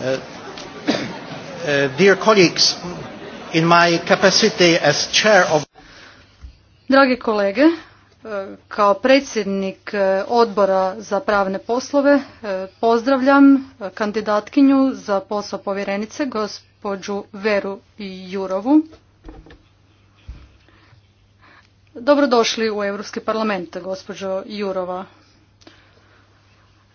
Uh, uh, dear Dragi kolege, uh, kao predsjednik odbora za pravne poslove pozdravljam kandidatkinju za posao povjerenice gospođu Veru Jurovu. Dobrodošli u Europski parlament, gospođo Jurova.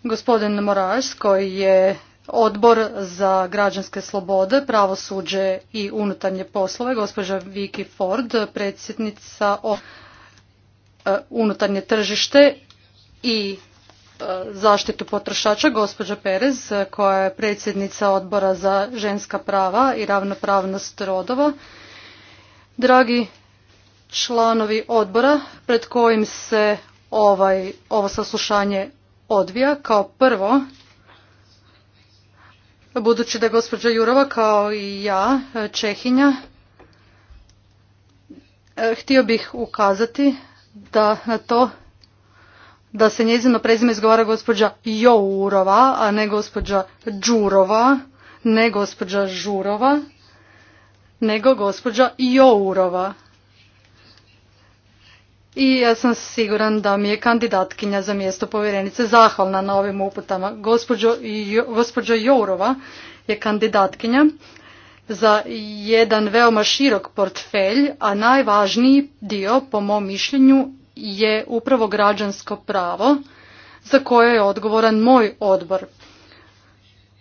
Gospodin Moraš, koji je Odbor za građanske slobode, pravosuđe i unutarnje poslove, gospođa Viki Ford, predsjednica o e, unutarnje tržište i e, zaštitu potrošača, gospođa Perez, koja je predsjednica odbora za ženska prava i ravnopravnost rodova. Dragi članovi odbora pred kojim se ovaj, ovo saslušanje odvija, kao prvo Budući da gospođa Jurova kao i ja, e, Čehinja, e, htio bih ukazati da na to da se njezino prezime izgovara gospođa Jourova, a ne gospođa Đurova, ne gospođa Žurova, nego gospođa Jourova i ja sam siguran da mi je kandidatkinja za mjesto povjerenice zahvalna na ovim uputama. Gospođo, gospođa Jourova je kandidatkinja za jedan veoma širok portfelj, a najvažniji dio, po mom mišljenju, je upravo građansko pravo za koje je odgovoran moj odbor.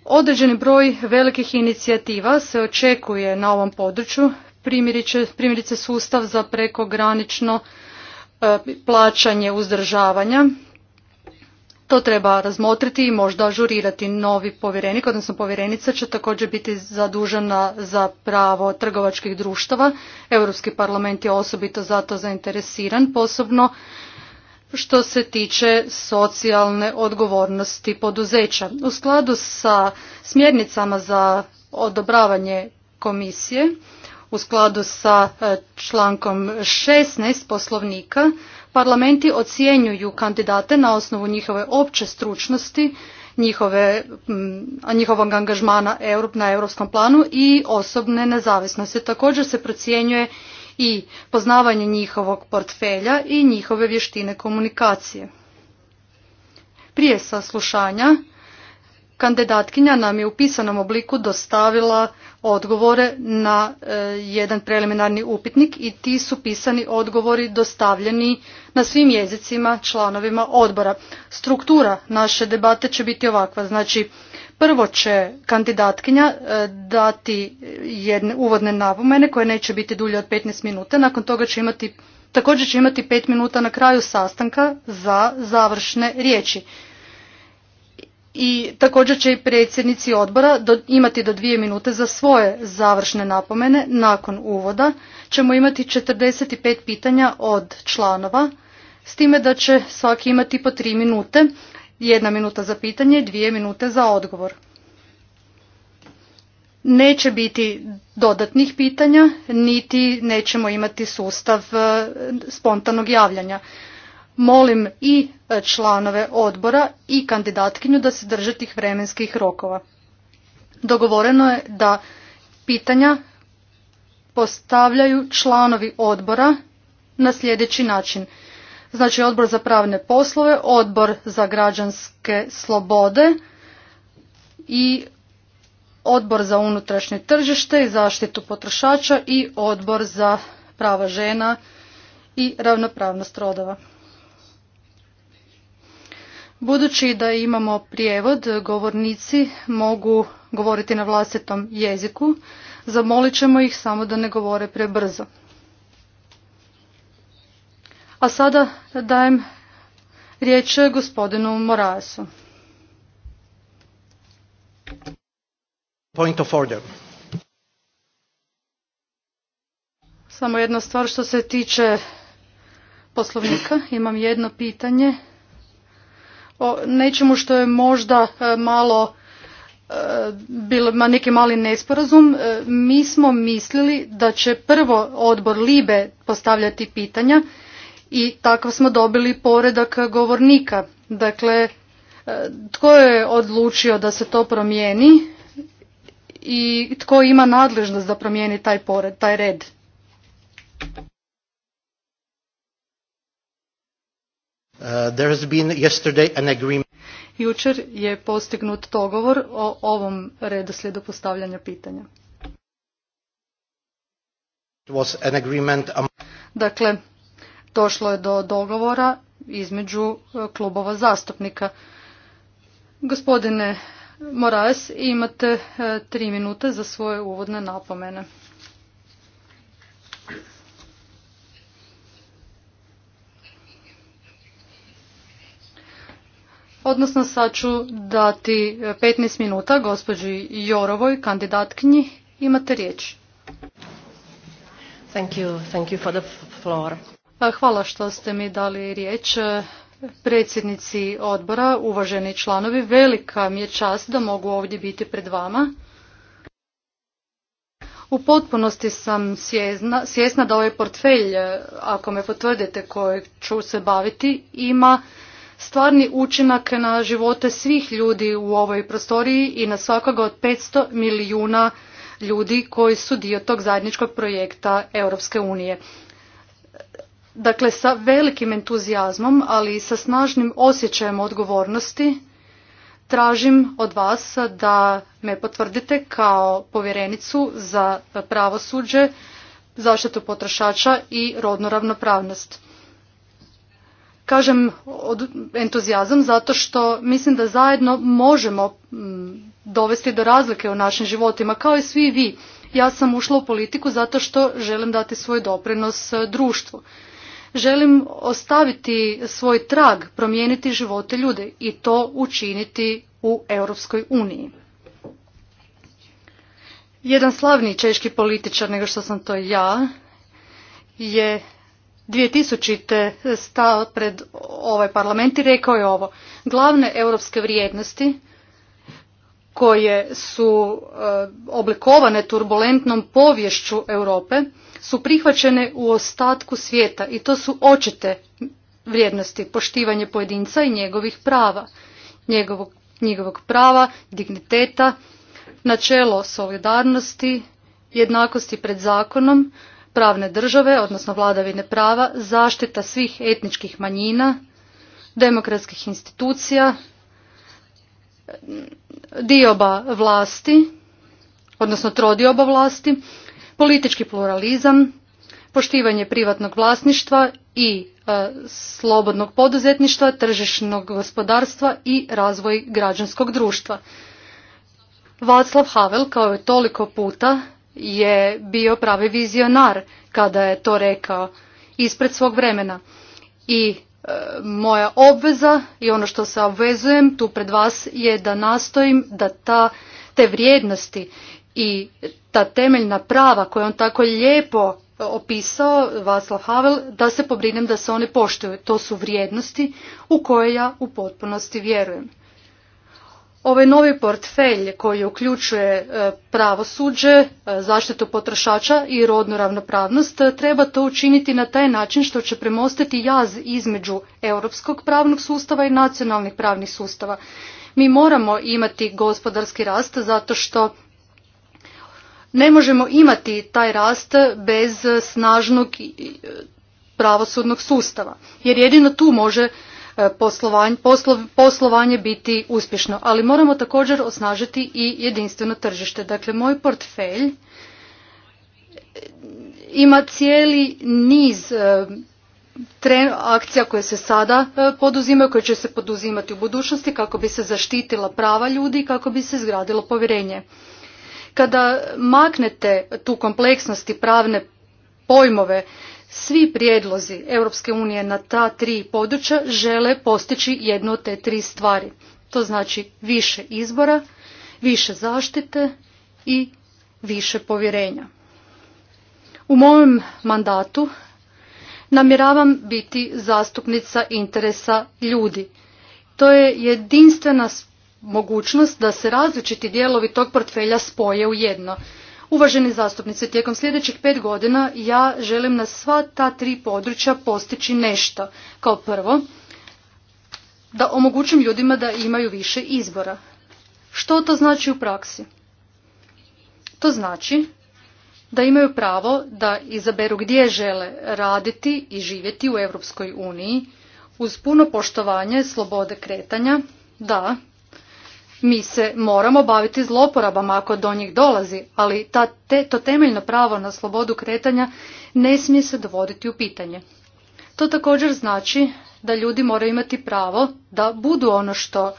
Određeni broj velikih inicijativa se očekuje na ovom području, primjerice, primjerice sustav za prekogranično E, plaćanje uzdržavanja. To treba razmotriti i možda ažurirati novi povjerenik, odnosno povjerenica će također biti zadužena za pravo trgovačkih društava. Europski parlament je osobito zato zainteresiran, posebno što se tiče socijalne odgovornosti poduzeća. U skladu sa smjernicama za odobravanje komisije, u skladu sa e, člankom 16 poslovnika parlamenti ocjenjuju kandidate na osnovu njihove opće stručnosti, njihove, njihovog angažmana na europskom planu i osobne nezavisnosti. Također se procjenjuje i poznavanje njihovog portfelja i njihove vještine komunikacije. Prije saslušanja Kandidatkinja nam je u pisanom obliku dostavila odgovore na e, jedan preliminarni upitnik i ti su pisani odgovori dostavljeni na svim jezicima članovima odbora. Struktura naše debate će biti ovakva, znači prvo će kandidatkinja e, dati jedne uvodne napomene koje neće biti dulje od 15 minuta, nakon toga će imati Također će imati pet minuta na kraju sastanka za završne riječi i također će i predsjednici odbora imati do dvije minute za svoje završne napomene. Nakon uvoda ćemo imati 45 pitanja od članova, s time da će svaki imati po tri minute, jedna minuta za pitanje i dvije minute za odgovor. Neće biti dodatnih pitanja, niti nećemo imati sustav e, spontanog javljanja. Molim i e, članove odbora i kandidatkinju da se drže tih vremenskih rokova. Dogovoreno je da pitanja postavljaju članovi odbora na sljedeći način. Znači odbor za pravne poslove, odbor za građanske slobode i odbor za unutrašnje tržište i zaštitu potrošača i odbor za prava žena i ravnopravnost rodova. Budući da imamo prijevod, govornici mogu govoriti na vlastitom jeziku, zamolit ćemo ih samo da ne govore prebrzo. A sada dajem riječ gospodinu Morasu. Point of order. Samo jedna stvar što se tiče poslovnika. Imam jedno pitanje o nečemu što je možda e, malo e, bilo ma neki mali nesporazum, e, mi smo mislili da će prvo odbor Libe postavljati pitanja i tako smo dobili poredak govornika. Dakle, tko je odlučio da se to promijeni i tko ima nadležnost da promijeni taj pored, taj red? Uh, there has been yesterday an agreement Jučer je postignut dogovor o ovom redoslijedu postavljanja pitanja. It was an agreement Dakle, došlo je do dogovora između uh, klubova zastupnika. Gospodine Moraes, imate uh, tri minute za svoje uvodne napomene. Odnosno sad ću dati 15 e, minuta gospođi Jorovoj, kandidatkinji. Imate riječ. Thank you, thank you for the floor. Hvala što ste mi dali riječ e, predsjednici odbora, uvaženi članovi. Velika mi je čast da mogu ovdje biti pred vama. U potpunosti sam svjesna, svjesna da ovaj portfelj, e, ako me potvrdite kojeg ću se baviti, ima stvarni učinak na živote svih ljudi u ovoj prostoriji i na svakoga od 500 milijuna ljudi koji su dio tog zajedničkog projekta Europske unije. Dakle, sa velikim entuzijazmom, ali i sa snažnim osjećajem odgovornosti, tražim od vas da me potvrdite kao povjerenicu za pravosuđe, zaštitu potrošača i rodnu ravnopravnost. Kažem entuzijazam zato što mislim da zajedno možemo mm, dovesti do razlike u našim životima, kao i svi vi. Ja sam ušla u politiku zato što želim dati svoj doprinos e, društvu. Želim ostaviti svoj trag, promijeniti živote ljude i to učiniti u Europskoj uniji. Jedan slavni češki političar, nego što sam to ja, je 2000. stao pred ovaj parlament i rekao je ovo. Glavne europske vrijednosti koje su e, oblikovane turbulentnom povješću Europe su prihvaćene u ostatku svijeta i to su očite vrijednosti poštivanje pojedinca i njegovih prava, njegovog, njegovog prava, digniteta, načelo solidarnosti, jednakosti pred zakonom, pravne države, odnosno vladavine prava, zaštita svih etničkih manjina, demokratskih institucija, dioba vlasti, odnosno trodioba vlasti, politički pluralizam, poštivanje privatnog vlasništva i e, slobodnog poduzetništva, tržišnog gospodarstva i razvoj građanskog društva. Vaclav Havel, kao je toliko puta je bio pravi vizionar kada je to rekao ispred svog vremena. I e, moja obveza i ono što se obvezujem tu pred vas je da nastojim da ta, te vrijednosti i ta temeljna prava koje on tako lijepo opisao Václav Havel, da se pobrinem da se one poštuju. To su vrijednosti u koje ja u potpunosti vjerujem. Ovaj novi portfelj koji uključuje e, pravosuđe, e, zaštitu potrošača i rodnu ravnopravnost e, treba to učiniti na taj način što će premostiti jaz između europskog pravnog sustava i nacionalnih pravnih sustava. Mi moramo imati gospodarski rast zato što ne možemo imati taj rast bez snažnog pravosudnog sustava jer jedino tu može poslovanje, poslovanje biti uspješno. Ali moramo također osnažiti i jedinstveno tržište. Dakle, moj portfelj e, ima cijeli niz e, tren, akcija koje se sada e, poduzimaju, koje će se poduzimati u budućnosti kako bi se zaštitila prava ljudi i kako bi se izgradilo povjerenje. Kada maknete tu kompleksnost i pravne pojmove svi prijedlozi Europske unije na ta tri područja žele postići jedno od te tri stvari. To znači više izbora, više zaštite i više povjerenja. U mojem mandatu namjeravam biti zastupnica interesa ljudi. To je jedinstvena mogućnost da se različiti dijelovi tog portfelja spoje u jedno. Uvaženi zastupnici, tijekom sljedećih pet godina ja želim na sva ta tri područja postići nešto. Kao prvo, da omogućim ljudima da imaju više izbora. Što to znači u praksi? To znači da imaju pravo da izaberu gdje žele raditi i živjeti u Europskoj uniji uz puno poštovanje slobode kretanja, da mi se moramo baviti zloporabama ako do njih dolazi, ali ta, te, to temeljno pravo na slobodu kretanja ne smije se dovoditi u pitanje. To također znači da ljudi moraju imati pravo da budu ono što e,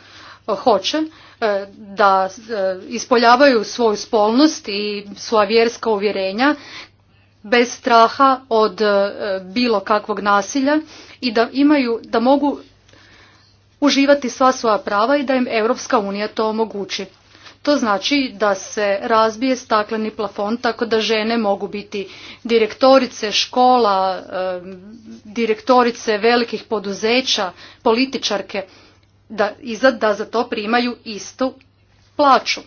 hoće, e, da e, ispoljavaju svoju spolnost i svoja vjerska uvjerenja bez straha od bilo kakvog nasilja i da imaju, da mogu uživati sva svoja prava i da im Europska unija to omogući. To znači da se razbije stakleni plafon tako da žene mogu biti direktorice škola, direktorice velikih poduzeća, političarke, da, i da za to primaju istu plaću.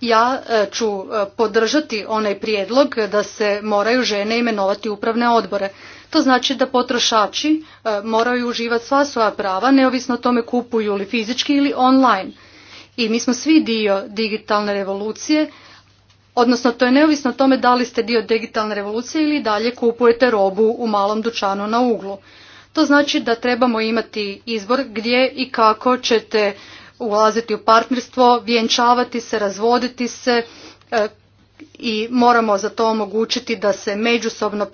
Ja e, ću e, podržati onaj prijedlog da se moraju žene imenovati upravne odbore. To znači da potrošači e, moraju uživati sva svoja prava, neovisno o tome kupuju li fizički ili online. I mi smo svi dio digitalne revolucije, odnosno to je neovisno o tome da li ste dio digitalne revolucije ili dalje kupujete robu u malom dućanu na uglu. To znači da trebamo imati izbor gdje i kako ćete ulaziti u partnerstvo, vjenčavati se, razvoditi se, e, i moramo za to omogućiti da se međusobno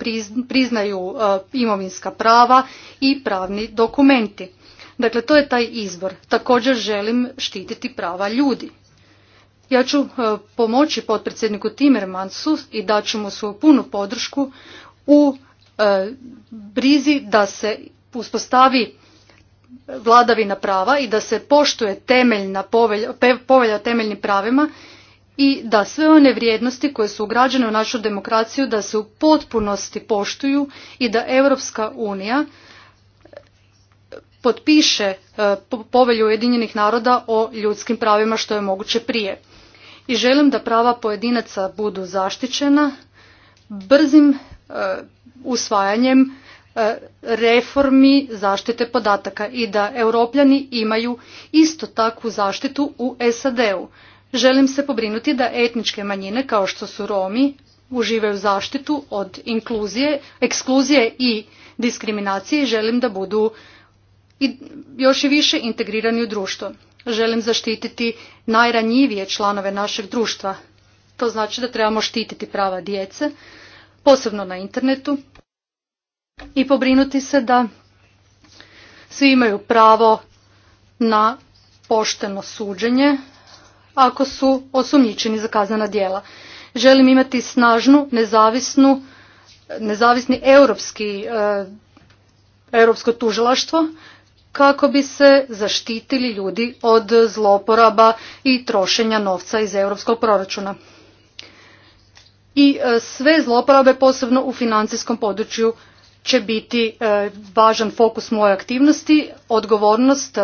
priznaju uh, imovinska prava i pravni dokumenti. Dakle, to je taj izbor. Također želim štititi prava ljudi. Ja ću uh, pomoći potpredsjedniku Timmermansu i daću mu svoju punu podršku u uh, brizi da se uspostavi vladavina prava i da se poštuje temeljna povelja, povelja o temeljnim pravima i da sve one vrijednosti koje su ugrađene u našu demokraciju da se u potpunosti poštuju i da Europska unija e, potpiše e, povelju Ujedinjenih naroda o ljudskim pravima što je moguće prije. I želim da prava pojedinaca budu zaštićena brzim e, usvajanjem reformi zaštite podataka i da europljani imaju isto takvu zaštitu u SAD-u Želim se pobrinuti da etničke manjine kao što su Romi uživaju zaštitu od inkluzije, ekskluzije i diskriminacije i želim da budu još i više integrirani u društvo. Želim zaštititi najranjivije članove našeg društva. To znači da trebamo štititi prava djece, posebno na internetu i pobrinuti se da svi imaju pravo na pošteno suđenje ako su osumnjičeni za kaznena djela. Želim imati snažnu, nezavisnu, nezavisni europski, eh, europsko tužilaštvo kako bi se zaštitili ljudi od zloporaba i trošenja novca iz europskog proračuna. I eh, sve zloporabe, posebno u financijskom području, će biti eh, važan fokus moje aktivnosti, odgovornost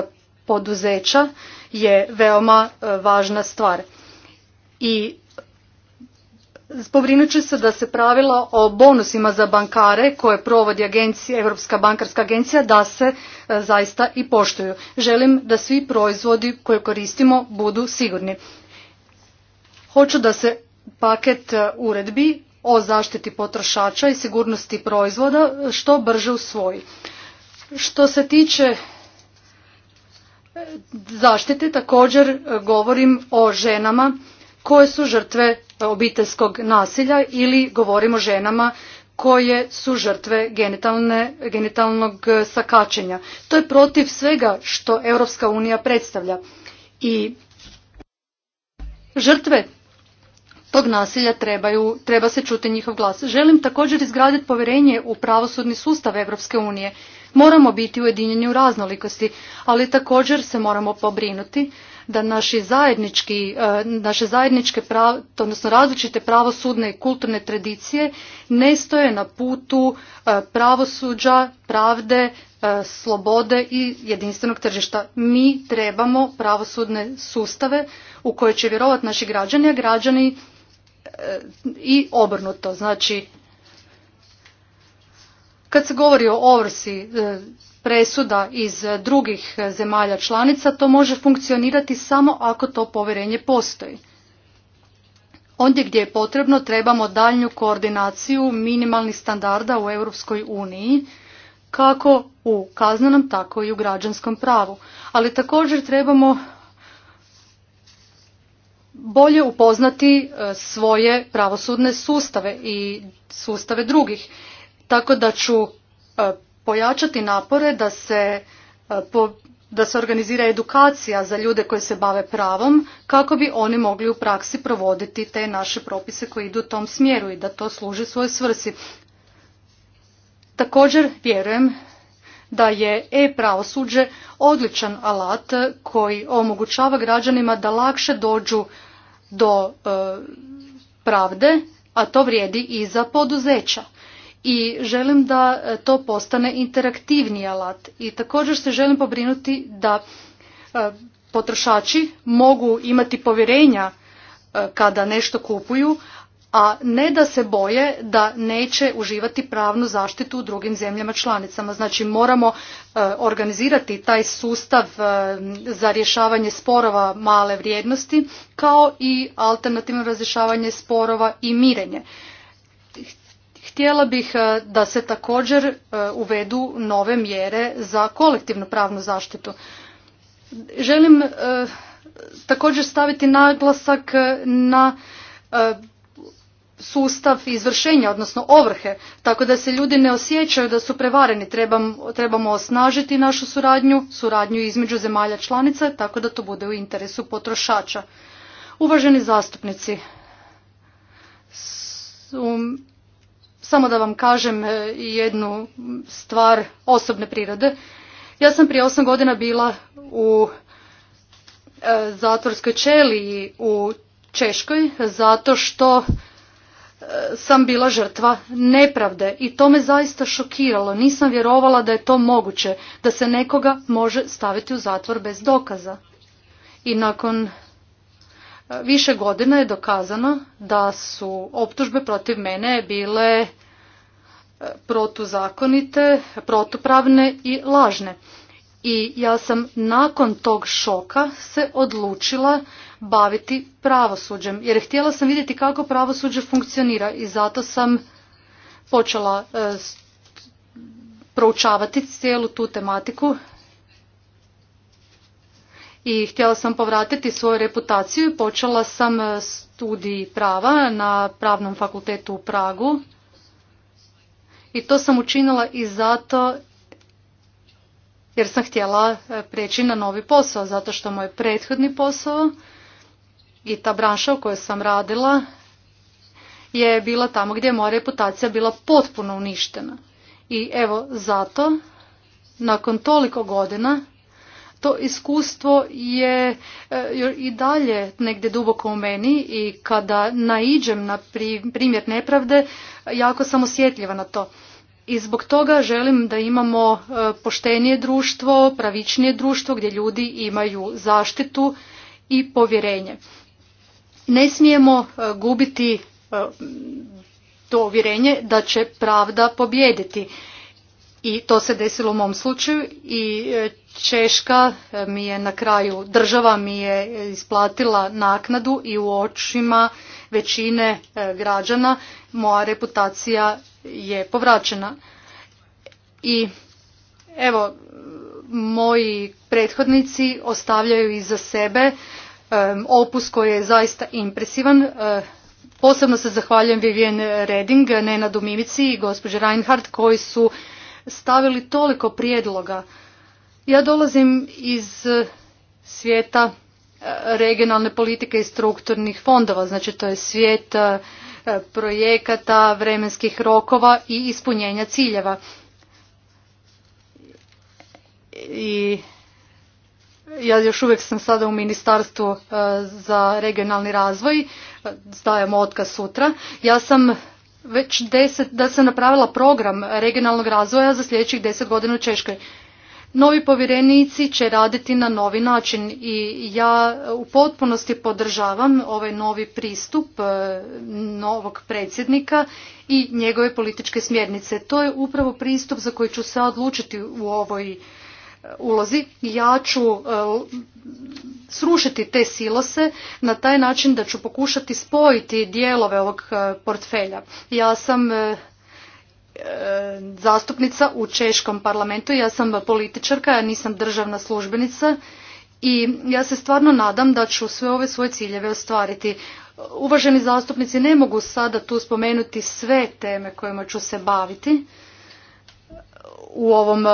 poduzeća je veoma e, važna stvar. I pobrinut ću se da se pravila o bonusima za bankare koje provodi agencija, Europska bankarska agencija da se e, zaista i poštuju. Želim da svi proizvodi koje koristimo budu sigurni. Hoću da se paket e, uredbi o zaštiti potrošača i sigurnosti proizvoda što brže usvoji. Što se tiče zaštite također e, govorim o ženama koje su žrtve e, obiteljskog nasilja ili govorim o ženama koje su žrtve genitalnog e, sakačenja. To je protiv svega što Europska unija predstavlja. I žrtve tog nasilja trebaju, treba se čuti njihov glas. Želim također izgraditi povjerenje u pravosudni sustav Europske unije Moramo biti ujedinjeni u raznolikosti, ali također se moramo pobrinuti da naši zajednički, e, naše zajedničke odnosno različite pravosudne i kulturne tradicije ne stoje na putu e, pravosuđa, pravde, e, slobode i jedinstvenog tržišta. Mi trebamo pravosudne sustave u koje će vjerovati naši građani, a građani i obrnuto. Znači, kad se govori o ovrsi e, presuda iz e, drugih e, zemalja članica, to može funkcionirati samo ako to povjerenje postoji. Ondje gdje je potrebno trebamo daljnju koordinaciju minimalnih standarda u Europskoj uniji, kako u kaznenom, tako i u građanskom pravu. Ali također trebamo bolje upoznati svoje pravosudne sustave i sustave drugih tako da ću e, pojačati napore da se e, da se organizira edukacija za ljude koji se bave pravom kako bi oni mogli u praksi provoditi te naše propise koji idu u tom smjeru i da to služi svojoj svrsi. Također vjerujem da je e-pravosuđe odličan alat koji omogućava građanima da lakše dođu do e, pravde, a to vrijedi i za poduzeća i želim da e, to postane interaktivni alat i također se želim pobrinuti da e, potrošači mogu imati povjerenja e, kada nešto kupuju a ne da se boje da neće uživati pravnu zaštitu u drugim zemljama članicama znači moramo organizirati taj sustav za rješavanje sporova male vrijednosti kao i alternativno razrješavanje sporova i mirenje Htjela bih e, da se također e, uvedu nove mjere za kolektivnu pravnu zaštitu. Želim e, također staviti naglasak na sustav izvršenja, odnosno ovrhe, tako da se ljudi ne osjećaju da su prevareni. trebamo osnažiti našu suradnju, suradnju između zemalja članica, tako da to bude u interesu potrošača. Uvaženi zastupnici, um, samo da vam kažem e, jednu stvar osobne prirode. Ja sam prije osam godina bila u e, zatvorskoj čeliji u Češkoj zato što e, sam bila žrtva nepravde i to me zaista šokiralo. Nisam vjerovala da je to moguće, da se nekoga može staviti u zatvor bez dokaza. I nakon Više godina je dokazano da su optužbe protiv mene bile e, protuzakonite, protupravne i lažne. I ja sam nakon tog šoka se odlučila baviti pravosuđem jer htjela sam vidjeti kako pravosuđe funkcionira i zato sam počela e, proučavati cijelu tu tematiku i htjela sam povratiti svoju reputaciju i počela sam e, studij prava na pravnom fakultetu u Pragu. I to sam učinila i zato jer sam htjela e, preći na novi posao, zato što moj prethodni posao i ta branša u kojoj sam radila je bila tamo gdje je moja reputacija bila potpuno uništena. I evo zato, nakon toliko godina, to iskustvo je e, i dalje negdje duboko u meni i kada naiđem na primjer nepravde, jako sam osjetljiva na to. I zbog toga želim da imamo e, poštenije društvo, pravičnije društvo gdje ljudi imaju zaštitu i povjerenje. Ne smijemo e, gubiti to uvjerenje da će pravda pobjediti i to se desilo u mom slučaju i e, Češka e, mi je na kraju, država mi je isplatila naknadu i u očima većine e, građana moja reputacija je povraćena. I evo, moji prethodnici ostavljaju iza sebe opus koji je zaista impresivan. Posebno se zahvaljujem Vivian Reding, Nenadu Mimici i gospođi Reinhardt koji su stavili toliko prijedloga. Ja dolazim iz eh, svijeta eh, regionalne politike i strukturnih fondova, znači to je svijet eh, projekata, vremenskih rokova i ispunjenja ciljeva. I ja još uvijek sam sada u ministarstvu za regionalni razvoj, dajem otkaz sutra. Ja sam već da se napravila program regionalnog razvoja za sljedećih deset godina u Češkoj. Novi povjerenici će raditi na novi način i ja u potpunosti podržavam ovaj novi pristup e, novog predsjednika i njegove političke smjernice. To je upravo pristup za koji ću se odlučiti u ovoj ulozi. Ja ću e, srušiti te silose na taj način da ću pokušati spojiti dijelove ovog e, portfelja. Ja sam e, zastupnica u Češkom parlamentu, ja sam političarka, ja nisam državna službenica i ja se stvarno nadam da ću sve ove svoje ciljeve ostvariti. Uvaženi zastupnici, ne mogu sada tu spomenuti sve teme kojima ću se baviti u ovom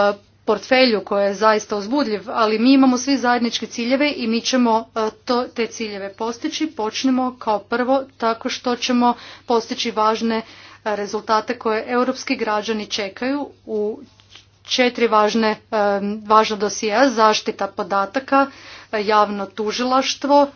portfelju koji je zaista uzbudljiv, ali mi imamo svi zajedničke ciljeve i mi ćemo e, to, te ciljeve postići. Počnemo kao prvo tako što ćemo postići važne e, rezultate koje europski građani čekaju u četiri važne, e, važna dosija, zaštita podataka, javno tužilaštvo,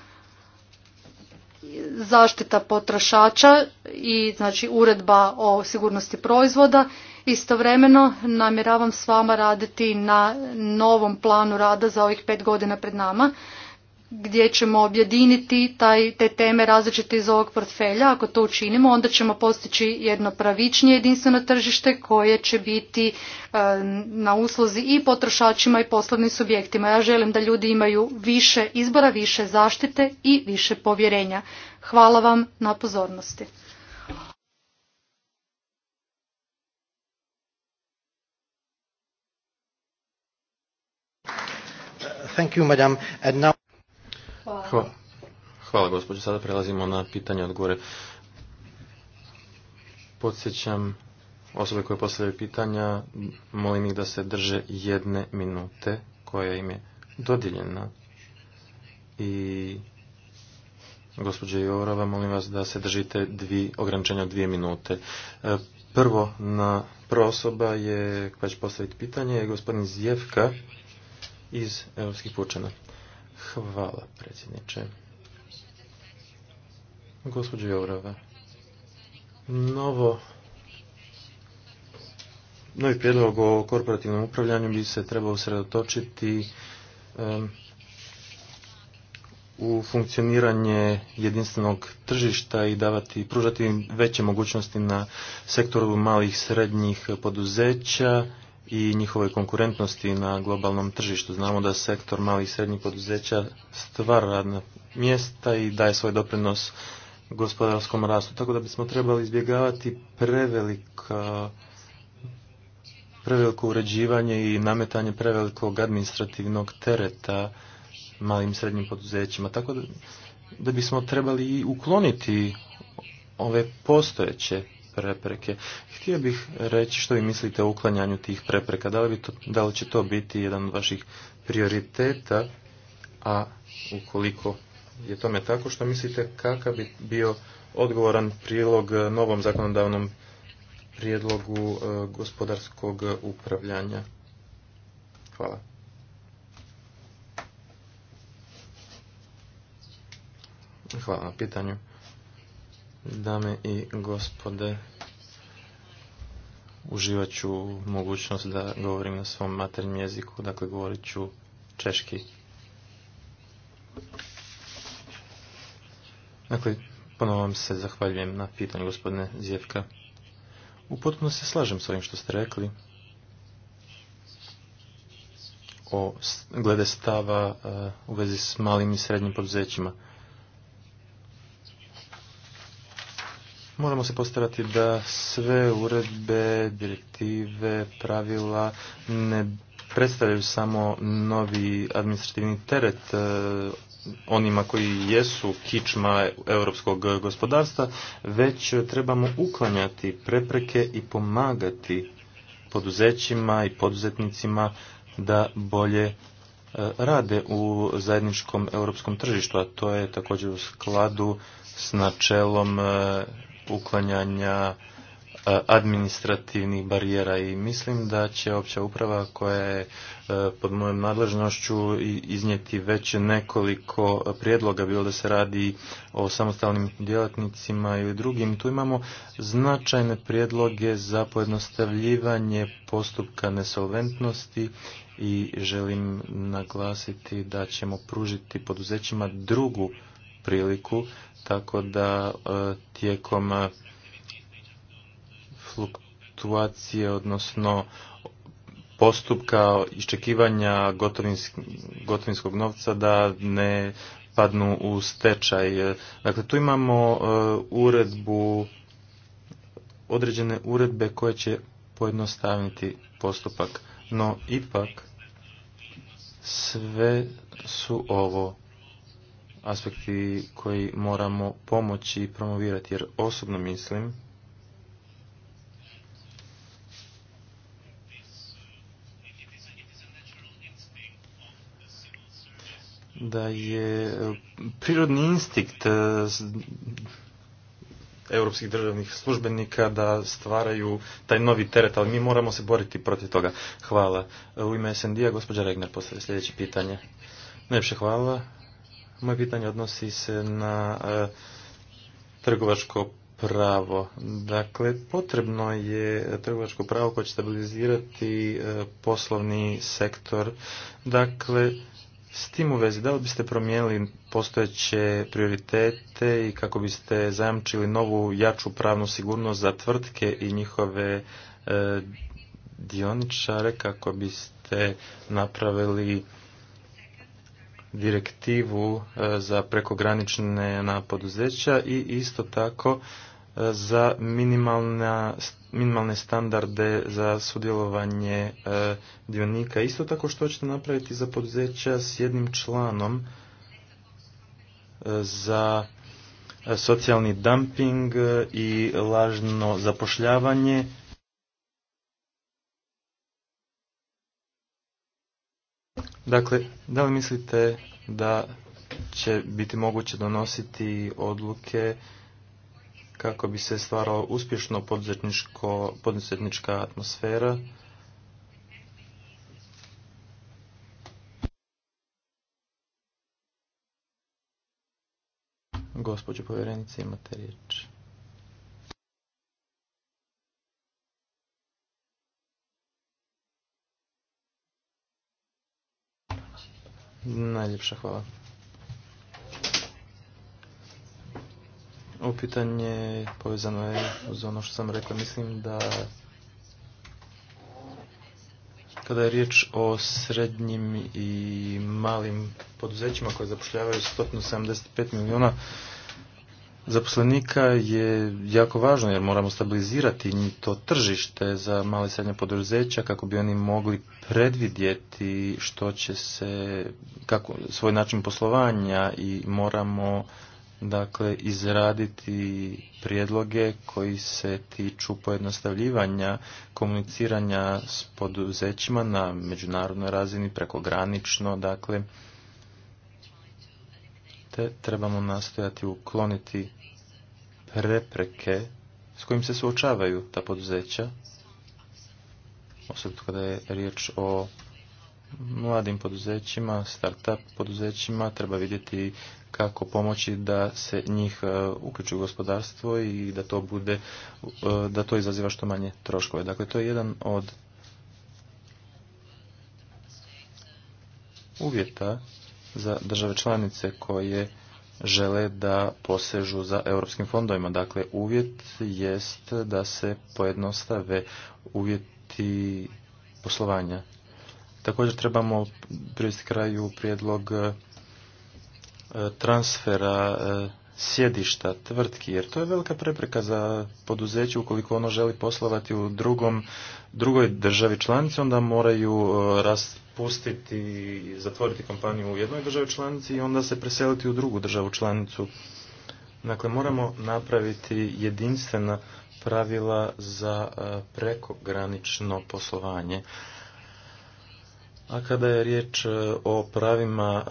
zaštita potrošača i znači uredba o sigurnosti proizvoda Istovremeno namjeravam s vama raditi na novom planu rada za ovih pet godina pred nama gdje ćemo objediniti taj, te teme različite iz ovog portfelja. Ako to učinimo, onda ćemo postići jedno pravičnije jedinstveno tržište koje će biti e, na usluzi i potrošačima i poslovnim subjektima. Ja želim da ljudi imaju više izbora, više zaštite i više povjerenja. Hvala vam na pozornosti. Thank you, madam. Hvala. gospođo. Sada prelazimo na pitanje od gore. Podsjećam osobe koje postavljaju pitanja, molim ih da se drže jedne minute koja im je dodijeljena. I gospođo Jorova, molim vas da se držite dvi, ograničenja od dvije minute. E, prvo na, prva osoba je koja će postaviti pitanje je gospodin Zjevka iz Europskih pučana. Hvala, predsjedniče. Gospođo Jourova, novo Novi prijedlog o korporativnom upravljanju bi se trebao usredotočiti u funkcioniranje jedinstvenog tržišta i davati, pružati veće mogućnosti na sektoru malih srednjih poduzeća i njihove konkurentnosti na globalnom tržištu. Znamo da sektor malih i srednjih poduzeća stvara radna mjesta i daje svoj doprinos gospodarskom rastu. Tako da bismo trebali izbjegavati prevelika preveliko uređivanje i nametanje prevelikog administrativnog tereta malim i srednjim poduzećima. Tako da bismo trebali i ukloniti ove postojeće prepreke. Htio bih reći što vi mislite o uklanjanju tih prepreka. Da li, bi to, da li će to biti jedan od vaših prioriteta, a ukoliko je tome tako, što mislite kakav bi bio odgovoran prilog novom zakonodavnom prijedlogu e, gospodarskog upravljanja? Hvala. Hvala na pitanju. Dame i gospode, uživat ću mogućnost da govorim na svom maternjem jeziku, dakle govorit ću češki. Dakle, ponovno vam se zahvaljujem na pitanju gospodine Zjevka. U potpuno se slažem s ovim što ste rekli o glede stava eh, u vezi s malim i srednjim poduzećima. moramo se postarati da sve uredbe, direktive, pravila ne predstavljaju samo novi administrativni teret e, onima koji jesu kičma europskog gospodarstva, već trebamo uklanjati prepreke i pomagati poduzećima i poduzetnicima da bolje e, rade u zajedničkom europskom tržištu, a to je također u skladu s načelom e, uklanjanja e, administrativnih barijera i mislim da će opća uprava koja je e, pod mojom nadležnošću iznijeti već nekoliko prijedloga, bilo da se radi o samostalnim djelatnicima ili drugim. Tu imamo značajne prijedloge za pojednostavljivanje postupka nesolventnosti i želim naglasiti da ćemo pružiti poduzećima drugu priliku tako da e, tijekom e, fluktuacije, odnosno postupka iščekivanja gotovinskog novca da ne padnu u stečaj. E, dakle, tu imamo uredbu, određene uredbe koje će pojednostaviti postupak. No, ipak, sve su ovo aspekti koji moramo pomoći i promovirati, jer osobno mislim da je prirodni instinkt e, europskih državnih službenika da stvaraju taj novi teret, ali mi moramo se boriti protiv toga. Hvala. U ime SND-a gospođa Regner postavlja sljedeće pitanje. Najljepše hvala. Moje pitanje odnosi se na e, trgovačko pravo. Dakle, potrebno je trgovačko pravo koje će stabilizirati e, poslovni sektor. Dakle, s tim u vezi, da li biste promijenili postojeće prioritete i kako biste zajamčili novu, jaču pravnu sigurnost za tvrtke i njihove e, dioničare, kako biste napravili direktivu e, za prekogranične na poduzeća i isto tako e, za minimalne standarde za sudjelovanje e, dionika. Isto tako što ćete napraviti za poduzeća s jednim članom za socijalni dumping i lažno zapošljavanje Dakle, da li mislite da će biti moguće donositi odluke kako bi se stvarao uspješno poduzetnička atmosfera? Gospođo povjerenice, imate riječ. Najljepša hvala. Ovo pitanje povezano je uz ono što sam rekao, Mislim da kada je riječ o srednjim i malim poduzećima koje zapošljavaju 175 milijuna zaposlenika je jako važno jer moramo stabilizirati to tržište za male i srednje poduzeća kako bi oni mogli predvidjeti što će se, kako, svoj način poslovanja i moramo dakle izraditi prijedloge koji se tiču pojednostavljivanja komuniciranja s poduzećima na međunarodnoj razini prekogranično dakle trebamo nastojati ukloniti prepreke s kojim se suočavaju ta poduzeća, osobito kada je riječ o mladim poduzećima, start-up poduzećima, treba vidjeti kako pomoći da se njih e, uključi u gospodarstvo i da to bude, e, da to izaziva što manje troškove. Dakle, to je jedan od uvjeta za države članice koje žele da posežu za europskim fondovima. Dakle, uvjet jest da se pojednostave uvjeti poslovanja. Također trebamo privesti kraju prijedlog e, transfera e, sjedišta tvrtki, jer to je velika prepreka za poduzeće ukoliko ono želi poslovati u drugom, drugoj državi članici, onda moraju e, raspustiti, zatvoriti kompaniju u jednoj državi članici i onda se preseliti u drugu državu članicu. Dakle, moramo napraviti jedinstvena pravila za e, prekogranično poslovanje. A kada je riječ e, o pravima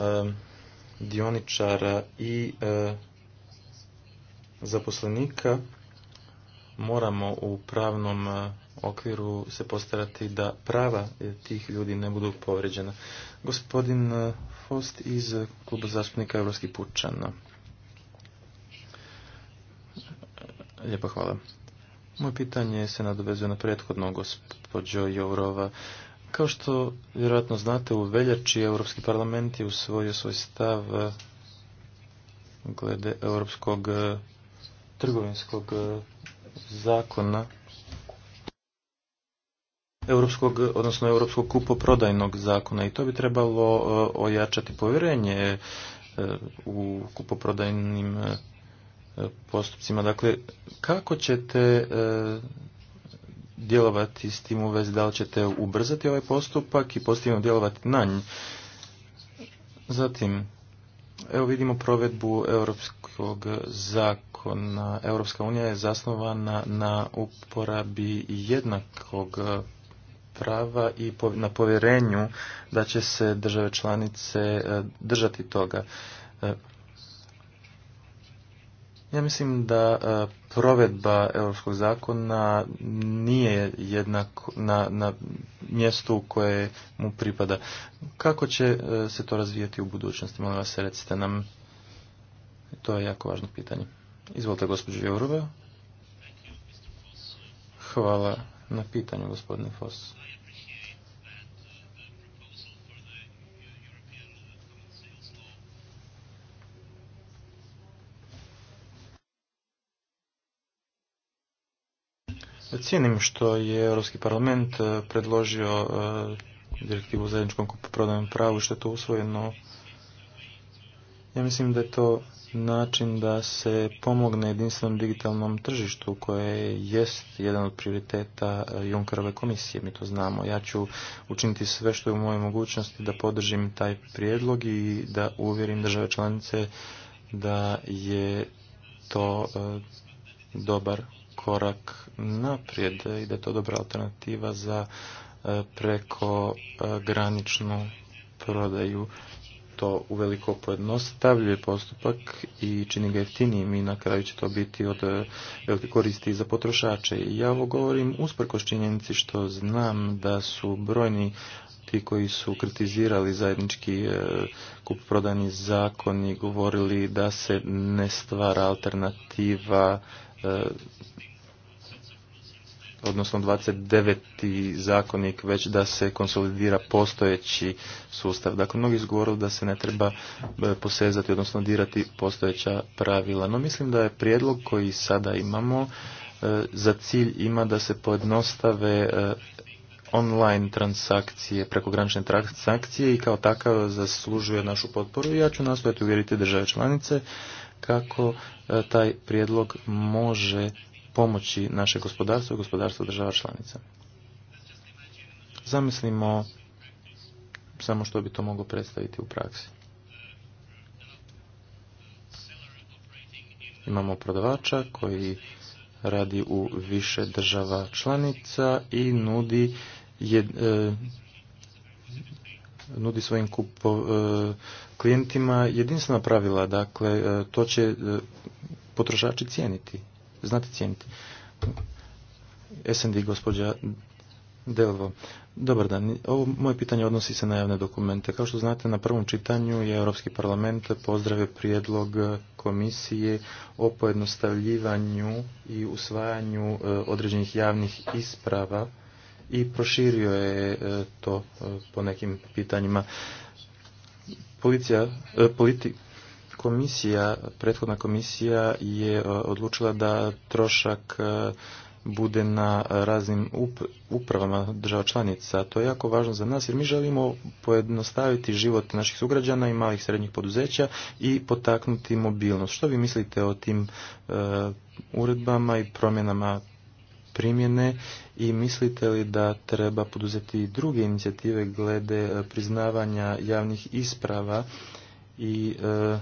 dioničara i zaposlenika moramo u pravnom e, okviru se postarati da prava e, tih ljudi ne budu povređena. Gospodin e, Fost iz Kluba zastupnika Evropskih pučana. Lijepo hvala. Moje pitanje se nadovezuje na prethodno gospođo Jourova. Kao što vjerojatno znate, u veljači Europski parlament je usvojio svoj stav glede europskog trgovinskog e, zakona europskog, odnosno europskog kupoprodajnog zakona i to bi trebalo e, ojačati povjerenje e, u kupoprodajnim postupcima. Dakle, kako ćete djelovati s tim u vezi, da li ćete ubrzati ovaj postupak i postavljeno djelovati na nj? Zatim, Evo vidimo provedbu europskog zakona. Europska unija je zasnovana na uporabi jednakog prava i na povjerenju da će se države članice eh, držati toga. Eh, ja mislim da e, provedba europskog zakona nije jednak na, na mjestu koje mu pripada. Kako će e, se to razvijati u budućnosti? Molim vas, recite nam. To je jako važno pitanje. Izvolite, gospođo Jourova. Hvala na pitanju, gospodine Foss. Cijenim što je Europski parlament e, predložio e, direktivu o zajedničkom kupoprodajnom pravu što je to usvojeno. Ja mislim da je to način da se pomogne jedinstvenom digitalnom tržištu koje jest jedan od prioriteta e, Junkerove komisije, mi to znamo. Ja ću učiniti sve što je u mojoj mogućnosti da podržim taj prijedlog i da uvjerim države članice da je to dobar korak naprijed i da je to dobra alternativa za e, preko e, graničnu prodaju to uveliko pojednostavljuje postupak i čini ga jeftinijim i na kraju će to biti od e, velike koristi za potrošače. I ja ovo govorim usprkos činjenici što znam da su brojni ti koji su kritizirali zajednički kupoprodajni zakon i govorili da se ne stvara alternativa E, odnosno 29. zakonik već da se konsolidira postojeći sustav. Dakle, mnogi izgovorili da se ne treba e, posezati, odnosno dirati postojeća pravila. No, mislim da je prijedlog koji sada imamo e, za cilj ima da se pojednostave online transakcije, prekogranične transakcije i kao takav zaslužuje našu potporu. Ja ću nastojati uvjeriti države članice kako e, taj prijedlog može pomoći naše gospodarstvo i gospodarstvo država članica. Zamislimo samo što bi to moglo predstaviti u praksi. Imamo prodavača koji radi u više država članica i nudi e, nudi svojim kupo, e, klijentima jedinstvena pravila, dakle e, to će e, potrošači cijeniti, znati cijeniti. SND gospođa Delvo. Dobar dan. Ovo moje pitanje odnosi se na javne dokumente. Kao što znate, na prvom čitanju je Europski parlament pozdravio prijedlog komisije o pojednostavljivanju i usvajanju određenih javnih isprava i proširio je e, to e, po nekim pitanjima. Policija, e, komisija, prethodna komisija je odlučila da trošak bude na raznim upravama država članica. To je jako važno za nas jer mi želimo pojednostaviti život naših sugrađana i malih srednjih poduzeća i potaknuti mobilnost. Što vi mislite o tim uredbama i promjenama primjene i mislite li da treba poduzeti i druge inicijative glede e, priznavanja javnih isprava i e,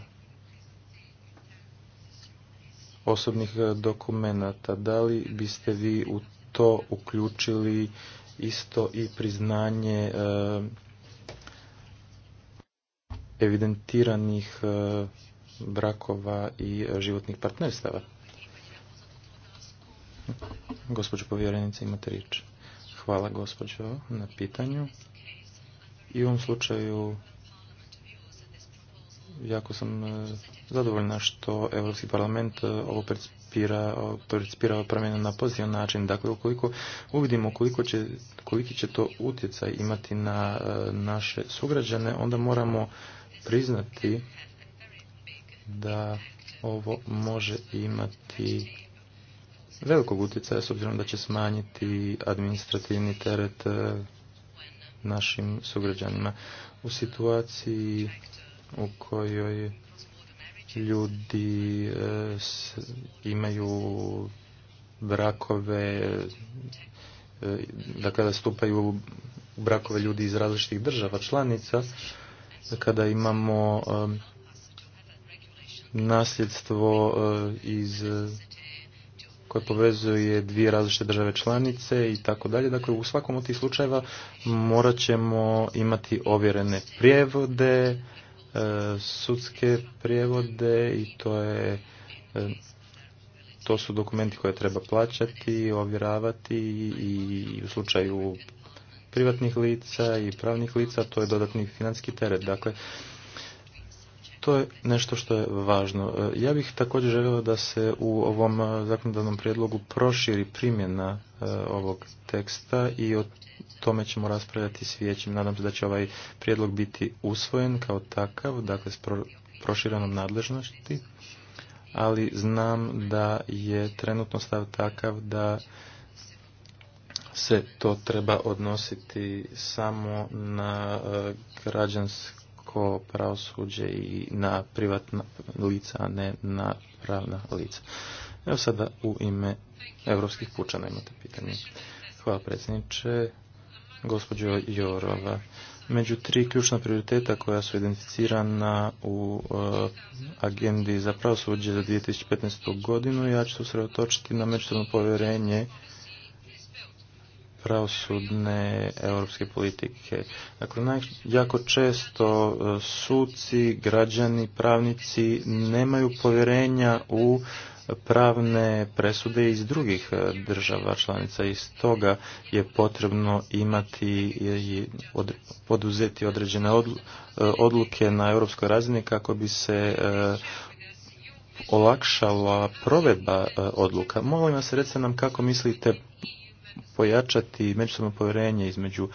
osobnih e, dokumenata? Da li biste vi u to uključili isto i priznanje evidentiranih brakova i životnih partnerstava? Gospođo povjerenice, imate riječ. Hvala gospođo na pitanju. I u ovom slučaju jako sam e, zadovoljna što Europski parlament e, ovo percipira, promjene na pozitivan način. Dakle, ukoliko uvidimo će, koliki će to utjecaj imati na e, naše sugrađane, onda moramo priznati da ovo može imati velikog utjecaja s obzirom da će smanjiti administrativni teret e, našim sugrađanima u situaciji u kojoj ljudi e, imaju brakove e, da kada stupaju u brakove ljudi iz različitih država članica kada imamo nasljedstvo iz koje povezuje dvije različite države članice i tako dalje. Dakle, u svakom od tih slučajeva morat ćemo imati ovjerene prijevode, e, sudske prijevode i to je e, to su dokumenti koje treba plaćati, ovjeravati i u slučaju privatnih lica i pravnih lica to je dodatni financijski teret. Dakle, to je nešto što je važno. E, ja bih također želio da se u ovom e, zakonodavnom prijedlogu proširi primjena e, ovog teksta i o tome ćemo raspravljati s Nadam se da će ovaj prijedlog biti usvojen kao takav, dakle s proširenom nadležnosti, ali znam da je trenutno stav takav da se to treba odnositi samo na građanske eko pravosuđe i na privatna lica, a ne na pravna lica. Evo sada u ime evropskih pučana imate pitanje. Hvala predsjedniče, gospođo Jorova. Među tri ključna prioriteta koja su identificirana u e, agendi za pravosuđe za 2015. godinu, ja ću se usredotočiti na međusobno povjerenje pravosudne europske politike. Dakle, jako često e, suci, građani, pravnici nemaju povjerenja u pravne presude iz drugih e, država članica i stoga je potrebno imati i poduzeti određene e, odluke na europskoj razini kako bi se olakšala provedba odluka. Molim vas, recite nam kako mislite pojačati međusobno povjerenje između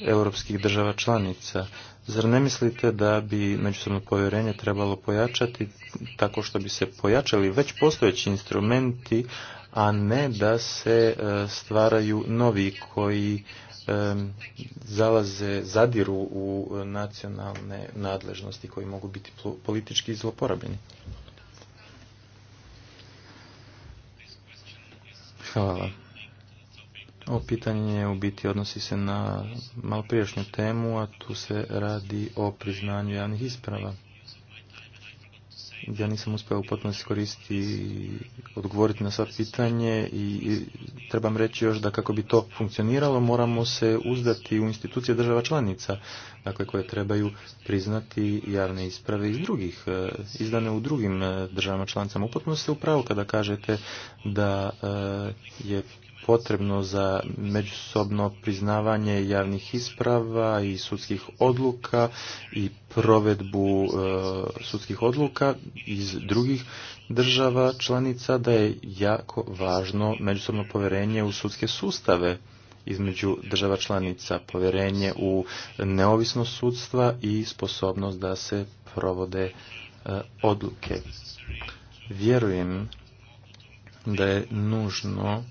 europskih država članica. Zar ne mislite da bi međusobno povjerenje trebalo pojačati tako što bi se pojačali već postojeći instrumenti, a ne da se e, stvaraju novi koji e, zalaze, zadiru u nacionalne nadležnosti koji mogu biti politički zloporabljeni? Hvala. Ovo pitanje u biti odnosi se na malo priješnju temu, a tu se radi o priznanju javnih isprava. Ja nisam uspio u potpunosti koristiti odgovoriti na sva pitanje i trebam reći još da kako bi to funkcioniralo moramo se uzdati u institucije država članica dakle koje trebaju priznati javne isprave iz drugih, e, izdane u drugim e, državama članicama. U potpunosti ste pravu kada kažete da e, je potrebno za međusobno priznavanje javnih isprava i sudskih odluka i provedbu e, sudskih odluka iz drugih država članica da je jako važno međusobno povjerenje u sudske sustave između država članica, povjerenje u neovisnost sudstva i sposobnost da se provode e, odluke. Vjerujem da je nužno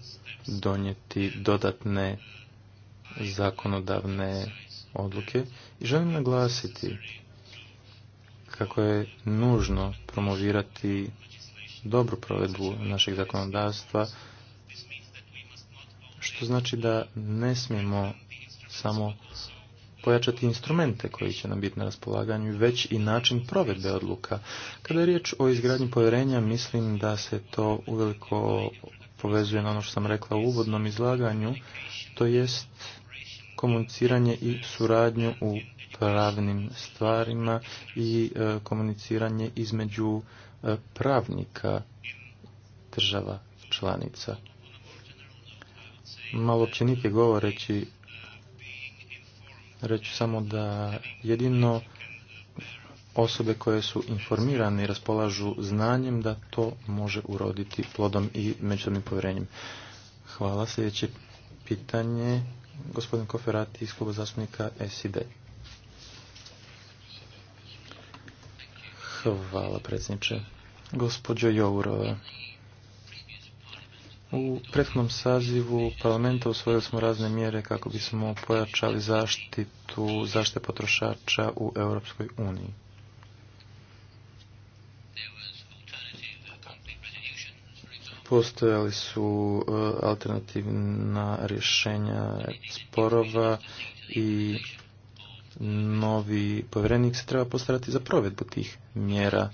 donijeti dodatne zakonodavne odluke i želim naglasiti kako je nužno promovirati dobru provedbu našeg zakonodavstva, što znači da ne smijemo samo pojačati instrumente koji će nam biti na raspolaganju, već i način provedbe odluka. Kada je riječ o izgradnji povjerenja, mislim da se to uveliko povezuje na ono što sam rekla u uvodnom izlaganju, to jest komuniciranje i suradnju u pravnim stvarima i e, komuniciranje između e, pravnika država članica. Malo općenike govoreći, reći samo da jedino osobe koje su informirane i raspolažu znanjem da to može uroditi plodom i međusobnim povjerenjem. Hvala. Sljedeće pitanje gospodin Koferati iz kluba zastupnika SID. Hvala predsjedniče. Gospođo Jourova, u prethodnom sazivu parlamenta usvojili smo razne mjere kako bismo pojačali zaštitu zaštite potrošača u Europskoj uniji. postojali su e, alternativna rješenja sporova i novi povjerenik se treba postarati za provedbu tih mjera.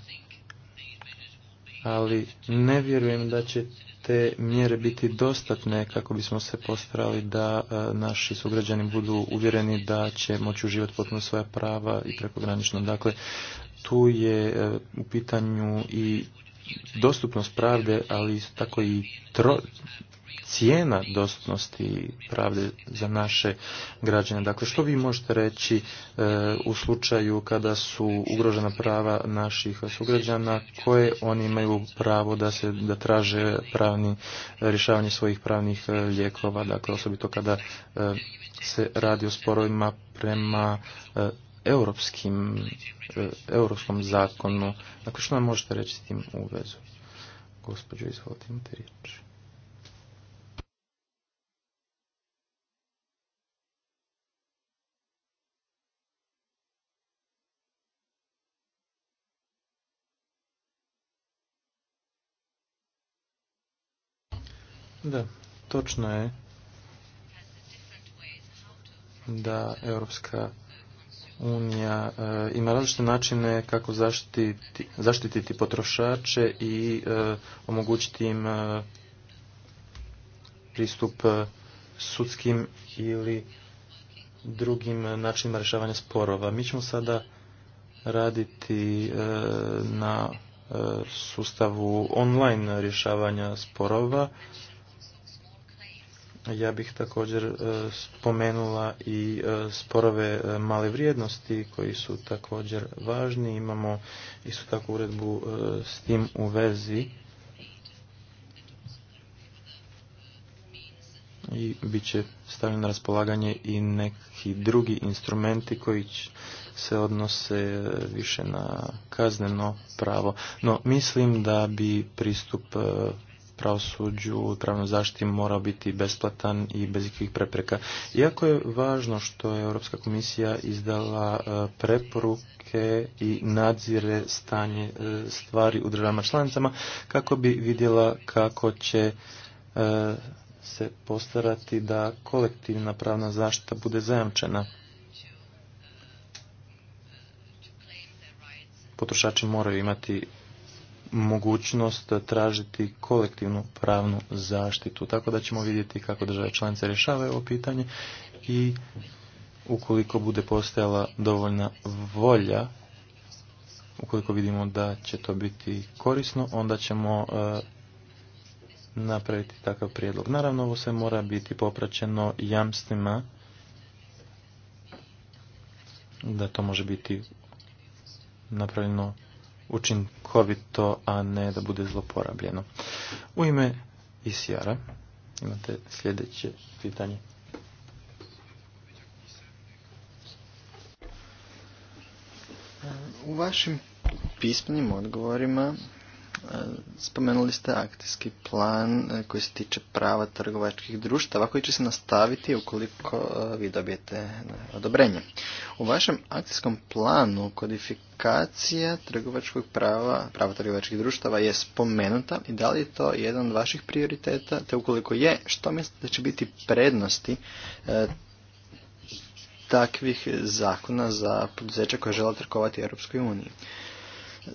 Ali ne vjerujem da će te mjere biti dostatne kako bismo se postarali da e, naši sugrađani budu uvjereni da će moći uživati potpuno svoja prava i prekogranično. Dakle, tu je e, u pitanju i dostupnost pravde, ali tako i cijena dostupnosti pravde za naše građane. Dakle, što vi možete reći e, u slučaju kada su ugrožena prava naših sugrađana, koje oni imaju pravo da se da traže pravni rješavanje svojih pravnih e, lijekova, dakle osobito kada e, se radi o sporovima prema europskim, e, europskom zakonu. Dakle, što nam možete reći s tim u vezu? Gospođo, izvolite, imate Da, točno je da Europska unija e, ima različite načine kako zaštiti, zaštititi potrošače i e, omogućiti im e, pristup sudskim ili drugim načinima rješavanja sporova. Mi ćemo sada raditi na sustavu online rješavanja sporova ja bih također e, spomenula i e, sporove e, male vrijednosti koji su također važni. Imamo isto tako uredbu s tim u vezi. I bit će stavljeno na raspolaganje i neki drugi instrumenti koji se odnose više na kazneno pravo. No, mislim da bi pristup pravosuđu, pravnoj zaštiti mora biti besplatan i bez ikakvih prepreka. Iako je važno što je Europska komisija izdala e, preporuke i nadzire stanje e, stvari u državama članicama kako bi vidjela kako će e, se postarati da kolektivna pravna zaštita bude zajamčena. Potrošači moraju imati mogućnost tražiti kolektivnu pravnu zaštitu. Tako da ćemo vidjeti kako države članice rješavaju ovo pitanje i ukoliko bude postojala dovoljna volja, ukoliko vidimo da će to biti korisno, onda ćemo e, napraviti takav prijedlog. Naravno, ovo sve mora biti popraćeno jamstvima da to može biti napravljeno učinkovito, a ne da bude zloporabljeno. U ime Isjara imate sljedeće pitanje. U vašim pismenim odgovorima Spomenuli ste akcijski plan e, koji se tiče prava trgovačkih društava koji će se nastaviti ukoliko e, vi dobijete e, odobrenje. U vašem akcijskom planu kodifikacija trgovačkog prava, prava trgovačkih društava je spomenuta i da li je to jedan od vaših prioriteta, te ukoliko je, što mislite da će biti prednosti takvih zakona za poduzeća koje žele trgovati Europskoj uniji?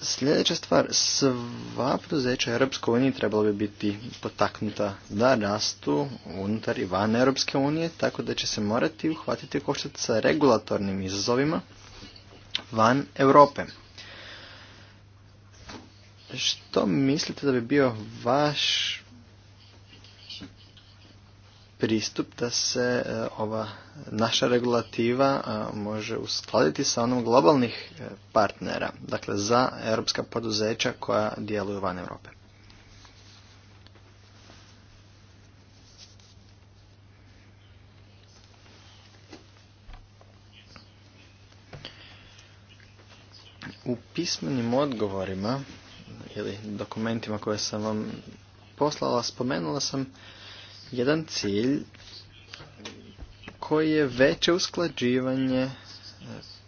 Sljedeća stvar, sva poduzeća Europske unije trebalo bi biti potaknuta da rastu unutar i van Europske unije, tako da će se morati uhvatiti koštac sa regulatornim izazovima van Europe. Što mislite da bi bio vaš pristup da se e, ova naša regulativa e, može uskladiti sa onom globalnih e, partnera, dakle za europska poduzeća koja djeluju van Europe. U pismenim odgovorima ili dokumentima koje sam vam poslala, spomenula sam jedan cilj koji je veće usklađivanje e,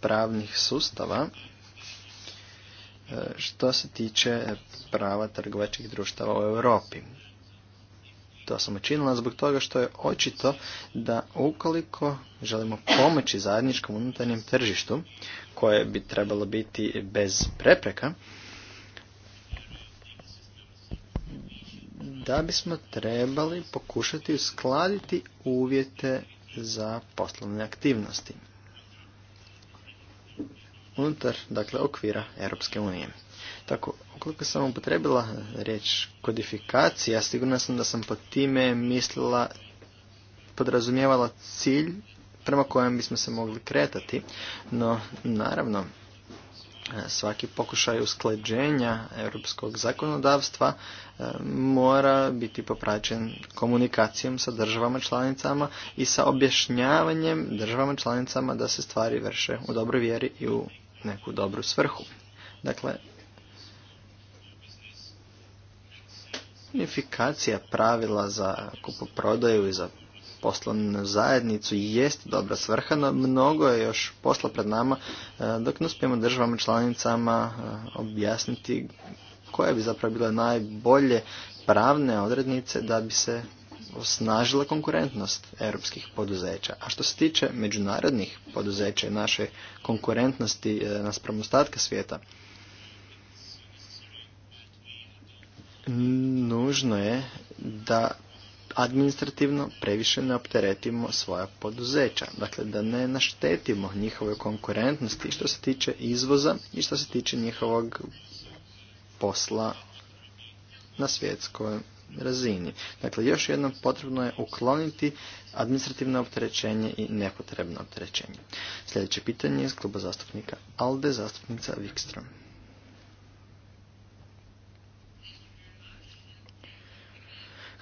pravnih sustava e, što se tiče prava trgovačkih društava u Europi. To sam učinila zbog toga što je očito da ukoliko želimo pomoći zajedničkom unutarnjem tržištu, koje bi trebalo biti bez prepreka, da bismo trebali pokušati uskladiti uvjete za poslovne aktivnosti unutar dakle okvira Europske unije. Tako, ukoliko sam upotrebila riječ kodifikacija, sigurna sam da sam pod time mislila, podrazumijevala cilj prema kojem bismo se mogli kretati, no naravno svaki pokušaj usklađenja europskog zakonodavstva e, mora biti popraćen komunikacijom sa državama članicama i sa objašnjavanjem državama članicama da se stvari vrše u dobroj vjeri i u neku dobru svrhu. Dakle, unifikacija pravila za kupoprodaju i za poslovnu zajednicu jest dobra svrha, no mnogo je još posla pred nama e, dok ne uspijemo državama članicama e, objasniti koje bi zapravo bile najbolje pravne odrednice da bi se osnažila konkurentnost europskih poduzeća. A što se tiče međunarodnih poduzeća i naše konkurentnosti e, naspram ostatka svijeta, nužno je da administrativno previše ne opteretimo svoja poduzeća. Dakle, da ne naštetimo njihove konkurentnosti što se tiče izvoza i što se tiče njihovog posla na svjetskoj razini. Dakle, još jednom potrebno je ukloniti administrativno opterećenje i nepotrebno opterećenje. Sljedeće pitanje je iz kluba zastupnika ALDE, zastupnica Wikström.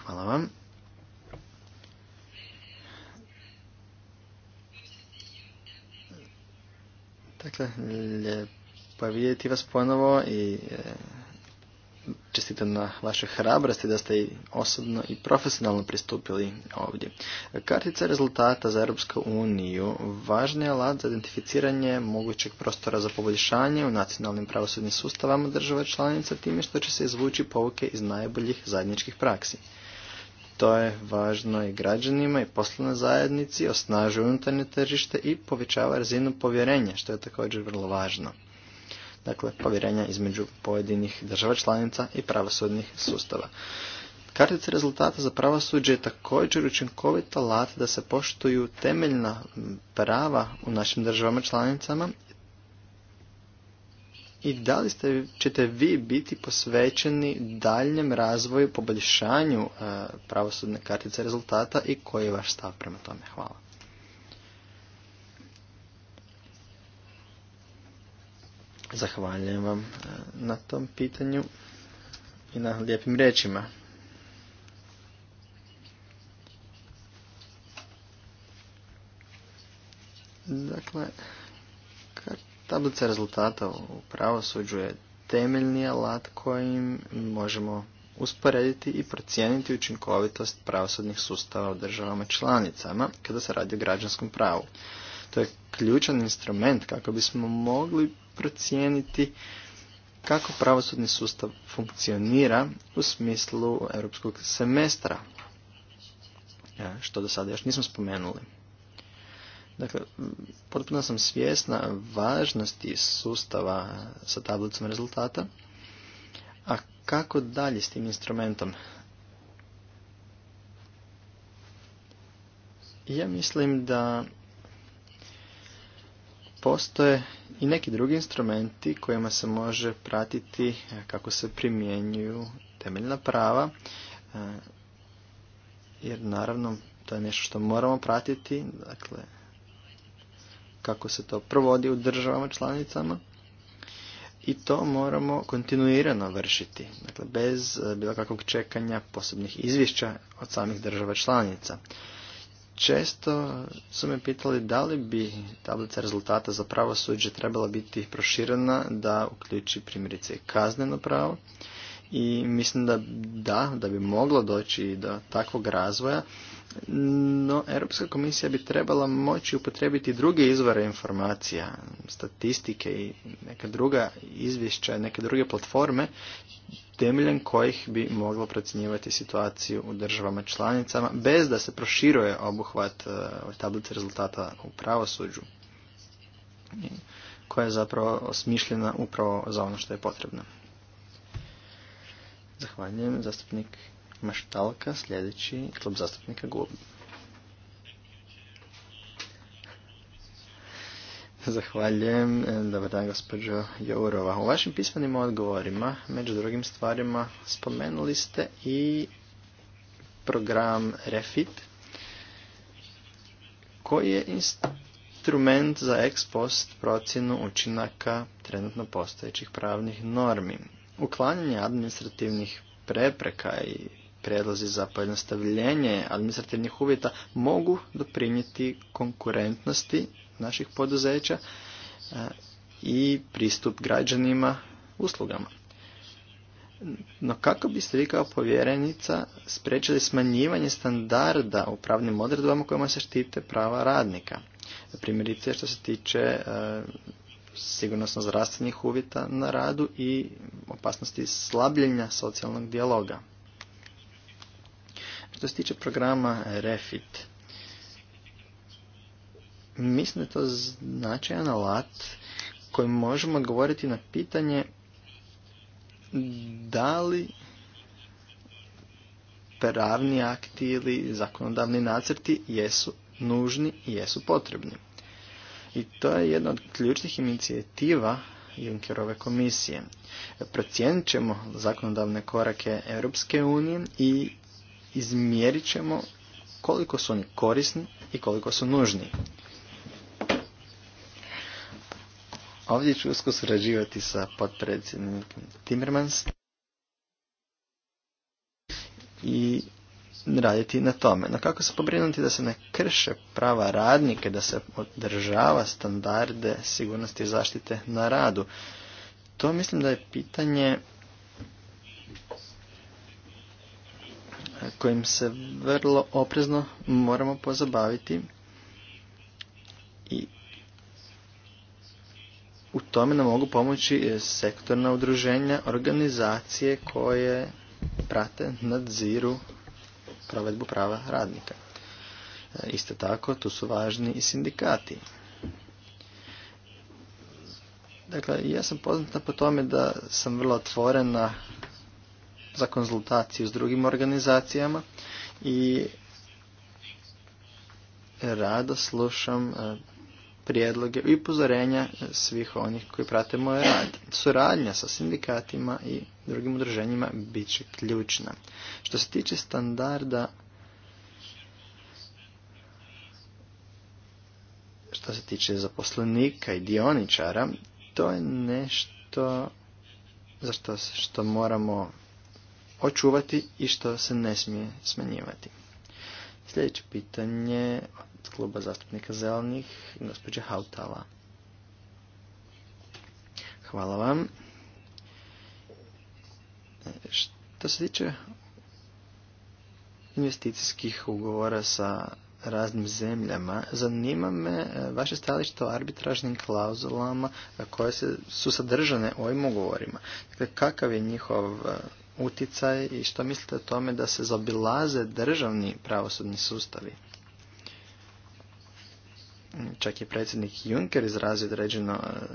Hvala vam. Dakle, lijepo je vidjeti vas ponovo i e, čestitam na vašoj hrabrosti da ste i osobno i profesionalno pristupili ovdje. Kartica rezultata za Europsku uniju važni je alat za identificiranje mogućeg prostora za poboljšanje u nacionalnim pravosudnim sustavama država članica time što će se izvući pouke iz najboljih zajedničkih praksi. To je važno i građanima i poslovnoj zajednici, osnažuje unutarnje tržište i povećava razinu povjerenja, što je također vrlo važno. Dakle, povjerenja između pojedinih država članica i pravosudnih sustava. Kartice rezultata za pravosuđe je također učinkovit alat da se poštuju temeljna prava u našim državama članicama i da li ste, ćete vi biti posvećeni daljem razvoju, poboljšanju e, pravosudne kartice rezultata i koji je vaš stav prema tome? Hvala. Zahvaljujem vam e, na tom pitanju i na lijepim rečima. Dakle, Tablica rezultata u pravosuđu je temeljni alat kojim možemo usporediti i procijeniti učinkovitost pravosudnih sustava u državama članicama kada se radi o građanskom pravu. To je ključan instrument kako bismo mogli procijeniti kako pravosudni sustav funkcionira u smislu europskog semestra, e, što do sada još nismo spomenuli. Dakle, potpuno sam svjesna važnosti sustava sa tablicom rezultata, a kako dalje s tim instrumentom? Ja mislim da postoje i neki drugi instrumenti kojima se može pratiti kako se primjenjuju temeljna prava, eh, jer naravno to je nešto što moramo pratiti, dakle kako se to provodi u državama članicama i to moramo kontinuirano vršiti, dakle bez eh, bilo kakvog čekanja posebnih izvješća od samih država članica. Često su me pitali da li bi tablica rezultata za pravosuđe trebala biti proširena da uključi primjerice kazneno pravo i mislim da da, da bi moglo doći do takvog razvoja no Europska komisija bi trebala moći upotrebiti druge izvore informacija, statistike i neka druga izvješća, neke druge platforme temeljem kojih bi moglo procjenjivati situaciju u državama članicama bez da se proširuje obuhvat e, tablice rezultata u pravosuđu koja je zapravo osmišljena upravo za ono što je potrebno. Zahvaljujem, zastupnik Maštalka, sljedeći klub zastupnika GUB. Zahvaljujem. Dobar dan, gospođo Jourova. U vašim pismenim odgovorima, među drugim stvarima, spomenuli ste i program REFIT, koji je instrument za ex post procjenu učinaka trenutno postojećih pravnih normi. Uklanjanje administrativnih prepreka i predlozi za pojednostavljenje administrativnih uvjeta mogu doprinijeti konkurentnosti naših poduzeća e, i pristup građanima uslugama. No kako biste vi kao povjerenica spriječili smanjivanje standarda u pravnim odredbama kojima se štite prava radnika? Primjerice što se tiče e, sigurnosno zdravstvenih uvjeta na radu i opasnosti slabljenja socijalnog dijaloga. Što se tiče programa REFIT, mislim da je to značajan alat kojim možemo govoriti na pitanje da li pravni akti ili zakonodavni nacrti jesu nužni i jesu potrebni. I to je jedna od ključnih inicijativa Junckerove komisije. Procijenit ćemo zakonodavne korake Europske unije i izmjerit ćemo koliko su oni korisni i koliko su nužni. Ovdje ću usko surađivati sa potpredsjednikom Timmermans i raditi na tome. No kako se pobrinuti da se ne krše prava radnike, da se održava standarde sigurnosti i zaštite na radu? To mislim da je pitanje kojim se vrlo oprezno moramo pozabaviti i u tome nam mogu pomoći e, sektorna udruženja, organizacije koje prate, nadziru provedbu prava radnika. E, isto tako, tu su važni i sindikati. Dakle, ja sam poznata po tome da sam vrlo otvorena za konzultaciju s drugim organizacijama i rado slušam e, prijedloge i upozorenja svih onih koji prate moj rad. Suradnja sa sindikatima i drugim udruženjima bit će ključna. Što se tiče standarda što se tiče zaposlenika i dioničara, to je nešto za što, što moramo očuvati i što se ne smije smanjivati. Sljedeće pitanje od kluba zastupnika zelenih, gospođa Hautala. Hvala vam. Što se tiče investicijskih ugovora sa raznim zemljama, zanima me e, vaše stajalište o arbitražnim klauzulama koje su sadržane u ovim ugovorima. Dakle, kakav je njihov e, uticaj i što mislite o tome da se zobilaze državni pravosudni sustavi? Čak je predsjednik Juncker izrazio određeno e,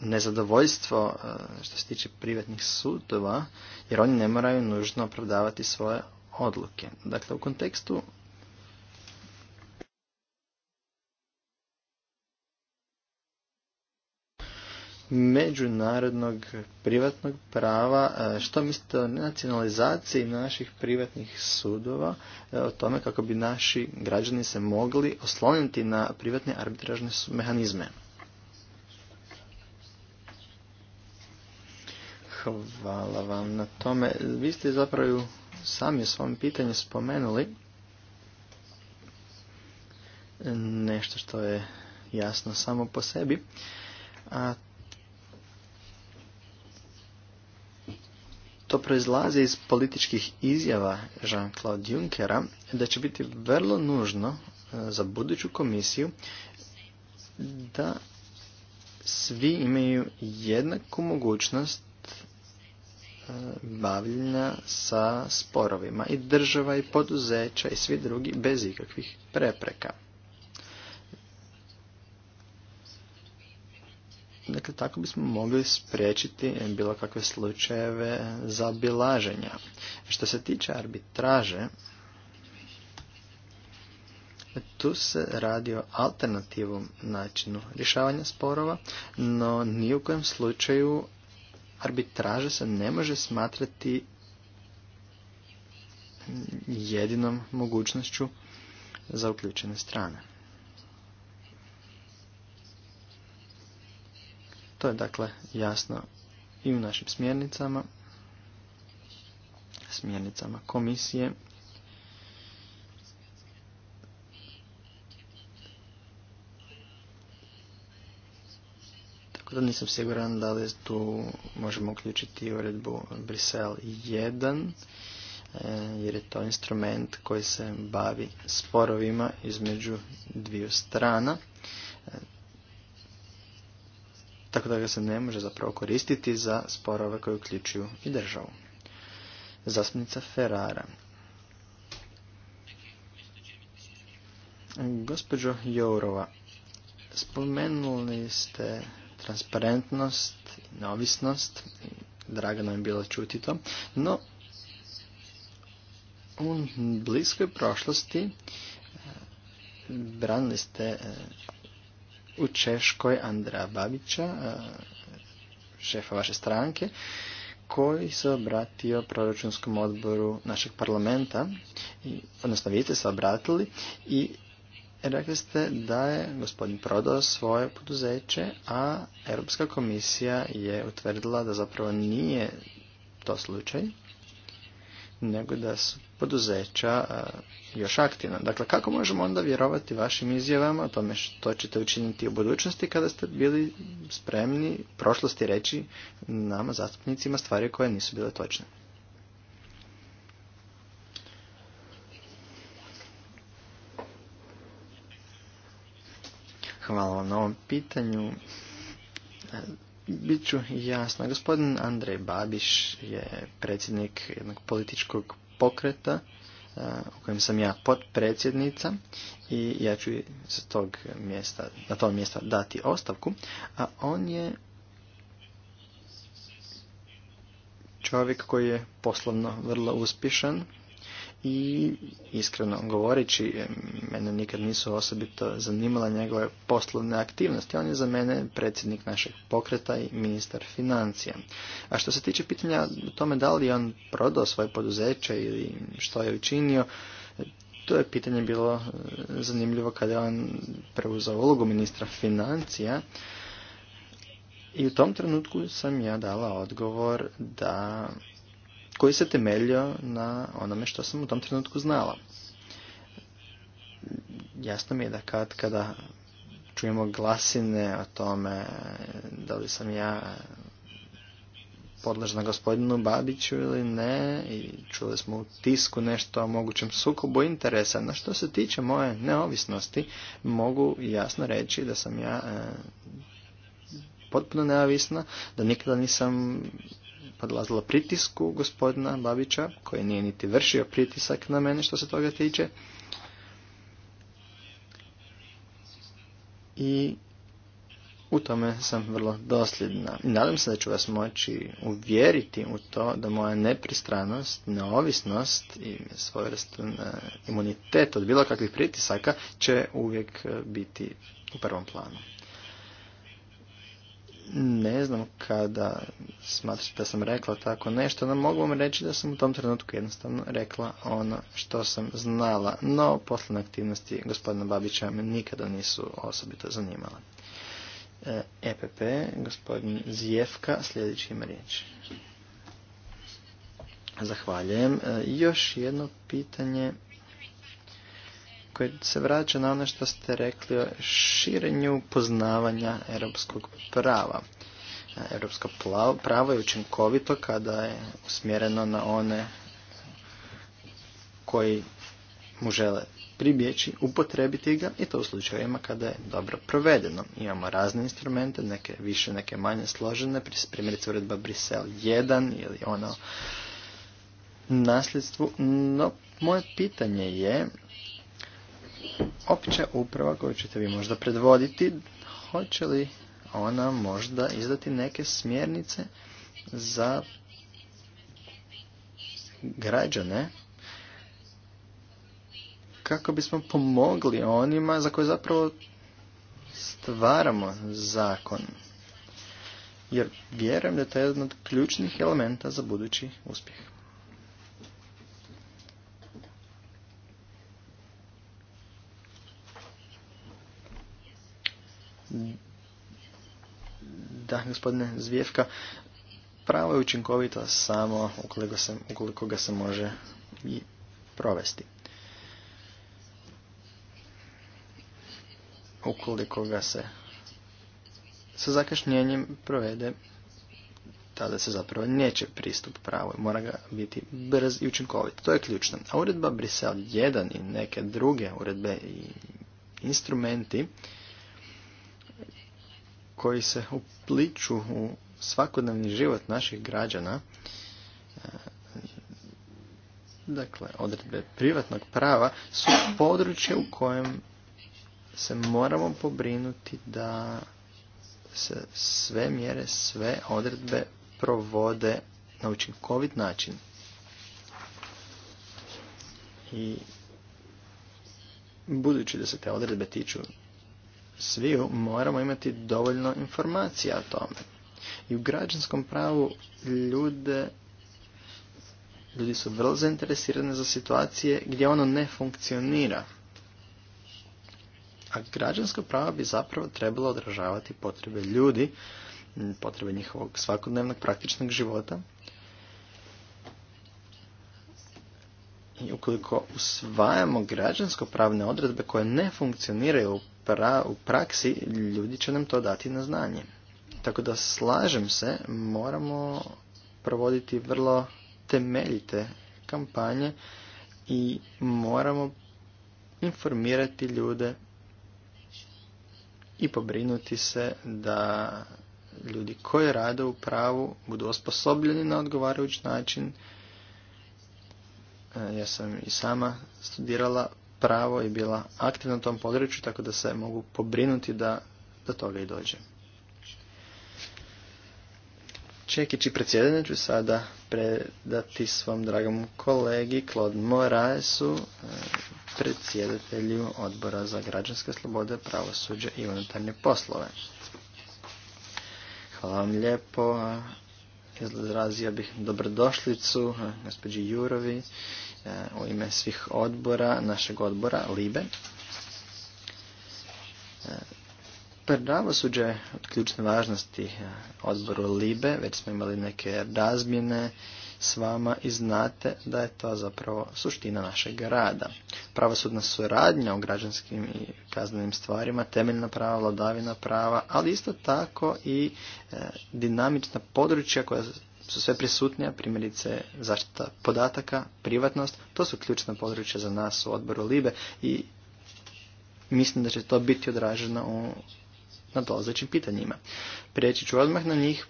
nezadovoljstvo e, što se tiče privatnih sudova, jer oni ne moraju nužno opravdavati svoje odluke. Dakle, u kontekstu međunarodnog privatnog prava. E, što mislite o nacionalizaciji naših privatnih sudova, e, o tome kako bi naši građani se mogli osloniti na privatne arbitražne mehanizme? Hvala vam na tome. Vi ste zapravo sami u svom pitanju spomenuli nešto što je jasno samo po sebi, a to proizlazi iz političkih izjava Jean-Claude Junckera da će biti vrlo nužno e, za buduću komisiju da svi imaju jednaku mogućnost e, bavljenja sa sporovima i država i poduzeća i svi drugi bez ikakvih prepreka. Dakle, tako bismo mogli spriječiti bilo kakve slučajeve zabilaženja. Što se tiče arbitraže, tu se radi o alternativnom načinu rješavanja sporova, no ni u kojem slučaju arbitraža se ne može smatrati jedinom mogućnošću za uključene strane. To je dakle jasno i u našim smjernicama, smjernicama komisije. Tako da nisam siguran da li tu možemo uključiti uredbu Brisel 1 e, jer je to instrument koji se bavi sporovima između dviju strana. E, tako da ga se ne može zapravo koristiti za sporove koje uključuju i državu. Zastupnica Ferrara. Gospođo Jourova, spomenuli ste transparentnost, neovisnost, drago nam je bilo čuti to, no u bliskoj prošlosti eh, branili ste eh, u Češkoj Andra Babića, e, šefa vaše stranke, koji se obratio proračunskom odboru našeg parlamenta, odnosno vi ste se obratili i rekli ste da je gospodin prodao svoje poduzeće, a Europska komisija je utvrdila da zapravo nije to slučaj, nego da su poduzeća e, još aktivna. Dakle, kako možemo onda vjerovati vašim izjavama o tome što ćete učiniti u budućnosti kada ste bili spremni prošlosti reći nama zastupnicima stvari koje nisu bile točne? Hvala vam na ovom pitanju. E, Biću jasno. Gospodin Andrej Babiš je predsjednik jednog političkog pokreta e, u kojem sam ja potpredsjednica i ja ću s tog mjesta, na to mjesta dati ostavku, a on je čovjek koji je poslovno vrlo uspješan i iskreno govoreći, e, mene nikad nisu osobito zanimala njegove poslovne aktivnosti. On je za mene predsjednik našeg pokreta i ministar financija. A što se tiče pitanja o tome da li je on prodao svoje poduzeće ili što je učinio, e, to je pitanje bilo e, zanimljivo kada je on preuzao ulogu ministra financija. I u tom trenutku sam ja dala odgovor da koji se temeljio na onome što sam u tom trenutku znala. Jasno mi je da kad kada čujemo glasine o tome da li sam ja podležna gospodinu Babiću ili ne i čuli smo u tisku nešto o mogućem sukobu interesa. Na što se tiče moje neovisnosti mogu jasno reći da sam ja e, potpuno neovisna, da nikada nisam podlazilo pritisku gospodina Babića, koji nije niti vršio pritisak na mene što se toga tiče. I u tome sam vrlo dosljedna. I nadam se da ću vas moći uvjeriti u to da moja nepristranost, neovisnost i svojevrstan e, imunitet od bilo kakvih pritisaka će uvijek e, biti u prvom planu. Ne znam kada smatrate da sam rekla tako nešto, no mogu vam reći da sam u tom trenutku jednostavno rekla ono što sam znala, no poslovne aktivnosti gospodina Babića me nikada nisu osobito zanimala. EPP, e gospodin Zjevka, sljedeći ima riječ. Zahvaljujem. E, još jedno pitanje koji se vraća na ono što ste rekli o širenju poznavanja europskog prava. Europsko pravo je učinkovito kada je usmjereno na one koji mu žele pribjeći, upotrebiti ga i to u slučajevima kada je dobro provedeno. Imamo razne instrumente, neke više, neke manje složene, primjerice uredba Brisel 1 ili ono nasljedstvu, no moje pitanje je opća uprava koju ćete vi možda predvoditi, hoće li ona možda izdati neke smjernice za građane kako bismo pomogli onima za koje zapravo stvaramo zakon. Jer vjerujem da je to jedan od ključnih elementa za budući uspjeh. Da, gospodine Zvijevka, pravo je učinkovito samo ukoliko, se, ukoliko ga se može i provesti. Ukoliko ga se sa zakašnjenjem provede, tada se zapravo neće pristup pravu. Mora ga biti brz i učinkovit. To je ključno. A uredba Brisel 1 i neke druge uredbe i instrumenti koji se upliču u svakodnevni život naših građana, e, dakle odredbe privatnog prava, su područje u kojem se moramo pobrinuti da se sve mjere, sve odredbe provode na učinkovit način. I budući da se te odredbe tiču svi moramo imati dovoljno informacija o tome. I u građanskom pravu ljude, ljudi su vrlo zainteresirani za situacije gdje ono ne funkcionira. A građansko pravo bi zapravo trebalo odražavati potrebe ljudi, potrebe njihovog svakodnevnog praktičnog života. I ukoliko usvajamo građansko pravne odredbe koje ne funkcioniraju u pra, u praksi ljudi će nam to dati na znanje. Tako da slažem se, moramo provoditi vrlo temeljite kampanje i moramo informirati ljude i pobrinuti se da ljudi koji rade u pravu budu osposobljeni na odgovarajući način. E, ja sam i sama studirala pravo i bila aktivna u tom području, tako da se mogu pobrinuti da do toga i dođe. Čekići predsjedanje ću sada predati svom dragom kolegi Claude Moraesu, e, predsjedatelju odbora za građanske slobode, pravosuđe i unutarnje poslove. Hvala vam lijepo. Izrazio bih dobrodošlicu e, gospođi Jurovi E, u ime svih odbora, našeg odbora LIBE. E, Pravosuđe je od ključne važnosti e, odboru LIBE, već smo imali neke razmjene s vama i znate da je to zapravo suština našeg rada. Pravosudna suradnja u građanskim i kaznenim stvarima, temeljna prava, vladavina prava, ali isto tako i dinamična područja koja su sve prisutnija, primjerice zaštita podataka, privatnost, to su ključna područja za nas u odboru LIBE i mislim da će to biti odraženo u nadolazećim pitanjima. Prijeći ću odmah na njih.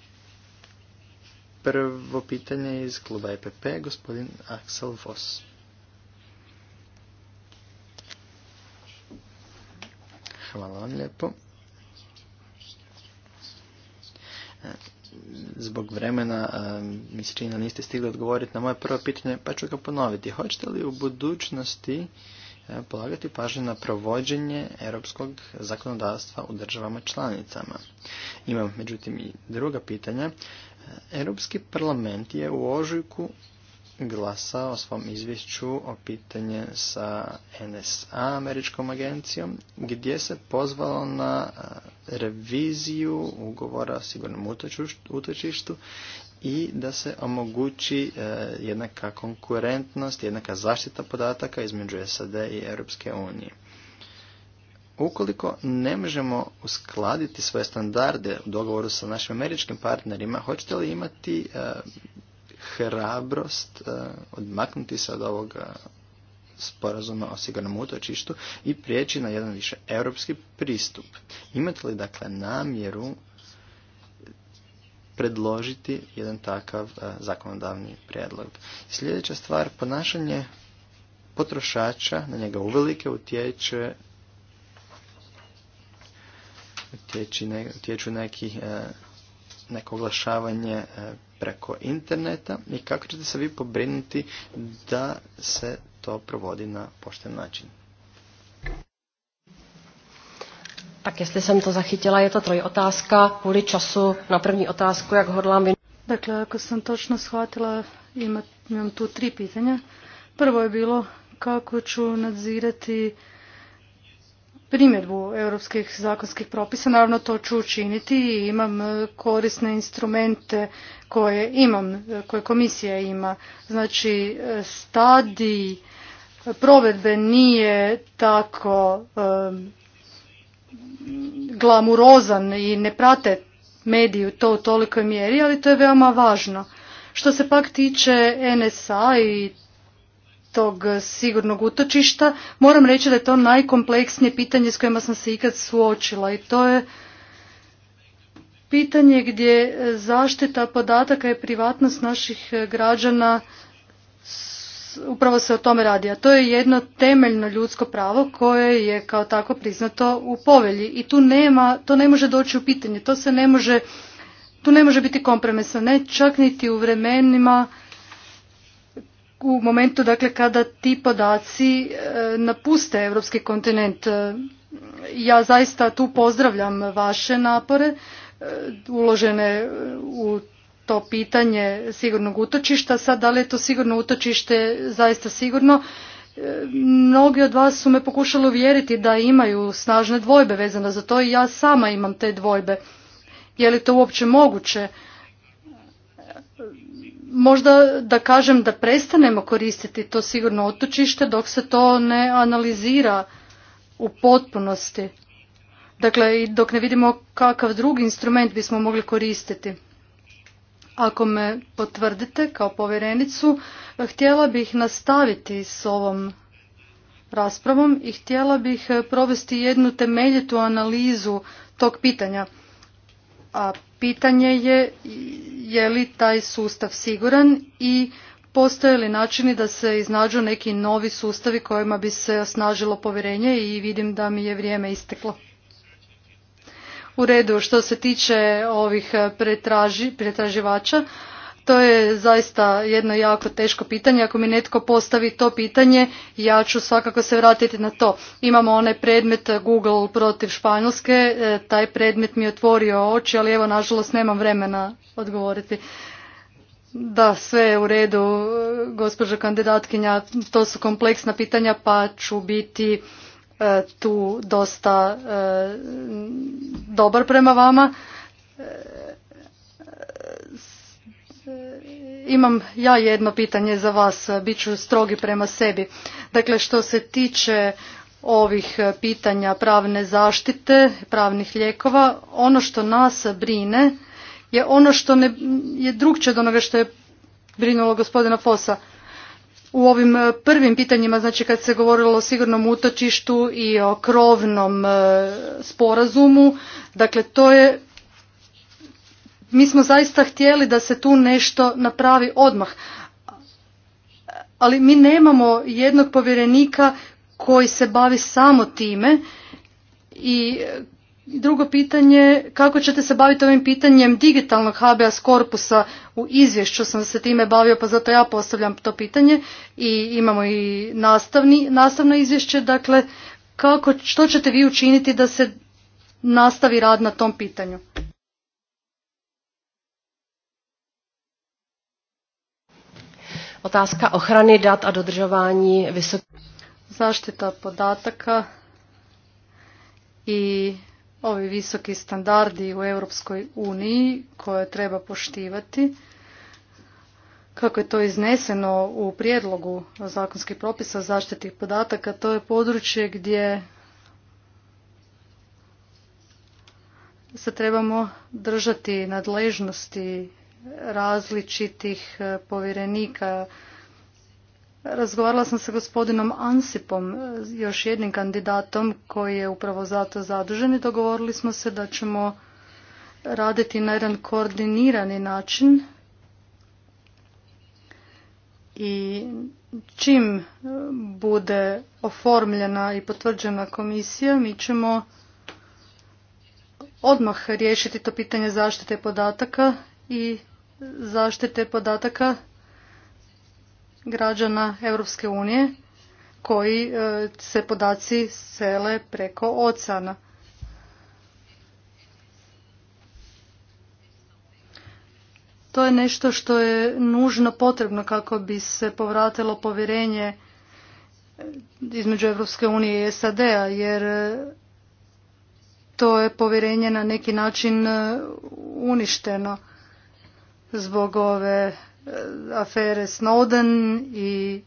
Prvo pitanje iz kluba EPP, gospodin Axel Voss. Hvala vam lijepo zbog vremena mi se čini da niste stigli odgovoriti na moje prvo pitanje, pa ću ga ponoviti. Hoćete li u budućnosti polagati pažnje na provođenje europskog zakonodavstva u državama članicama. Imam međutim i druga pitanja. Europski parlament je u ožujku glasa o svom izvješću o pitanje sa NSA, američkom agencijom, gdje se pozvalo na reviziju ugovora o sigurnom utočištu i da se omogući e, jednaka konkurentnost, jednaka zaštita podataka između SAD i Europske unije. Ukoliko ne možemo uskladiti svoje standarde u dogovoru sa našim američkim partnerima, hoćete li imati e, hrabrost e, odmaknuti se od ovog sporazuma o sigurnom utočištu i prijeći na jedan više europski pristup. Imate li dakle namjeru predložiti jedan takav e, zakonodavni prijedlog? Sljedeća stvar, ponašanje potrošača na njega uvelike utječe utječu neki e, neko oglašavanje e, preko interneta i kako ćete se vi pobrinuti da se to provodi na pošten način? Tak jestli jsem to zachytila, je to troj otázka, kvůli času na první otázku, jak hodlám... Dakle, ako sam točno shvatila, imam tu tri pitanja. Prvo je bilo kako ću nadzirati primjedbu europskih zakonskih propisa. Naravno to ću učiniti i imam e, korisne instrumente koje imam, e, koje komisija ima. Znači e, stadij provedbe nije tako glamurozan i ne prate mediju to u tolikoj mjeri, ali to je veoma važno. Što se pak tiče NSA i tog sigurnog utočišta. Moram reći da je to najkompleksnije pitanje s kojima sam se ikad suočila i to je pitanje gdje zaštita podataka i privatnost naših građana upravo se o tome radi, a to je jedno temeljno ljudsko pravo koje je kao tako priznato u povelji i tu nema, to ne može doći u pitanje, to se ne može, tu ne može biti kompromisa, ne čak niti u vremenima u momentu dakle kada ti podaci e, napuste europski kontinent. E, ja zaista tu pozdravljam vaše napore e, uložene u to pitanje sigurnog utočišta. Sad, da li je to sigurno utočište zaista sigurno? Mnogi od vas su me pokušali uvjeriti da imaju snažne dvojbe vezano za to i ja sama imam te dvojbe. Je li to uopće moguće? možda da kažem da prestanemo koristiti to sigurno otočište dok se to ne analizira u potpunosti. Dakle, i dok ne vidimo kakav drugi instrument bismo mogli koristiti. Ako me potvrdite kao povjerenicu, htjela bih nastaviti s ovom raspravom i htjela bih provesti jednu temeljitu analizu tog pitanja a pitanje je je li taj sustav siguran i postoje li načini da se iznađu neki novi sustavi kojima bi se osnažilo povjerenje i vidim da mi je vrijeme isteklo. U redu, što se tiče ovih pretraživača, to je zaista jedno jako teško pitanje. Ako mi netko postavi to pitanje, ja ću svakako se vratiti na to. Imamo onaj predmet Google protiv Španjolske, e, taj predmet mi je otvorio oči, ali evo nažalost nemam vremena odgovoriti. Da, sve je u redu, e, gospođa kandidatkinja, to su kompleksna pitanja pa ću biti e, tu dosta dobar prema vama imam ja jedno pitanje za vas, bit ću strogi prema sebi. Dakle, što se tiče ovih pitanja pravne zaštite, pravnih lijekova, ono što nas brine je ono što ne, je drugče od onoga što je brinulo gospodina Fosa. U ovim prvim pitanjima, znači kad se govorilo o sigurnom utočištu i o krovnom e, sporazumu, dakle to je mi smo zaista htjeli da se tu nešto napravi odmah, ali mi nemamo jednog povjerenika koji se bavi samo time i drugo pitanje, kako ćete se baviti ovim pitanjem digitalnog HBS korpusa u izvješću sam se time bavio, pa zato ja postavljam to pitanje i imamo i nastavni, nastavno izvješće, dakle kako, što ćete vi učiniti da se nastavi rad na tom pitanju? Otázka ochrany dat a dodržování vysoké. Zaštita podataka i ovi visoki standardi u Europskoj uniji koje treba poštivati. Kako je to izneseno u prijedlogu zakonskih propisa zaštiti podataka, to je područje gdje se trebamo držati nadležnosti različitih e, povjerenika. Razgovarala sam sa gospodinom Ansipom, e, još jednim kandidatom koji je upravo zato zadužen i dogovorili smo se da ćemo raditi na jedan koordinirani način i čim e, bude oformljena i potvrđena komisija mi ćemo odmah riješiti to pitanje zaštite podataka i zaštite podataka građana Europske unije koji e, se podaci sele preko oceana. To je nešto što je nužno potrebno kako bi se povratilo povjerenje između Europske unije i SAD-a, jer to je povjerenje na neki način e, uništeno zbog ove e, afere Snowden i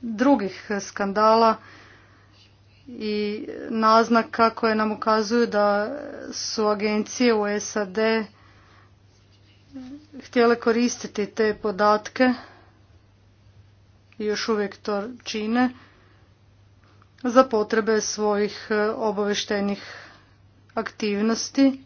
drugih skandala i naznaka koje nam ukazuju da su agencije u SAD htjele koristiti te podatke i još uvijek to čine za potrebe svojih e, obaveštenih aktivnosti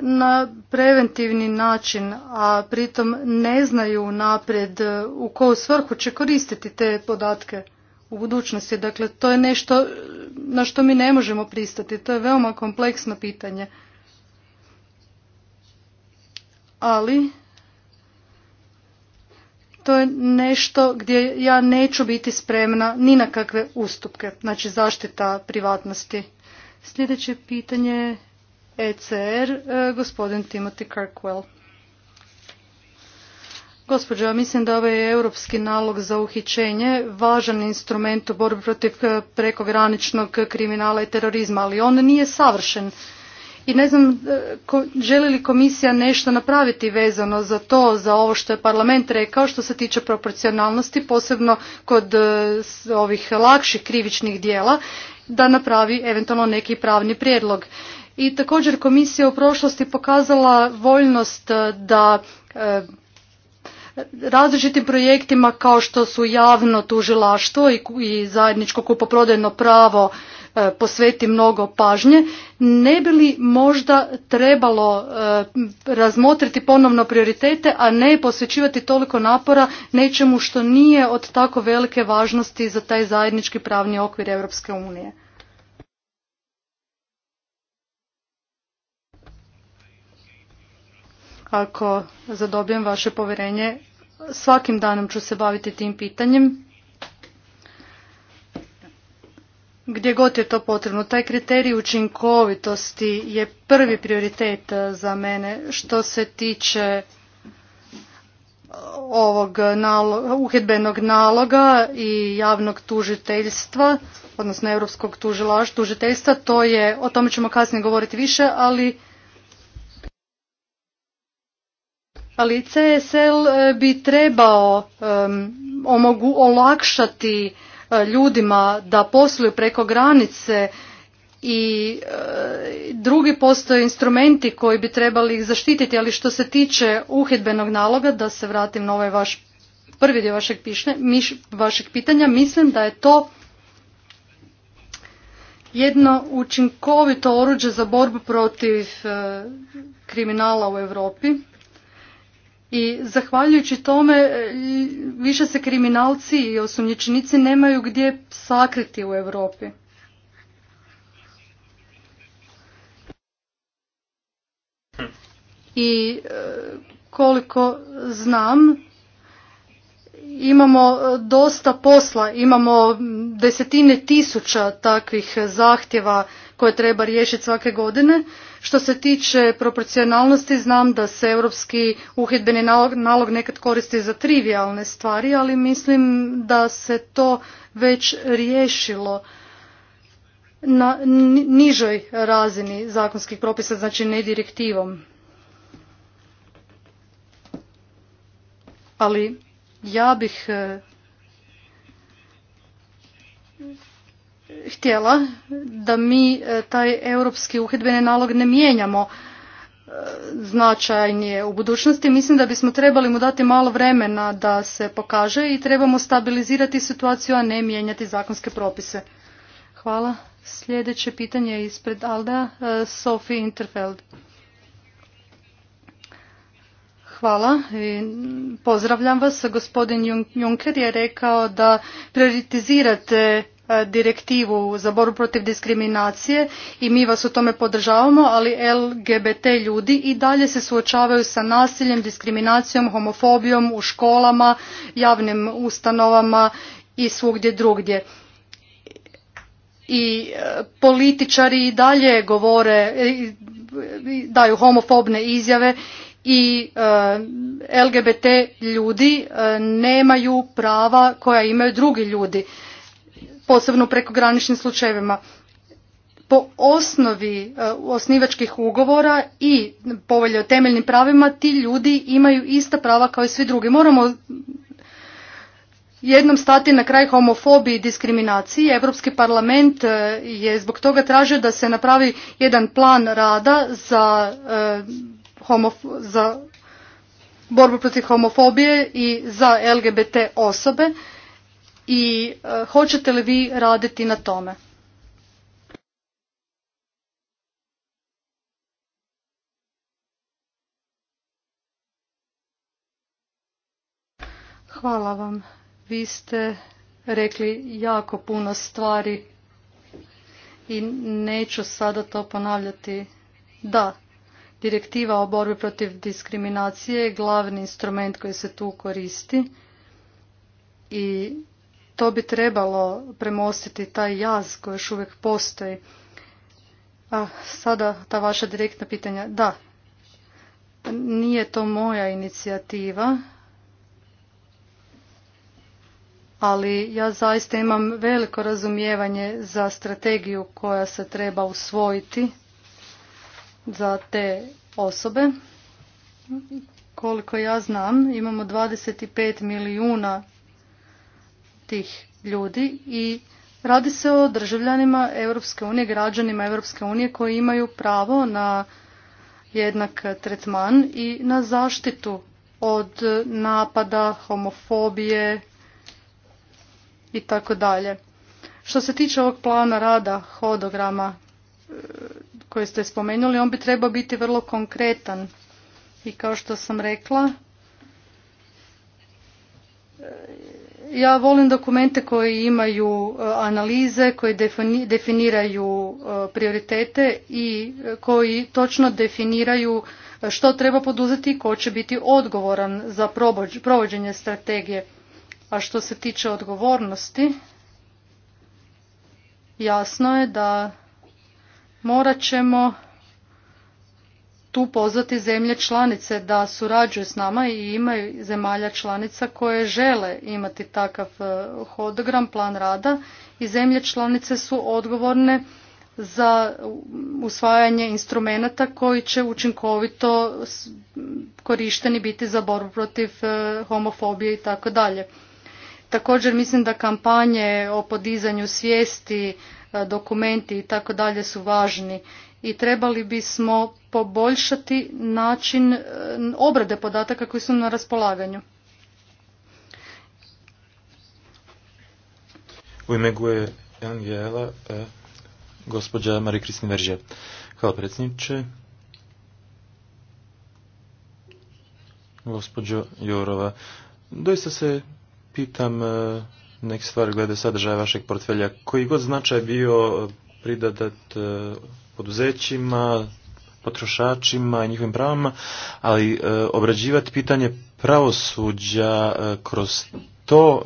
na preventivni način, a pritom ne znaju naprijed u koju svrhu će koristiti te podatke u budućnosti. Dakle, to je nešto na što mi ne možemo pristati. To je veoma kompleksno pitanje. Ali, to je nešto gdje ja neću biti spremna ni na kakve ustupke, znači zaštita privatnosti. Sljedeće pitanje ECR, e, gospodin Timothy Kirkwell. Gospođo, mislim da ovaj europski nalog za uhićenje važan instrument u borbi protiv e, prekograničnog kriminala i terorizma, ali on nije savršen. I ne znam e, želi li komisija nešto napraviti vezano za to, za ovo što je parlament rekao što se tiče proporcionalnosti, posebno kod ovih lakših krivičnih dijela, da napravi eventualno neki pravni prijedlog i također komisija u prošlosti pokazala voljnost e, da e, različitim projektima kao što su javno tužilaštvo i zajedničko kupoprodajno pravo e, posveti mnogo pažnje, ne bi li možda trebalo razmotriti ponovno prioritete, a ne posvećivati toliko napora nečemu što nije od tako velike važnosti za taj zajednički pravni okvir Europske unije. ako zadobijem vaše povjerenje, svakim danom ću se baviti tim pitanjem. Gdje god je to potrebno, taj kriterij učinkovitosti je prvi prioritet eh, za mene što se tiče eh, ovog naloga, uhidbenog naloga i javnog tužiteljstva, odnosno europskog tužiteljstva, to je, o tome ćemo kasnije govoriti više, ali ali CSL e, bi trebao omogu, olakšati e, ljudima da posluju preko granice i e, drugi postoje instrumenti koji bi trebali ih zaštititi, ali što se tiče uhidbenog naloga, da se vratim na ovaj vaš prvi dio vašeg, pišne, vašeg pitanja, mislim da je to jedno učinkovito oruđe za borbu protiv kriminala u Europi i zahvaljujući tome e, više se kriminalci i osumnjičenici nemaju gdje sakriti u Europi. I e, koliko znam, imamo e, dosta posla, imamo desetine tisuća takvih zahtjeva koje treba riješiti svake godine što se tiče proporcionalnosti, znam da se europski uhidbeni nalog, nekad koristi za trivialne stvari, ali mislim da se to već riješilo na nižoj razini zakonskih propisa, znači ne direktivom. Ali ja bih eh, htjela da mi e, taj europski uhidbeni nalog ne mijenjamo e, značajnije u budućnosti. Mislim da bismo trebali mu dati malo vremena da se pokaže i trebamo stabilizirati situaciju, a ne mijenjati zakonske propise. Hvala. Sljedeće pitanje je ispred Aldea, e, Sophie Interfeld. Hvala i pozdravljam vas. Gospodin Juncker je rekao da prioritizirate E, direktivu za borbu protiv diskriminacije i mi vas u tome podržavamo, ali LGBT ljudi i dalje se suočavaju sa nasiljem, diskriminacijom, homofobijom u školama, javnim ustanovama i svugdje drugdje. I e, političari i dalje govore, daju homofobne izjave i e, LGBT ljudi nemaju prava koja imaju drugi ljudi posebno u prekograničnim slučajevima. Po osnovi e, osnivačkih ugovora i povelje o temeljnim pravima ti ljudi imaju ista prava kao i svi drugi. Moramo jednom stati na kraj homofobiji i diskriminaciji. Europski parlament e, je zbog toga tražio da se napravi jedan plan rada za, e, za borbu protiv homofobije i za LGBT osobe i e, hoćete li vi raditi na tome? Hvala vam. Vi ste rekli jako puno stvari i neću sada to ponavljati. Da, direktiva o borbi protiv diskriminacije je glavni instrument koji se tu koristi i to bi trebalo premostiti taj jaz koji još uvijek postoji. A sada ta vaša direktna pitanja. Da, nije to moja inicijativa, ali ja zaista imam veliko razumijevanje za strategiju koja se treba usvojiti za te osobe. Koliko ja znam, imamo 25 milijuna tih ljudi i radi se o državljanima Europske unije, građanima Europske unije koji imaju pravo na jednak tretman i na zaštitu od napada, homofobije i tako dalje. Što se tiče ovog plana rada hodograma e, koji ste spomenuli, on bi trebao biti vrlo konkretan. I kao što sam rekla, e, ja volim dokumente koji imaju e, analize, koji definiraju e, prioritete i e, koji točno definiraju što treba poduzeti i ko će biti odgovoran za provođenje strategije. A što se tiče odgovornosti, jasno je da morat ćemo tu pozvati zemlje članice da surađuju s nama i imaju zemalja članica koje žele imati takav e, hodogram, plan rada i zemlje članice su odgovorne za usvajanje instrumenata koji će učinkovito korišteni biti za borbu protiv e, homofobije i tako dalje. Također mislim da kampanje o podizanju svijesti, e, dokumenti i tako dalje su važni i trebali bismo poboljšati način e, obrade podataka koji su na raspolaganju. U ime Guje Angela, e, gospođa Marija Kristina Veržija. Hvala predsjedniče. Gospođo Jorova, doista se pitam e, neke stvari glede sadržaja vašeg portfelja. Koji god značaj bio pridadat poduzećima, potrošačima i njihovim pravama, ali e, obrađivati pitanje pravosuđa e, kroz to,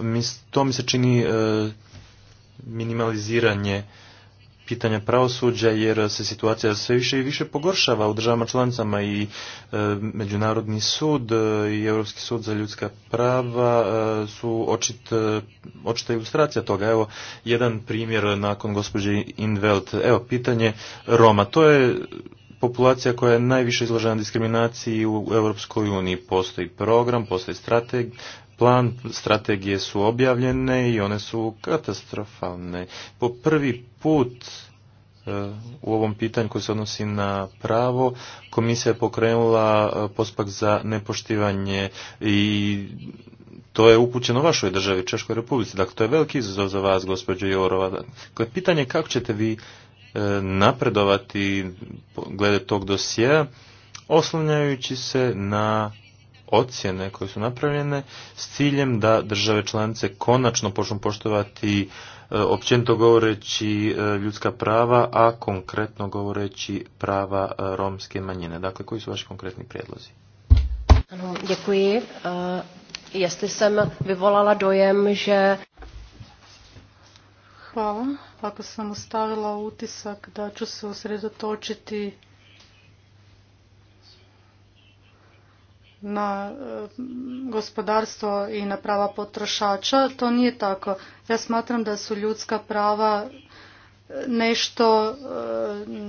to mi se čini e, minimaliziranje pitanja pravosuđa jer se situacija sve više i više pogoršava u državama članicama i e, Međunarodni sud e, i Europski sud za ljudska prava e, su očit, očita ilustracija toga. Evo jedan primjer nakon gospođe Invelt. Evo pitanje Roma. To je populacija koja je najviše izložena diskriminaciji u Europskoj uniji. Postoji program, postoji strateg, plan, strategije su objavljene i one su katastrofalne. Po prvi put e, u ovom pitanju koji se odnosi na pravo, komisija je pokrenula e, postupak za nepoštivanje i to je upućeno vašoj državi, Češkoj republici. Dakle, to je veliki izazov za vas, gospođo Jorova. Dakle, pitanje je kako ćete vi e, napredovati glede tog dosjea, oslanjajući se na ocjene koje su napravljene s ciljem da države članice konačno počnu poštovati e, općenito govoreći e, ljudska prava, a konkretno govoreći prava e, romske manjine. Dakle, koji su vaši konkretni prijedlozi? děkuji. Jestli jsem vyvolala dojem, že... Hvala. Ako sam ostavila utisak da ću se usredotočiti na e, gospodarstvo i na prava potrošača. To nije tako. Ja smatram da su ljudska prava nešto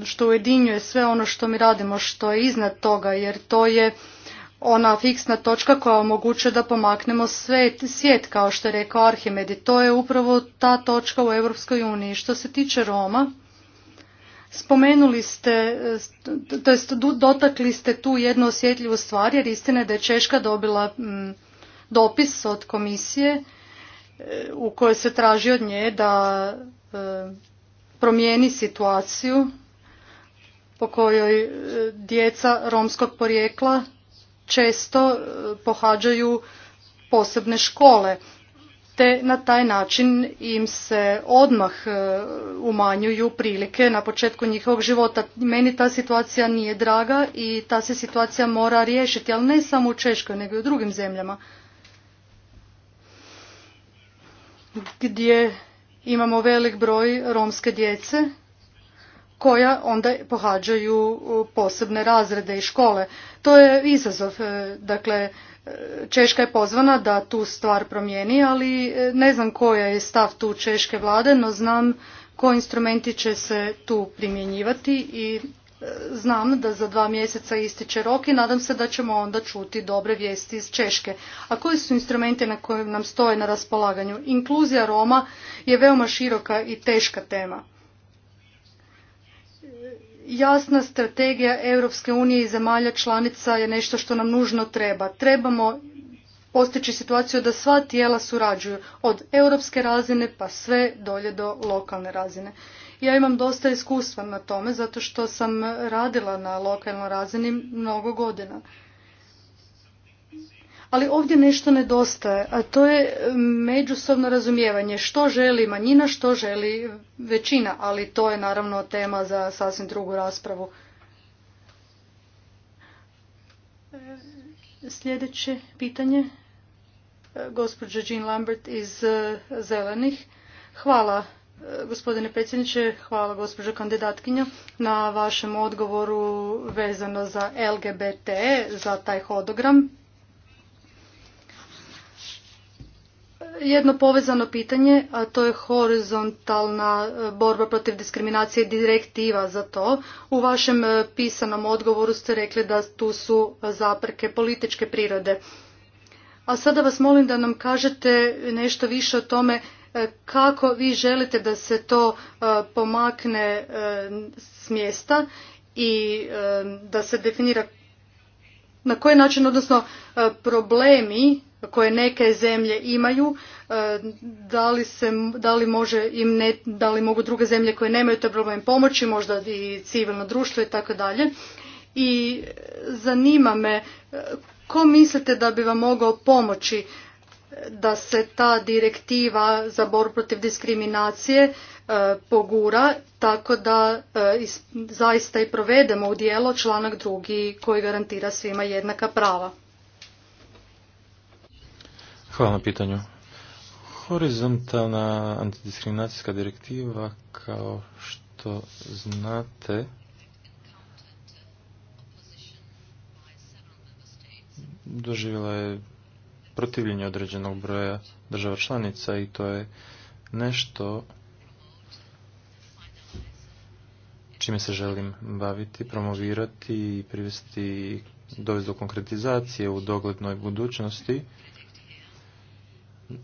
e, što ujedinjuje sve ono što mi radimo, što je iznad toga, jer to je ona fiksna točka koja omogućuje da pomaknemo svet, svijet, kao što je rekao Arhimedi. to je upravo ta točka u Europskoj uniji. Što se tiče Roma, Spomenuli ste, to dotakli ste tu jednu osjetljivu stvar jer istina je da je Češka dobila mm, dopis od komisije e, u kojoj se traži od nje da e, promijeni situaciju po kojoj e, djeca romskog porijekla često pohađaju posebne škole te na taj način im se odmah e, umanjuju prilike na početku njihovog života. Meni ta situacija nije draga i ta se situacija mora riješiti, ali ne samo u Češkoj, nego i u drugim zemljama. Gdje imamo velik broj romske djece koja onda pohađaju e, posebne razrede i škole. To je izazov. E, dakle, Češka je pozvana da tu stvar promijeni, ali e, ne znam koja je stav tu češke vlade, no znam koji instrumenti će se tu primjenjivati i e, znam da za dva mjeseca ističe rok i nadam se da ćemo onda čuti dobre vijesti iz Češke. A koji su instrumenti na kojem nam stoje na raspolaganju? Inkluzija Roma je veoma široka i teška tema jasna strategija Europske unije i zemalja članica je nešto što nam nužno treba. Trebamo postići situaciju da sva tijela surađuju od europske razine pa sve dolje do lokalne razine. Ja imam dosta iskustva na tome zato što sam radila na lokalnoj razini mnogo godina ali ovdje nešto nedostaje, a to je međusobno razumijevanje što želi manjina, što želi većina, ali to je naravno tema za sasvim drugu raspravu. Sljedeće pitanje, e, gospođa Jean Lambert iz e, Zelenih. Hvala e, gospodine predsjedniče, hvala gospođo kandidatkinja na vašem odgovoru vezano za LGBT, za taj hodogram jedno povezano pitanje, a to je horizontalna e, borba protiv diskriminacije direktiva za to. U vašem e, pisanom odgovoru ste rekli da tu su zaprke političke prirode. A sada vas molim da nam kažete nešto više o tome e, kako vi želite da se to pomakne s mjesta i da se definira na koji način, odnosno problemi koje neke zemlje imaju, e, da li, se, može im ne, da li mogu druge zemlje koje nemaju te problem pomoći, možda i civilno društvo i tako dalje. I zanima me, e, ko mislite da bi vam mogao pomoći e, da se ta direktiva za bor protiv diskriminacije pogura tako da zaista i provedemo u dijelo članak drugi koji garantira svima jednaka prava. Hvala na pitanju. Horizontalna antidiskriminacijska direktiva, kao što znate, doživjela je protivljenje određenog broja država članica i to je nešto čime se želim baviti, promovirati i privesti dovesti do konkretizacije u doglednoj budućnosti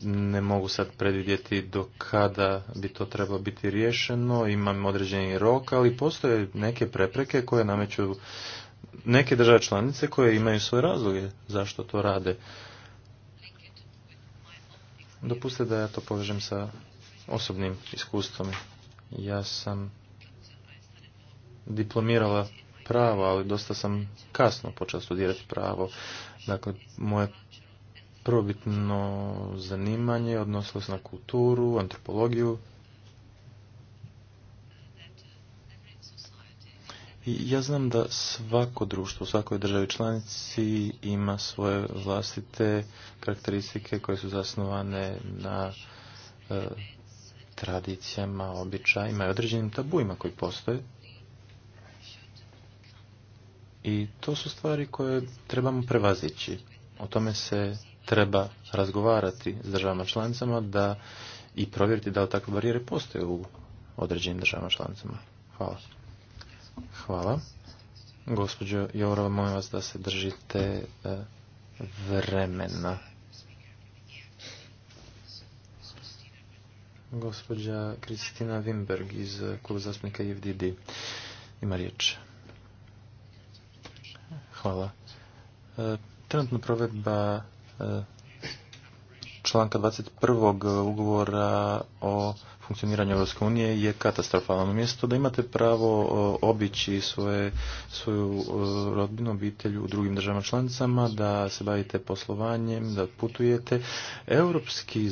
ne mogu sad predvidjeti do kada bi to trebalo biti riješeno, imam određeni rok, ali postoje neke prepreke koje nameću neke države članice koje imaju svoje razloge zašto to rade. Dopustite da ja to povežem sa osobnim iskustvom. Ja sam diplomirala pravo, ali dosta sam kasno počela studirati pravo. Dakle, moje prvobitno zanimanje odnosilo se na kulturu, antropologiju. I ja znam da svako društvo u svakoj državi članici ima svoje vlastite karakteristike koje su zasnovane na e, tradicijama, običajima i određenim tabuima koji postoje. I to su stvari koje trebamo prevazići. O tome se treba razgovarati s državama članicama da i provjeriti da li takve barijere postoje u određenim državama članicama. Hvala. Hvala. Gospođo Jourova, molim vas da se držite e, vremena. Gospođa Kristina Wimberg iz kluba zastupnika IFDD e ima riječ. Hvala. E, trenutna provedba E, članka 21. ugovora o funkcioniranju Europske unije je katastrofalno. Mjesto da imate pravo e, obići svoje, svoju e, rodbinu, obitelju u drugim državama članicama, da se bavite poslovanjem, da putujete. Europski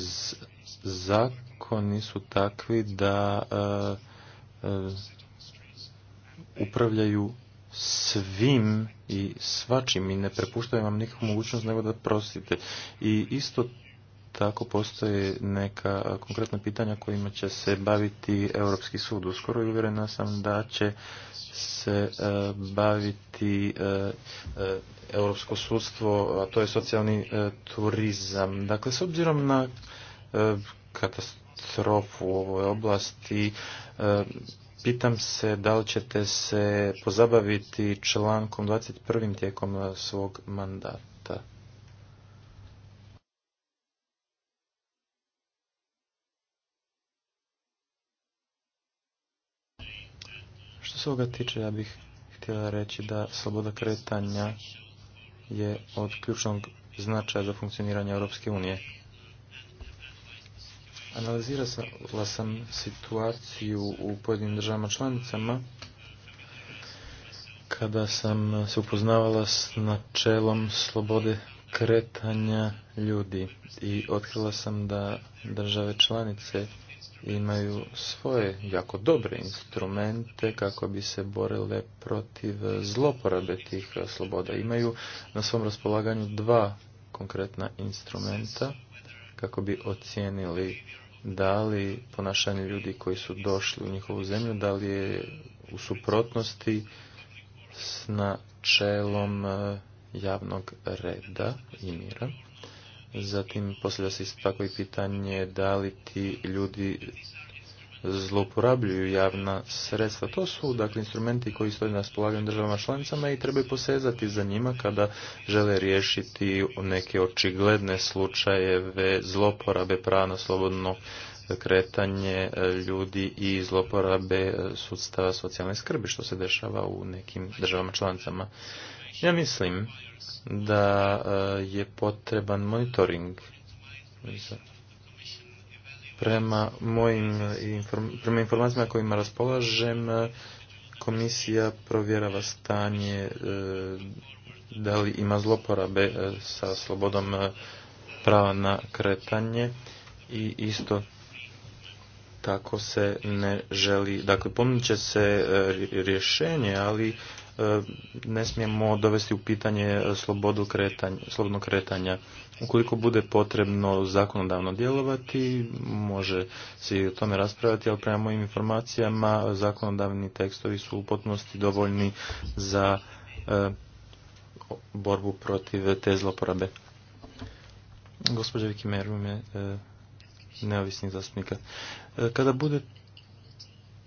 zakoni su takvi da upravljaju svim i svačim i ne prepuštaju vam nikakvu mogućnost nego da prostite. I isto tako postoje neka konkretna pitanja kojima će se baviti Europski sud. Uskoro i uvjerena sam da će se e, baviti e, e, europsko sudstvo, a to je socijalni turizam. Dakle, s obzirom na katastrofu u ovoj oblasti Pitam se da li ćete se pozabaviti člankom 21. tijekom svog mandata. Što se ovoga tiče, ja bih htjela reći da sloboda kretanja je od ključnog značaja za funkcioniranje Europske unije. Analizirala sam situaciju u pojedinim državama članicama kada sam se upoznavala s načelom slobode kretanja ljudi i otkrila sam da države članice imaju svoje jako dobre instrumente kako bi se borile protiv zloporabe tih sloboda. Imaju na svom raspolaganju dva konkretna instrumenta kako bi ocijenili da li ponašanje ljudi koji su došli u njihovu zemlju, da li je u suprotnosti s načelom e, javnog reda i mira. Zatim postavlja se isto tako i pitanje da li ti ljudi zlouporabljuju javna sredstva. To su dakle instrumenti koji stoje na raspolaganju državama članicama i trebaju posezati za njima kada žele riješiti neke očigledne slučajeve zloporabe prana slobodno kretanje e, ljudi i zloporabe e, sudstava socijalne skrbi što se dešava u nekim državama članicama. Ja mislim da e, je potreban monitoring Prema mojim prema informacijama kojima raspolažem, komisija provjerava stanje e, da li ima zloporabe e, sa slobodom e, prava na kretanje i isto tako se ne želi. Dakle, ponudit će se rješenje, ali ne smijemo dovesti u pitanje slobodu kretanja, slobodno kretanja Ukoliko bude potrebno zakonodavno djelovati, može se i o tome raspravljati, ali prema mojim informacijama zakonodavni tekstovi su u potpunosti dovoljni za e, borbu protiv te zloporabe. Gospođa Vikimeru je e, neovisnih zastupnika. E, kada budete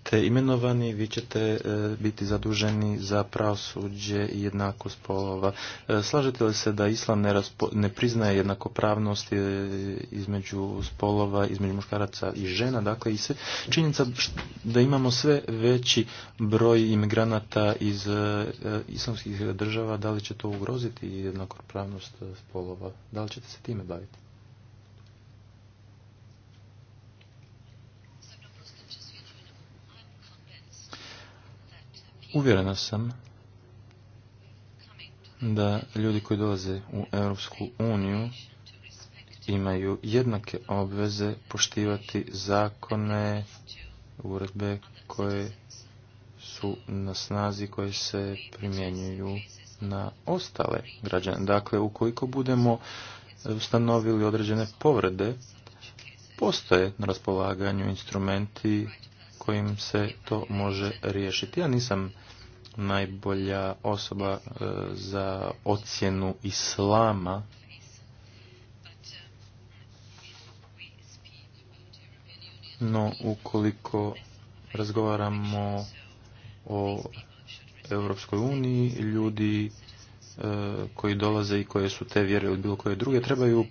ste imenovani, vi ćete e, biti zaduženi za pravosuđe i jednakost spolova. E, slažete li se da islam ne, ne priznaje jednakopravnost e, između spolova, između muškaraca i žena? Dakle, i se činjenica da imamo sve veći broj imigranata iz islamskih država, da li će to ugroziti jednakopravnost spolova? Da li ćete se time baviti? Uvjerena sam da ljudi koji dolaze u Europsku uniju imaju jednake obveze poštivati zakone, uredbe koje su na snazi koje se primjenjuju na ostale građane. Dakle, ukoliko budemo ustanovili određene povrede, postoje na raspolaganju instrumenti kojim se to može riješiti. Ja nisam najbolja osoba e, za ocjenu islama No, ukoliko razgovaramo o Europskoj uniji, ljudi e, koji dolaze i koje su te vjere ili bilo koje druge, trebaju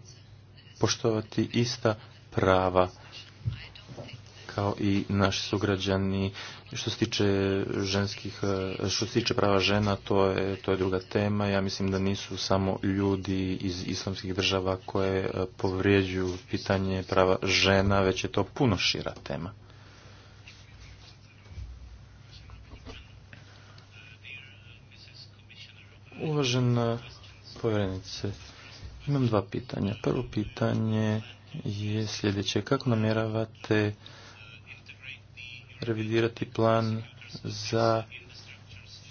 poštovati ista prava kao i naši sugrađani. Što se tiče ženskih, e, što se tiče prava žena, to je, to je druga tema. Ja mislim da nisu samo ljudi iz islamskih država koje e, povrijeđuju pitanje prava žena, već je to puno šira tema. Uvažena povjerenice, imam dva pitanja. Prvo pitanje je sljedeće. Kako namjeravate revidirati plan za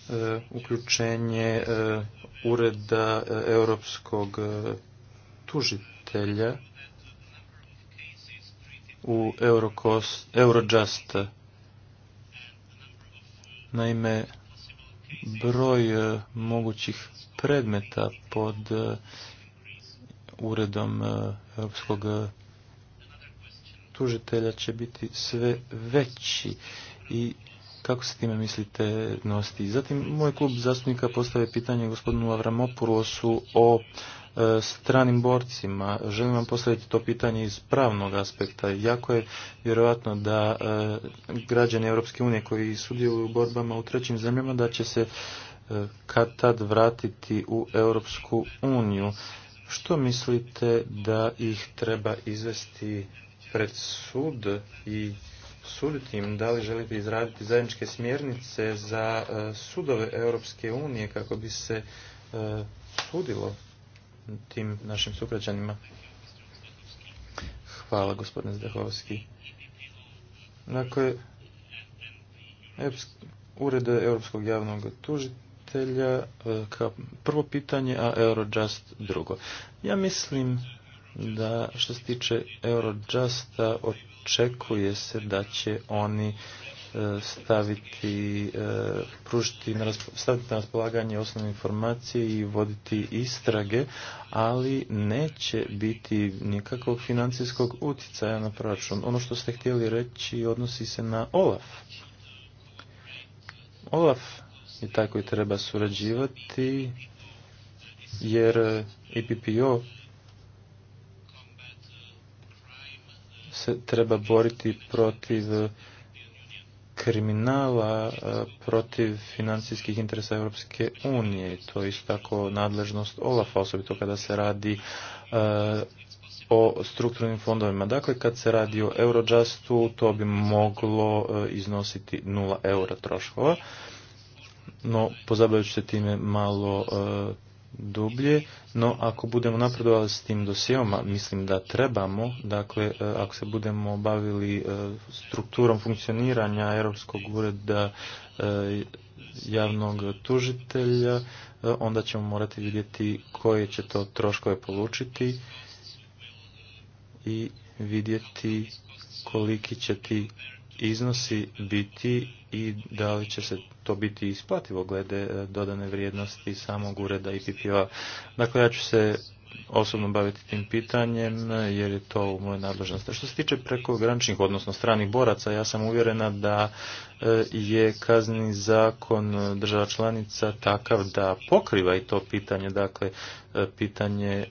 e, uključenje e, ureda e, europskog tužitelja u Eurocost, Eurojust. Naime, broj mogućih predmeta pod uredom Europskog tužitelja će biti sve veći i kako se time mislite nositi? Zatim, moj klub zastupnika postave pitanje gospodinu Avramopurosu o e, stranim borcima. Želim vam postaviti to pitanje iz pravnog aspekta. Jako je vjerojatno da e, građani Europske unije koji sudjeluju u borbama u trećim zemljama da će se e, kad tad vratiti u Europsku uniju. Što mislite da ih treba izvesti pred sud i suditi im da li želite izraditi zajedničke smjernice za e, sudove Europske unije kako bi se e, sudilo tim našim sugrađanima. Hvala gospodine Zdehovski. Dakle, Ured Europskog javnog tužitelja e, kao prvo pitanje, a Eurojust drugo. Ja mislim da što se tiče Eurojusta očekuje se da će oni e, staviti, e, pružiti, staviti na raspolaganje osnovne informacije i voditi istrage, ali neće biti nikakvog financijskog utjecaja na proračun. Ono što ste htjeli reći odnosi se na OLAF. OLAF je taj koji treba surađivati, jer EPPO se treba boriti protiv kriminala protiv financijskih interesa Europske unije. To je isto tako nadležnost OLAF, osobito kada se radi o strukturnim fondovima. Dakle, kad se radi o Eurojustu, to bi moglo iznositi 0 eura troškova. No, pozabavajući se time malo dublje, no ako budemo napredovali s tim dosijevama, mislim da trebamo, dakle, e, ako se budemo bavili e, strukturom funkcioniranja Europskog ureda e, javnog tužitelja, onda ćemo morati vidjeti koje će to troškove polučiti i vidjeti koliki će ti iznosi biti i da li će se to biti isplativo glede e, dodane vrijednosti samog ureda i Dakle, ja ću se osobno baviti tim pitanjem e, jer je to u mojoj nadležnosti. Što se tiče prekograničnih, odnosno stranih boraca, ja sam uvjerena da e, je kazni zakon država članica takav da pokriva i to pitanje, dakle pitanje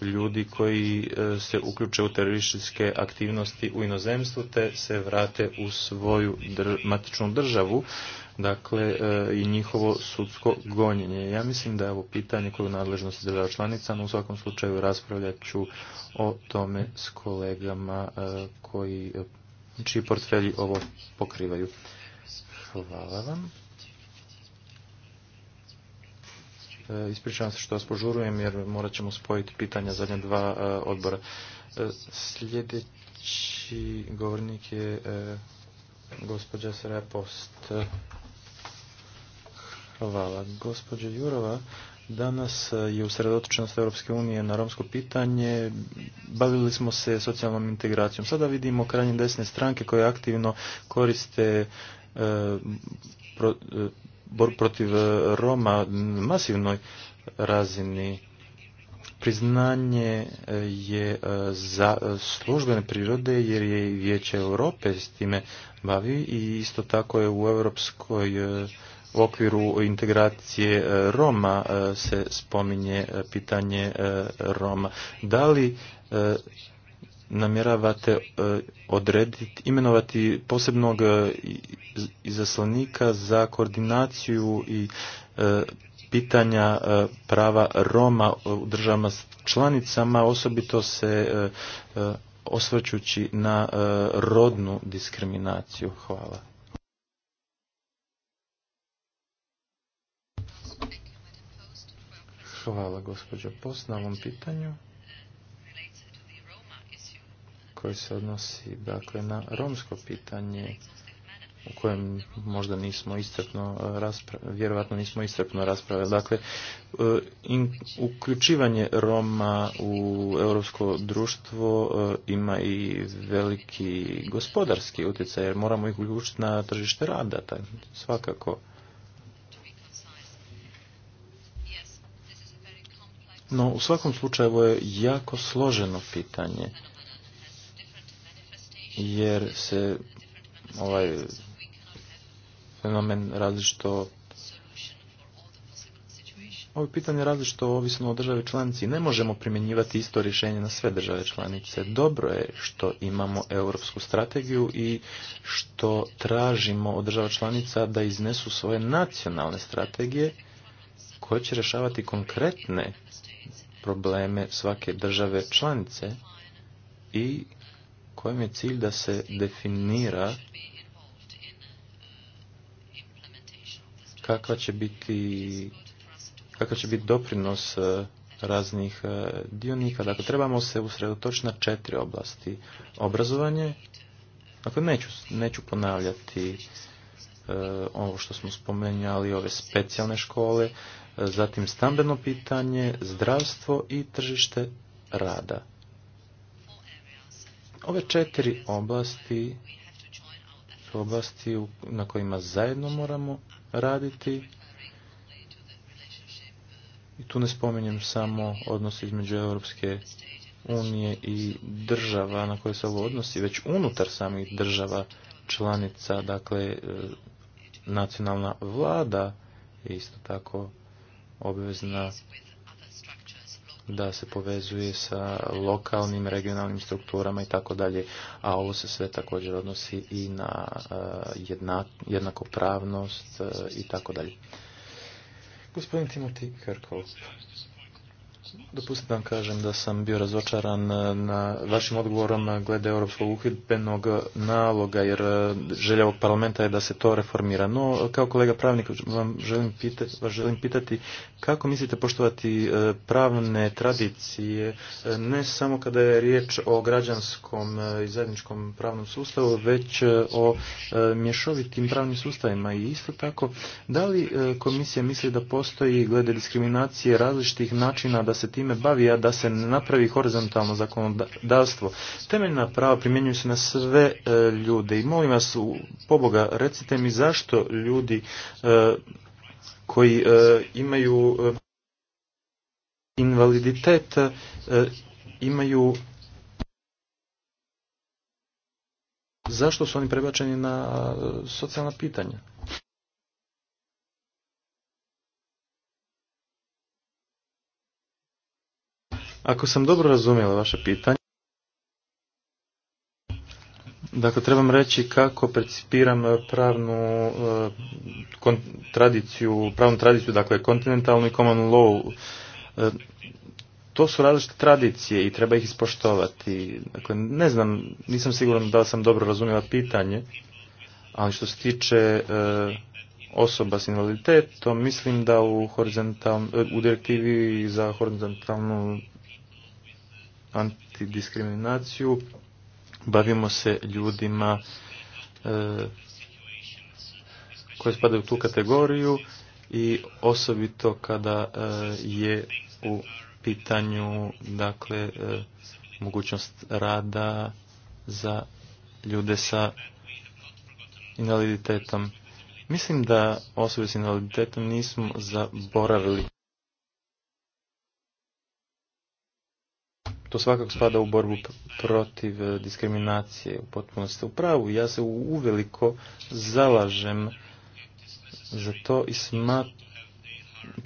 ljudi koji e, se uključe u terorističke aktivnosti u inozemstvu te se vrate u svoju matičnu državu dakle e, i njihovo sudsko gonjenje. Ja mislim da je ovo pitanje koje je u nadležnosti država članica, no u svakom slučaju raspravljat ću o tome s kolegama e, koji, čiji portfelji ovo pokrivaju. Hvala vam. E, ispričavam se što vas požurujem jer morat ćemo spojiti pitanja zadnje dva e, odbora. E, sljedeći govornik je gospođa Srepost Post. Hvala. Gospođa Jurova, danas je usredotočenost Europske unije na romsko pitanje. Bavili smo se socijalnom integracijom. Sada vidimo krajnje desne stranke koje aktivno koriste bor protiv e, Roma masivnoj razini. Priznanje e, je e, za službene prirode jer je i Vijeće Europe s time bavi i isto tako je u europskoj u okviru integracije Roma se spominje pitanje Roma. Da li namjeravate e, odrediti, imenovati posebnog e, izaslanika za koordinaciju i e, pitanja prava Roma u državama članicama, osobito se osvrćući na rodnu diskriminaciju. Hvala. Hvala gospođo Post na ovom pitanju koji se odnosi dakle, na romsko pitanje u kojem možda nismo istrpno e, raspravili, vjerojatno nismo istrpno raspravili. Dakle, e, uključivanje Roma u europsko društvo e, ima i veliki gospodarski utjecaj, jer moramo ih uključiti na tržište rada, svakako. No, u svakom slučaju ovo je jako složeno pitanje jer se ovaj fenomen različito ovo pitanje različito ovisno o državi članici. Ne možemo primjenjivati isto rješenje na sve države članice. Dobro je što imamo europsku strategiju i što tražimo od država članica da iznesu svoje nacionalne strategije koje će rješavati konkretne probleme svake države članice i kojem je cilj da se definira kakva će biti kakav će biti doprinos e, raznih e, dionika. Dakle, trebamo se usredotočiti na četiri oblasti. Obrazovanje, dakle, neću, neću ponavljati e, ovo što smo spomenjali, ove specijalne škole, zatim stambeno pitanje, zdravstvo i tržište rada. Ove četiri oblasti su oblasti na kojima zajedno moramo raditi. I tu ne spominjem samo odnose između Europske unije i država na koje se ovo odnosi, već unutar samih država članica, dakle e, nacionalna vlada je isto tako obvezna da se povezuje sa lokalnim, regionalnim strukturama i tako dalje, a ovo se sve također odnosi i na eh, jednakopravnost eh, i tako dalje. Gospodin Timothy Dopustite vam kažem da sam bio razočaran eh, na vašim odgovorom glede europskog uhidbenog eh, naloga, jer eh, želja ovog parlamenta je da se to reformira. No, kao kolega pravnik, vam želim pitati, vas želim pitati kako mislite poštovati pravne tradicije, ne samo kada je riječ o građanskom i zajedničkom pravnom sustavu, već o mješovitim pravnim sustavima. I isto tako, da li komisija misli da postoji glede diskriminacije različitih načina da se time bavi, a da se napravi horizontalno zakonodavstvo. Temeljna prava primjenjuju se na sve e, ljude i molim vas, u, poboga, recite mi zašto ljudi e, koji e, imaju invaliditet imaju zašto su oni prebačeni na socijalna pitanja? Ako sam dobro razumjela vaše pitanje, Dakle, trebam reći kako percipiram e, pravnu e, tradiciju, pravnu tradiciju, dakle, kontinentalnu i common law. E, to su različite tradicije i treba ih ispoštovati. Dakle, ne znam, nisam siguran da sam dobro razumjela pitanje, ali što se tiče osoba s invaliditetom, mislim da u, horizontal, u direktivi za horizontalnu antidiskriminaciju, bavimo se ljudima e, koji spadaju u tu kategoriju i osobito kada e, je u pitanju dakle e, mogućnost rada za ljude sa invaliditetom. Mislim da osobe s invaliditetom nismo zaboravili. to svakako spada u borbu protiv e, diskriminacije u potpunosti u pravu. Ja se uveliko zalažem za to i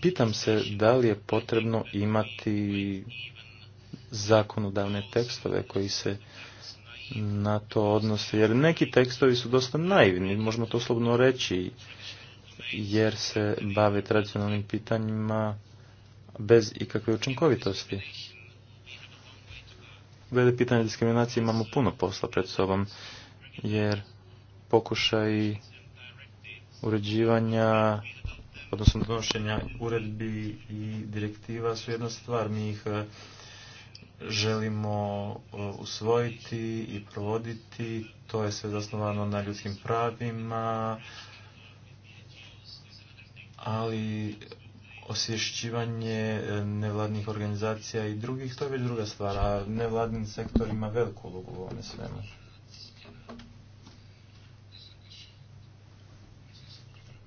pitam se da li je potrebno imati zakonodavne tekstove koji se na to odnose. Jer neki tekstovi su dosta naivni, možemo to slobno reći, jer se bave tradicionalnim pitanjima bez ikakve učinkovitosti glede pitanja diskriminacije imamo puno posla pred sobom, jer pokušaj uređivanja, odnosno donošenja uredbi i direktiva su jedna stvar. Mi ih e, želimo e, usvojiti i provoditi. To je sve zasnovano na ljudskim pravima, ali osvješćivanje e, nevladnih organizacija i drugih, to je već druga stvar, a nevladni sektor ima veliku ulogu u ovome svemu.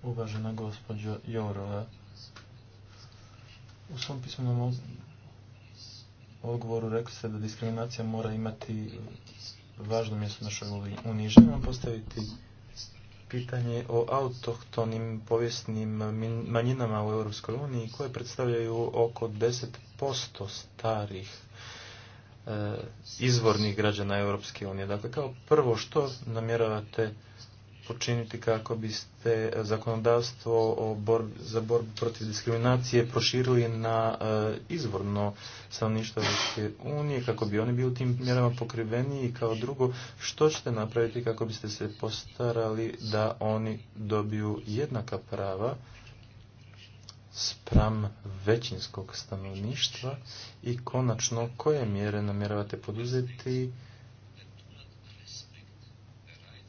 Uvažena gospođo Jorova, u svom pismenom odgovoru rekli ste da diskriminacija mora imati važno mjesto našoj postaviti pitanje o autohtonim povijesnim manjinama u Europskoj uniji koje predstavljaju oko 10% starih e, izvornih građana Europske unije. Dakle, kao prvo što namjeravate počiniti kako biste zakonodavstvo o borbi, za borbu protiv diskriminacije proširili na e, izvorno stanovništvo Europske unije, kako bi oni bili u tim mjerama pokriveni i kao drugo, što ćete napraviti kako biste se postarali da oni dobiju jednaka prava spram većinskog stanovništva i konačno koje mjere namjeravate poduzeti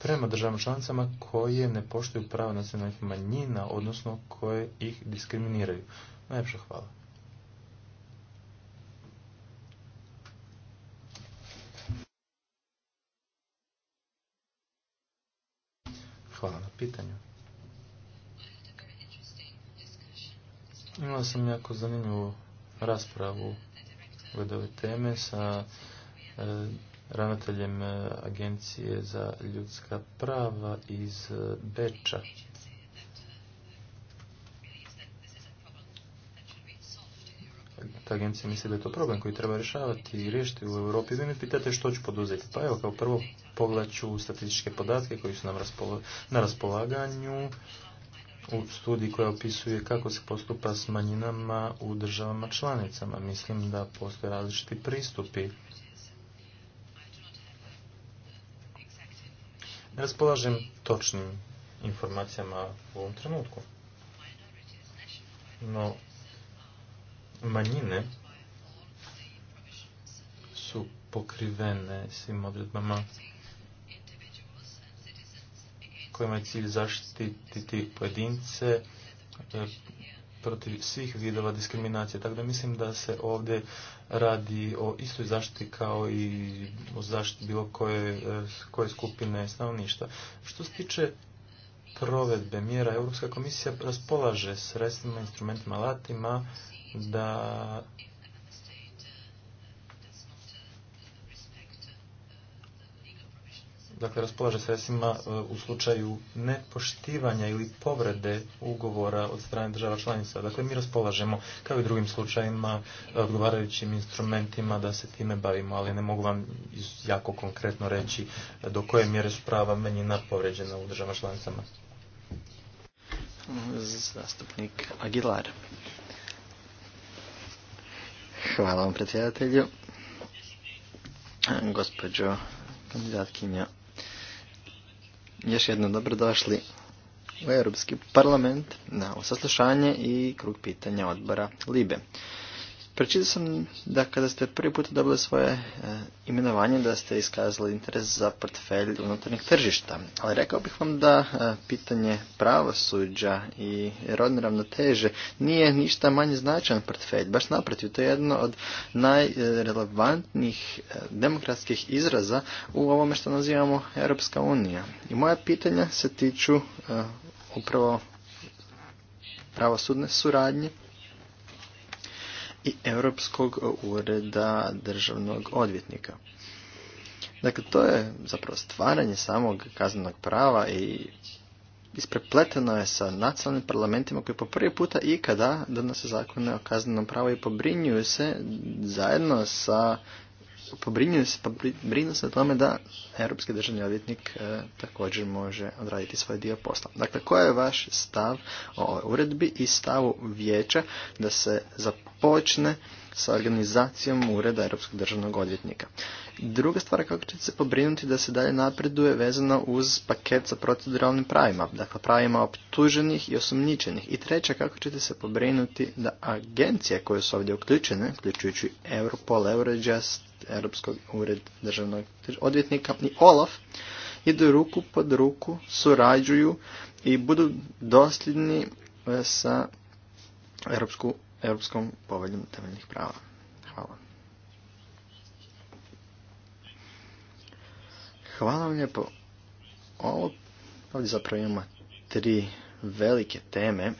prema državama članicama koje ne poštuju prava nacionalnih manjina, odnosno koje ih diskriminiraju. Najljepša hvala. Hvala na pitanju. Imala sam jako zanimljivu raspravu glede ove teme sa e, ravnateljem e, Agencije za ljudska prava iz e, Beča. Ta agencija misli da je to problem koji treba rješavati i riješiti u Europi. Vi mi pitate što ću poduzeti. Pa evo, kao prvo ću statističke podatke koji su nam na raspolaganju u studiji koja opisuje kako se postupa s manjinama u državama članicama. Mislim da postoje različiti pristupi Ne raspolažem točnim informacijama u ovom trenutku. No, manjine su pokrivene svim odredbama kojima je cilj zaštititi pojedince e, protiv svih vidova diskriminacije. Tako da mislim da se ovdje radi o istoj zaštiti kao i o zaštiti bilo koje, eh, koje skupine stanovništva. Što se tiče provedbe mjera, Europska komisija raspolaže sredstvima, instrumentima, alatima da dakle, raspolaže sredstvima e, u slučaju nepoštivanja ili povrede ugovora od strane država članica. Dakle, mi raspolažemo, kao i drugim slučajima, e, odgovarajućim instrumentima da se time bavimo, ali ne mogu vam jako konkretno reći e, do koje mjere su prava manjina povređena u državama članicama. Zastupnik Aguilar. Hvala vam predsjedatelju. Gospođo kandidatkinja još jednom dobrodošli u Europski parlament na saslušanje i krug pitanja odbora Libe. Pročitao sam da kada ste prvi put dobili svoje e, imenovanje da ste iskazali interes za portfelj unutarnjeg tržišta. Ali rekao bih vam da e, pitanje pravosuđa i rodne ravnoteže nije ništa manje značajan portfelj. Baš naprotiv, to je jedno od najrelevantnijih e, demokratskih izraza u ovome što nazivamo Europska unija. I moja pitanja se tiču upravo pravosudne suradnje i Europskog ureda državnog odvjetnika. Dakle, to je zapravo stvaranje samog kaznenog prava i isprepleteno je sa nacionalnim parlamentima koji po prvi puta ikada donose zakone o kaznenom pravu i pobrinjuju se zajedno sa pobrinjuju se, pobrinju se o tome da europski državni odvjetnik e, također može odraditi svoj dio posla. Dakle, koja je vaš stav o uredbi i stavu vijeća da se za počne s organizacijom Ureda Europskog državnog odvjetnika. Druga stvar kako ćete se pobrinuti da se dalje napreduje vezano uz paket sa proceduralnim pravima, dakle pravima optuženih i osumnjičenih. I treća kako ćete se pobrinuti da agencije koje su ovdje uključene, uključujući Europol, Eurojust, Europskog ured državnog odvjetnika i OLAF, idu ruku pod ruku, surađuju i budu dosljedni e, sa Europsku Europskom poveljom temeljnih prava. Hvala. Hvala vam lijepo. Ovo, ovdje zapravo imamo tri velike teme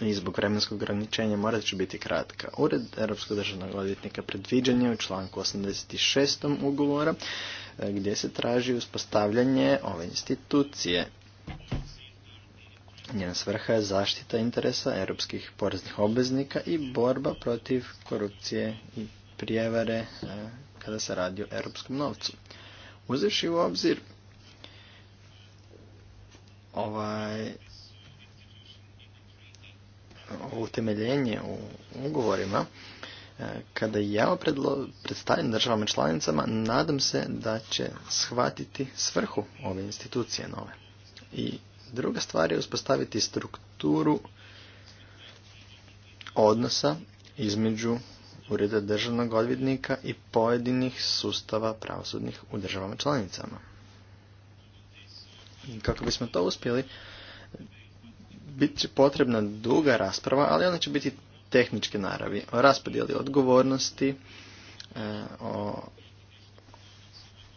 i zbog vremenskog ograničenja morat će biti kratka. Ured Europskog državnog odvjetnika predviđen je u članku 86. ugovora e, gdje se traži uspostavljanje ove institucije Njena svrha je zaštita interesa europskih poreznih obveznika i borba protiv korupcije i prijevare e, kada se radi o europskom novcu. Uzevši u obzir ovaj utemeljenje u ugovorima, e, kada ja predlo, predstavim državama članicama, nadam se da će shvatiti svrhu ove institucije nove. I Druga stvar je uspostaviti strukturu odnosa između Ureda državnog odvjetnika i pojedinih sustava pravosudnih u državama članicama. Kako bismo to uspjeli, bit će potrebna duga rasprava, ali ona će biti tehničke naravi, o raspodjeli odgovornosti, e, o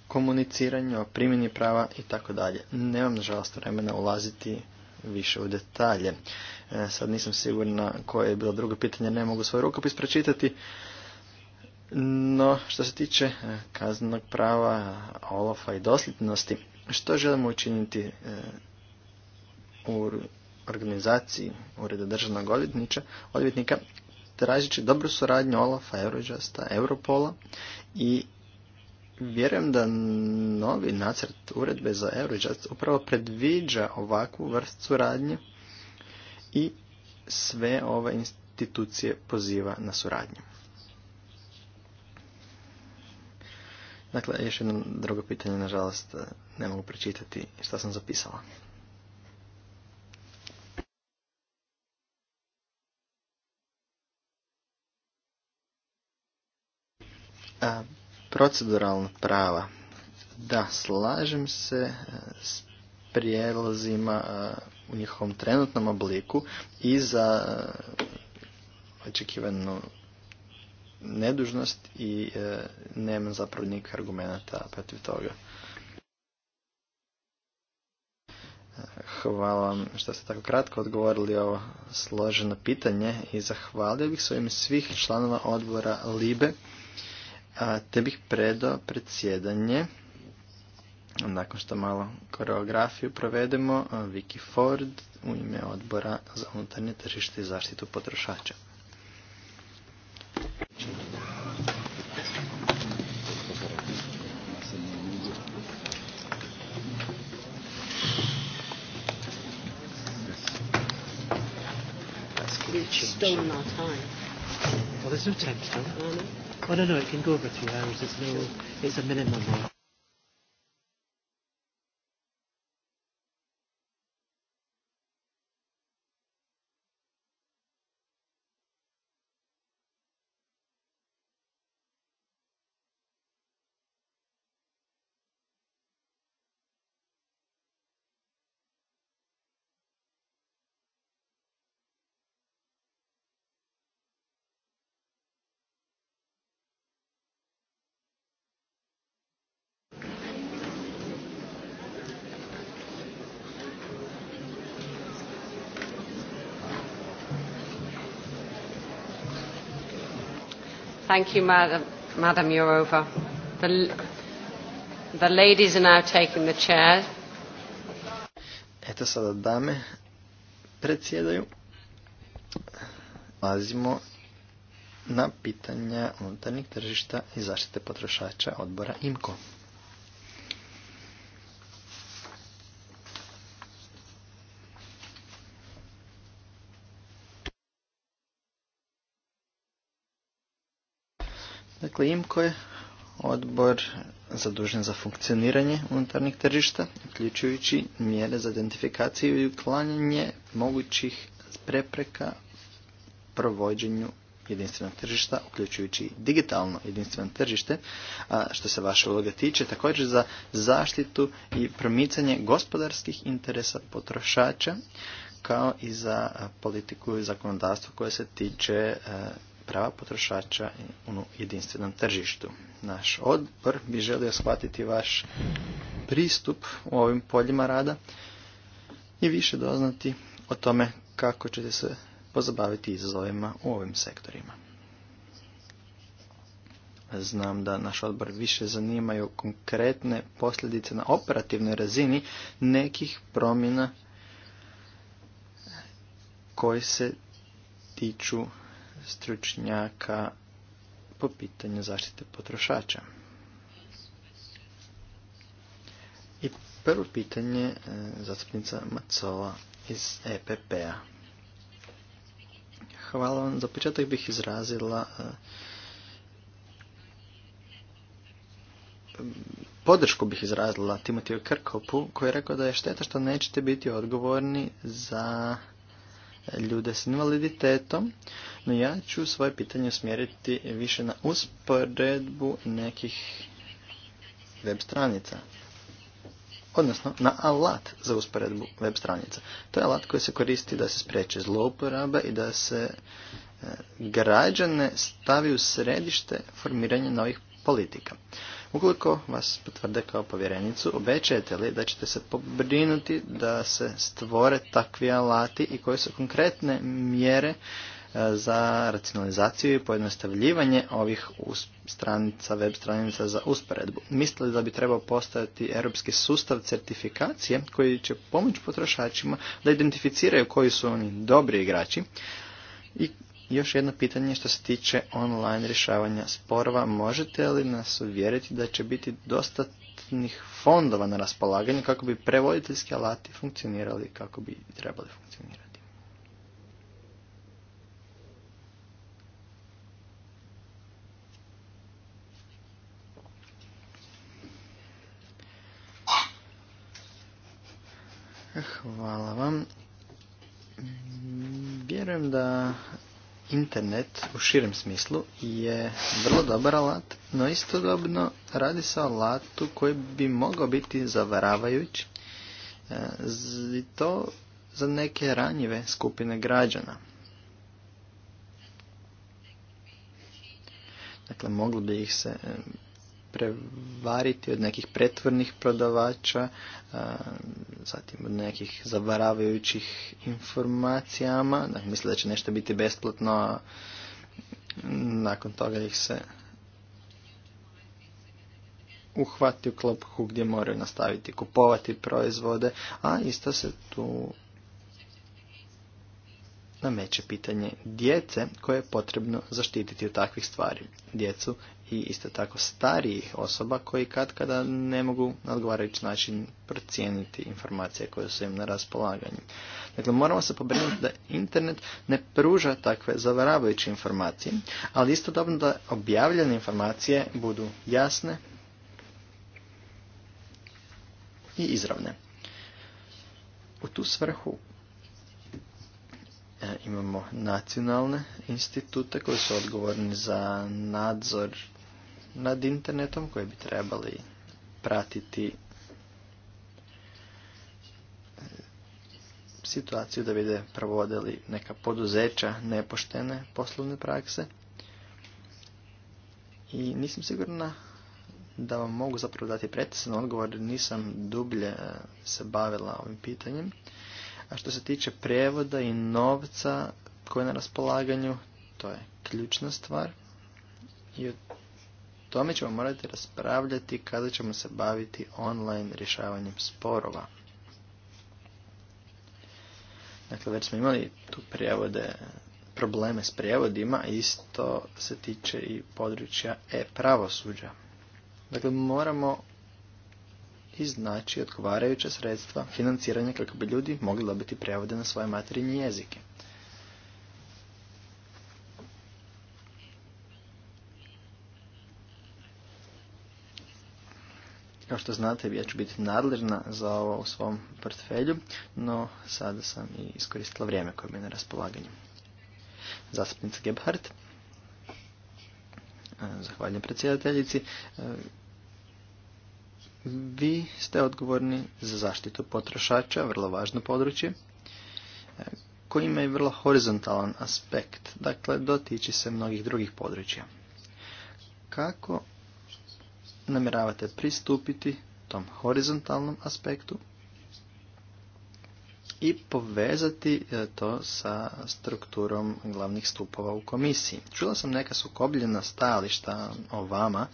komuniciranju, o primjeni prava i tako dalje. Nemam nažalost vremena ulaziti više u detalje. E, sad nisam sigurna koje je bilo drugo pitanje, ne mogu svoj rukopis pročitati. No, što se tiče e, kaznenog prava, olofa i dosljednosti, što želimo učiniti e, u organizaciji Ureda državnog odvjetnika, tražit će dobru suradnju Olafa, Eurojusta, Europola i Vjerujem da novi nacrt uredbe za Eurojust upravo predviđa ovakvu vrst suradnje i sve ove institucije poziva na suradnju. Dakle, još jedno drugo pitanje, nažalost, ne mogu pročitati što sam zapisala. Proceduralna prava. Da, slažem se e, s prijelazima e, u njihovom trenutnom obliku i za e, očekivanu nedužnost i nema zapravo nikakvih argumenta protiv toga. Hvala vam što ste tako kratko odgovorili ovo složeno pitanje i zahvalio bih svojim svih članova odbora LIBE te bih predao predsjedanje nakon što malo koreografiju provedemo, Vicky Ford u ime odbora za unutarnje tržište i zaštitu potrošača. Oh, no, no, it can go over two hours. It's, no, it's a minimum. Thank you, Madam, Madam Jourova. The, the ladies are now taking the chair. Eto sada dame predsjedaju. Pazimo na pitanja unutarnjeg tržišta i zaštite potrošača odbora IMKO. Dakle, IMKO je odbor zadužen za funkcioniranje unutarnjeg tržišta, uključujući mjere za identifikaciju i uklanjanje mogućih prepreka provođenju jedinstvenog tržišta, uključujući digitalno jedinstveno tržište, a što se vaše uloga tiče, također za zaštitu i promicanje gospodarskih interesa potrošača, kao i za politiku i zakonodavstvo koje se tiče e, prava potrošača u jedinstvenom tržištu. Naš odbor bi želio shvatiti vaš pristup u ovim poljima rada i više doznati o tome kako ćete se pozabaviti izazovima u ovim sektorima. Znam da naš odbor više zanimaju konkretne posljedice na operativnoj razini nekih promjena koji se tiču stručnjaka po pitanju zaštite potrošača. I prvo pitanje e, zastupnica Macola iz EPP-a. Hvala vam. Za početak bih izrazila e, podršku bih izrazila Timotiju Krkopu koji je rekao da je šteta što nećete biti odgovorni za ljude s invaliditetom no ja ću svoje pitanje smjeriti više na usporedbu nekih web stranica. Odnosno na alat za usporedbu web stranica. To je alat koji se koristi da se spreče zlouporaba i da se e, građane stavi u središte formiranja novih politika. Ukoliko vas potvrde kao povjerenicu, obećajete li da ćete se pobrinuti da se stvore takvi alati i koje su konkretne mjere E, za racionalizaciju i pojednostavljivanje ovih stranica, web stranica za usporedbu. Mislili da bi trebao postojati europski sustav certifikacije koji će pomoći potrošačima da identificiraju koji su oni dobri igrači i još jedno pitanje što se tiče online rješavanja sporova. Možete li nas uvjeriti da će biti dostatnih fondova na raspolaganju kako bi prevoditeljski alati funkcionirali kako bi trebali funkcionirati? Hvala vam. Vjerujem da internet u širem smislu je vrlo dobar alat, no istodobno radi se o alatu koji bi mogao biti zavaravajući e, i to za neke ranjive skupine građana. Dakle, moglo bi ih se prevariti od nekih pretvornih prodavača, zatim od nekih zavaravajućih informacijama, dakle, misle da će nešto biti besplatno, a nakon toga ih se uhvati u klopku gdje moraju nastaviti kupovati proizvode, a isto se tu nameće pitanje djece koje je potrebno zaštititi u takvih stvari. Djecu i isto tako starijih osoba koji kad kada ne mogu na odgovarajući način procijeniti informacije koje su im na raspolaganju. Dakle, moramo se pobrinuti da internet ne pruža takve zavaravajuće informacije, ali istodobno da objavljene informacije budu jasne i izravne. U tu svrhu e, imamo nacionalne institute koji su odgovorni za nadzor nad internetom koje bi trebali pratiti e, situaciju da vide provodili neka poduzeća nepoštene poslovne prakse. I nisam sigurna da vam mogu zapravo dati precizan odgovor, nisam dublje e, se bavila ovim pitanjem. A što se tiče prevoda i novca koje je na raspolaganju, to je ključna stvar. I tome ćemo morati raspravljati kada ćemo se baviti online rješavanjem sporova. Dakle, već smo imali tu prijevode, probleme s prijevodima, isto se tiče i područja e-pravosuđa. Dakle, moramo iznaći odgovarajuća sredstva financiranja kako bi ljudi mogli dobiti prijevode na svoje materinje jezike. što znate, ja ću biti nadležna za ovo u svom portfelju, no sada sam i iskoristila vrijeme koje mi je na raspolaganju. Zastupnica Gebhardt. E, zahvaljujem predsjedateljici. E, vi ste odgovorni za zaštitu potrošača, vrlo važno područje, e, koji ima i vrlo horizontalan aspekt, dakle dotiče se mnogih drugih područja. Kako namjeravate pristupiti tom horizontalnom aspektu i povezati e, to sa strukturom glavnih stupova u komisiji. Čula sam neka sukobljena stajališta o vama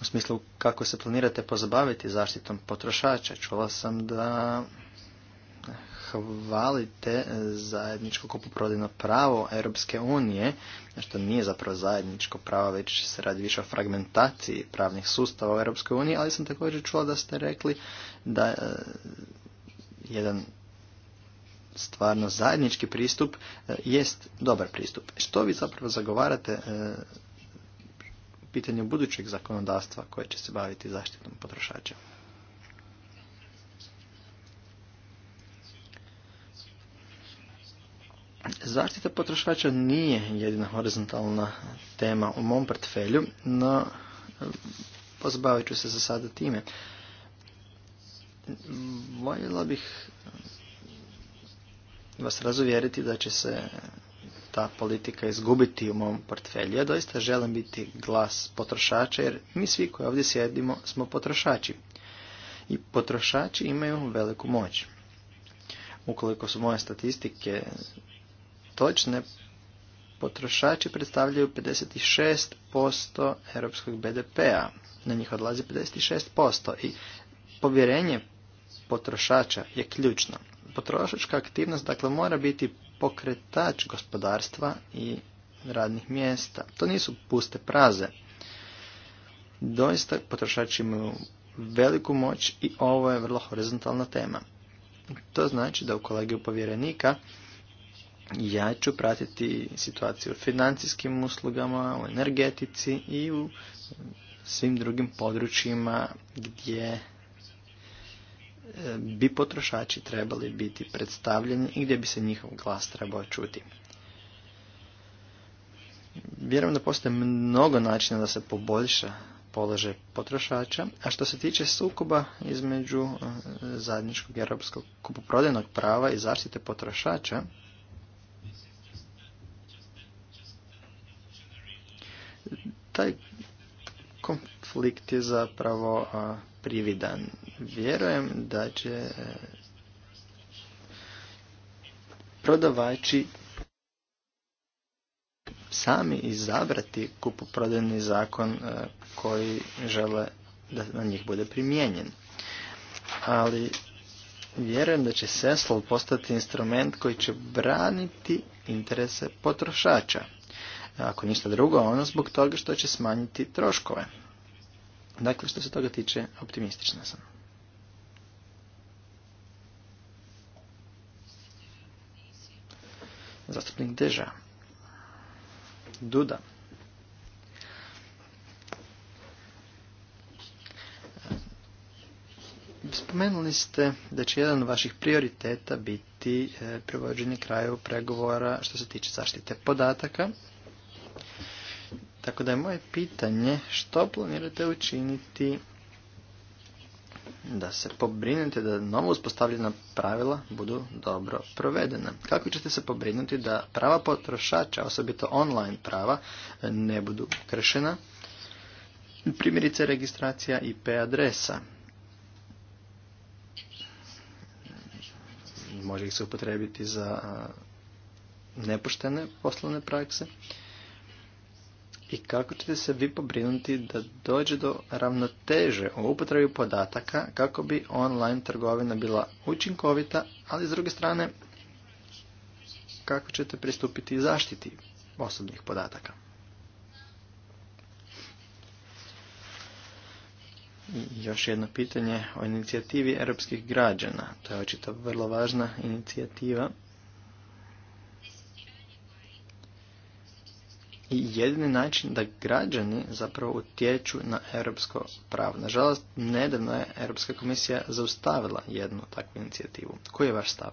u smislu kako se planirate pozabaviti zaštitom potrošača. Čula sam da hvalite e, zajedničko kupoprodajno pravo Europske unije, što nije zapravo zajedničko pravo, već se radi više o fragmentaciji pravnih sustava u Europskoj uniji, ali sam također čula da ste rekli da e, jedan stvarno zajednički pristup e, jest dobar pristup. Što vi zapravo zagovarate pitanje pitanju budućeg zakonodavstva koje će se baviti zaštitom potrošača? Zaštita potrošača nije jedina horizontalna tema u mom portfelju, no pozbavit ću se za sada time. Voljela bih vas razuvjeriti da će se ta politika izgubiti u mom portfelju. Ja doista želim biti glas potrošača jer mi svi koji ovdje sjedimo smo potrošači. I potrošači imaju veliku moć. Ukoliko su moje statistike točne, potrošači predstavljaju 56% europskog BDP-a. Na njih odlazi 56% i povjerenje potrošača je ključno. Potrošačka aktivnost dakle mora biti pokretač gospodarstva i radnih mjesta. To nisu puste praze. Doista potrošači imaju veliku moć i ovo je vrlo horizontalna tema. To znači da u kolegiju povjerenika ja ću pratiti situaciju u financijskim uslugama, u energetici i u svim drugim područjima gdje e, bi potrošači trebali biti predstavljeni i gdje bi se njihov glas trebao čuti. Vjerujem da postoje mnogo načina da se poboljša položaj potrošača, a što se tiče sukoba između e, zajedničkog europskog kupoprodajnog prava i zaštite potrošača, taj konflikt je zapravo prividan. Vjerujem da će e, prodavači sami izabrati kupoprodajni zakon e, koji žele da na njih bude primijenjen. Ali vjerujem da će seslo postati instrument koji će braniti interese potrošača ako ništa drugo, ono zbog toga što će smanjiti troškove. Dakle, što se toga tiče, optimistična sam. Zastupnik Deža. Duda. Spomenuli ste da će jedan od vaših prioriteta biti e, prevođenje kraju pregovora što se tiče zaštite podataka tako da je moje pitanje što planirate učiniti da se pobrinete da novo uspostavljena pravila budu dobro provedena. Kako ćete se pobrinuti da prava potrošača, osobito online prava, ne budu kršena? Primjerice registracija IP adresa. Može ih se upotrebiti za nepoštene poslovne prakse i kako ćete se vi pobrinuti da dođe do ravnoteže u upotrebi podataka kako bi online trgovina bila učinkovita, ali s druge strane kako ćete pristupiti zaštiti osobnih podataka. još jedno pitanje o inicijativi europskih građana. To je očito vrlo važna inicijativa i jedini način da građani zapravo utječu na europsko pravo. Nažalost, nedavno je Europska komisija zaustavila jednu takvu inicijativu. Koji je vaš stav?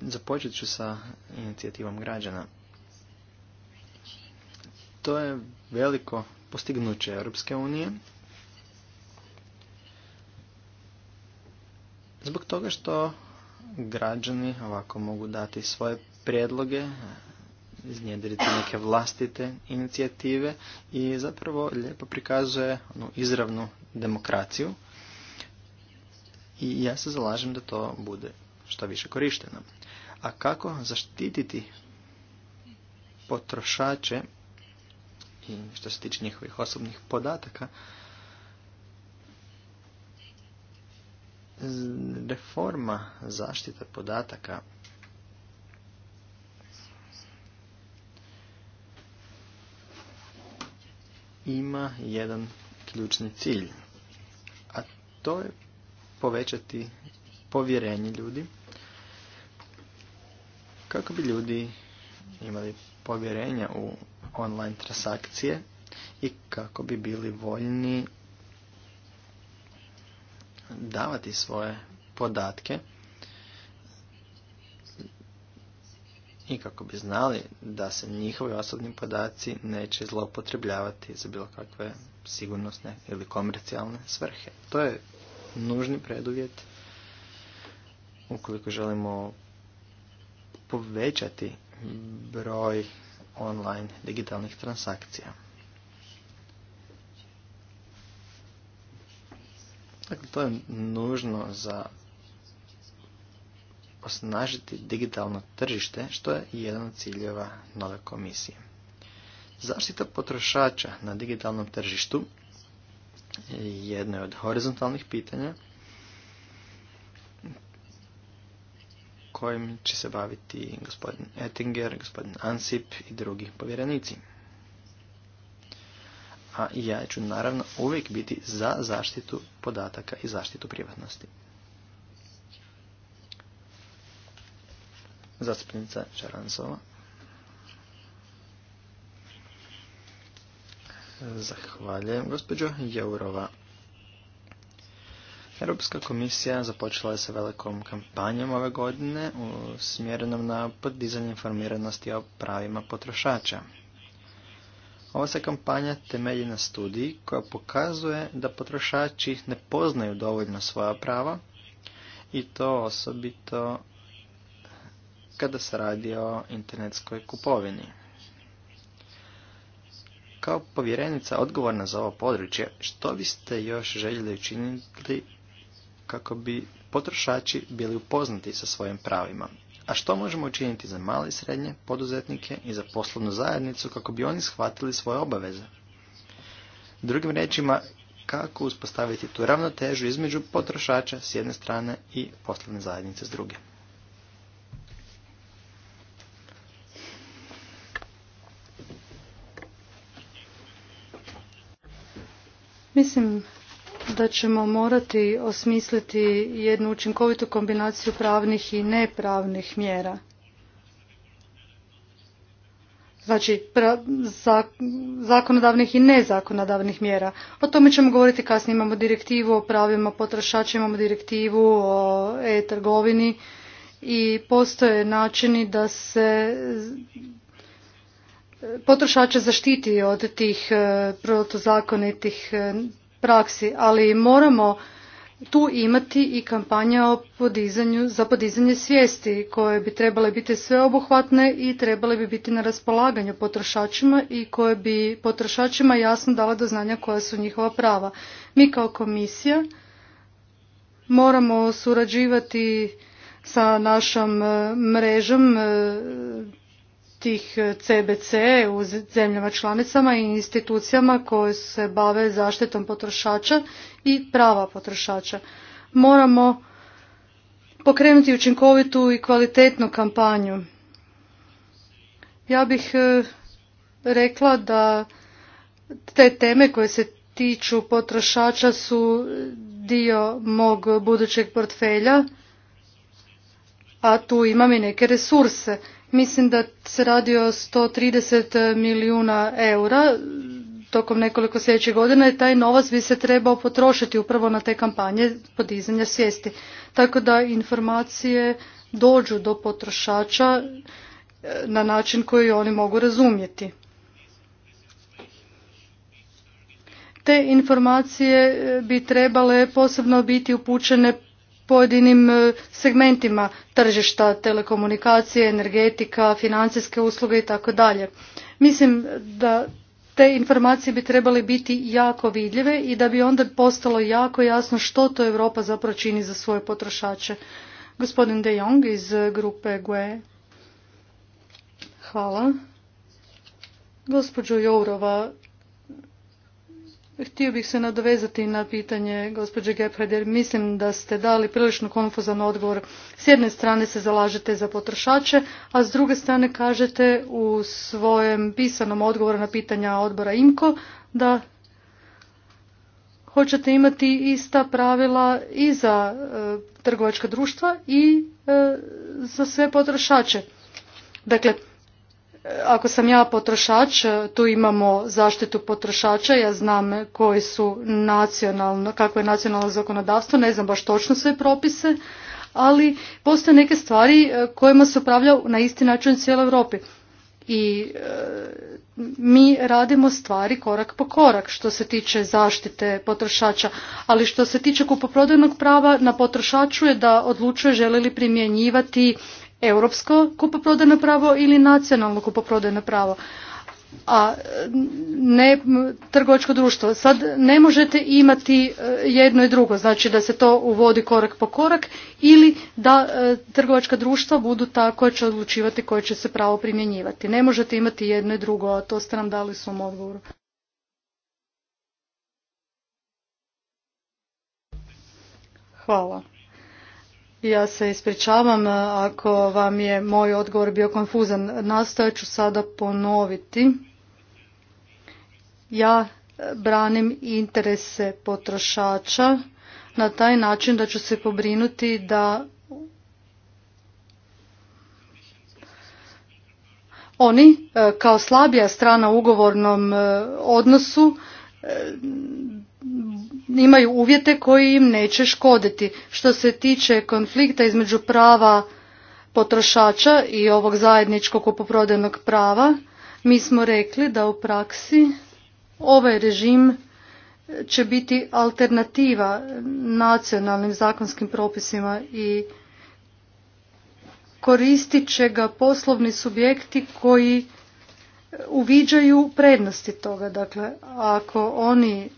Započet ću sa inicijativom građana. To je veliko postignuće Europske unije Zbog toga što građani ovako mogu dati svoje prijedloge, iznjedriti neke vlastite inicijative i zapravo lijepo prikazuje onu izravnu demokraciju i ja se zalažem da to bude što više korišteno. A kako zaštititi potrošače i što se tiče njihovih osobnih podataka, reforma zaštite podataka ima jedan ključni cilj, a to je povećati povjerenje ljudi kako bi ljudi imali povjerenja u online transakcije i kako bi bili voljni davati svoje podatke i kako bi znali da se njihovi osobni podaci neće zloupotrebljavati za bilo kakve sigurnosne ili komercijalne svrhe. To je nužni preduvjet ukoliko želimo povećati broj online digitalnih transakcija. Dakle, to je nužno za osnažiti digitalno tržište, što je jedan od ciljeva nove komisije. Zaštita potrošača na digitalnom tržištu je jedno je od horizontalnih pitanja kojim će se baviti gospodin Ettinger, gospodin Ansip i drugi povjerenici a ja ću naravno uvijek biti za zaštitu podataka i zaštitu privatnosti. Zastupnica Čaransova. Zahvaljujem, gospođo Eurova. Europska komisija započela je sa velikom kampanjom ove godine smjerenom na podizanje informiranosti o pravima potrošača. Ova se kampanja temelji na studiji koja pokazuje da potrošači ne poznaju dovoljno svoja prava i to osobito kada se radi o internetskoj kupovini. Kao povjerenica odgovorna za ovo područje, što biste još željeli učiniti kako bi potrošači bili upoznati sa svojim pravima? A što možemo učiniti za male i srednje poduzetnike i za poslovnu zajednicu kako bi oni shvatili svoje obaveze? Drugim rečima, kako uspostaviti tu ravnotežu između potrošača s jedne strane i poslovne zajednice s druge. Mislim da ćemo morati osmisliti jednu učinkovitu kombinaciju pravnih i nepravnih mjera. Znači, za, zakonodavnih i nezakonodavnih mjera. O tome ćemo govoriti kasnije. Imamo direktivu o pravima potrošača, imamo direktivu o e-trgovini i postoje načini da se potrošače zaštiti od tih e, protuzakonitih e, praksi, ali moramo tu imati i kampanja o podizanju, za podizanje svijesti koje bi trebale biti sveobuhvatne i trebale bi biti na raspolaganju potrošačima i koje bi potrošačima jasno dala do znanja koja su njihova prava. Mi kao komisija moramo surađivati sa našom eh, mrežom eh, tih CBC e, u zemljama članicama i institucijama koje se bave zaštitom potrošača i prava potrošača. Moramo pokrenuti učinkovitu i kvalitetnu kampanju. Ja bih e, rekla da te teme koje se tiču potrošača su dio mog budućeg portfelja, a tu imam i neke resurse Mislim da se radi o 130 milijuna eura tokom nekoliko sljedećih godina i taj novac bi se trebao potrošiti upravo na te kampanje podizanja svijesti. Tako da informacije dođu do potrošača e, na način koji oni mogu razumjeti. Te informacije e, bi trebale posebno biti upućene pojedinim e, segmentima tržišta, telekomunikacije, energetika, financijske usluge i tako dalje. Mislim da te informacije bi trebale biti jako vidljive i da bi onda postalo jako jasno što to Europa zapravo čini za svoje potrošače. Gospodin De Jong iz grupe GUE. Hvala. Jourova, Htio bih se nadovezati na pitanje gospođe Gephardt jer mislim da ste dali prilično konfuzan odgovor. S jedne strane se zalažete za potrošače, a s druge strane kažete u svojem pisanom odgovoru na pitanja odbora IMCO da hoćete imati ista pravila i za e, trgovačka društva i e, za sve potrošače. Dakle, ako sam ja potrošač, e, tu imamo zaštitu potrošača, ja znam koji su nacionalno, kako je nacionalno zakonodavstvo, ne znam baš točno sve propise, ali postoje neke stvari e, kojima se upravlja na isti način cijeloj Europi. I e, mi radimo stvari korak po korak što se tiče zaštite potrošača, ali što se tiče kupoprodajnog prava na potrošaču je da odlučuje želi li primjenjivati europsko kupoprodajno pravo ili nacionalno kupoprodajno pravo a ne trgovačko društvo. Sad ne možete imati e, jedno i drugo, znači da se to uvodi korak po korak ili da e, trgovačka društva budu ta koja će odlučivati koje će se pravo primjenjivati. Ne možete imati jedno i drugo, a to ste nam dali u svom odgovoru. Hvala. Ja se ispričavam e, ako vam je moj odgovor bio konfuzan. Nastojat ću sada ponoviti. Ja e, branim interese potrošača na taj način da ću se pobrinuti da oni e, kao slabija strana u ugovornom odnosu imaju uvjete koji im neće škoditi. Što se tiče konflikta između prava potrošača i ovog zajedničkog kupoprodajnog prava, mi smo rekli da u praksi ovaj režim će biti alternativa nacionalnim zakonskim propisima i koristit će ga poslovni subjekti koji uviđaju prednosti toga. Dakle, ako oni e,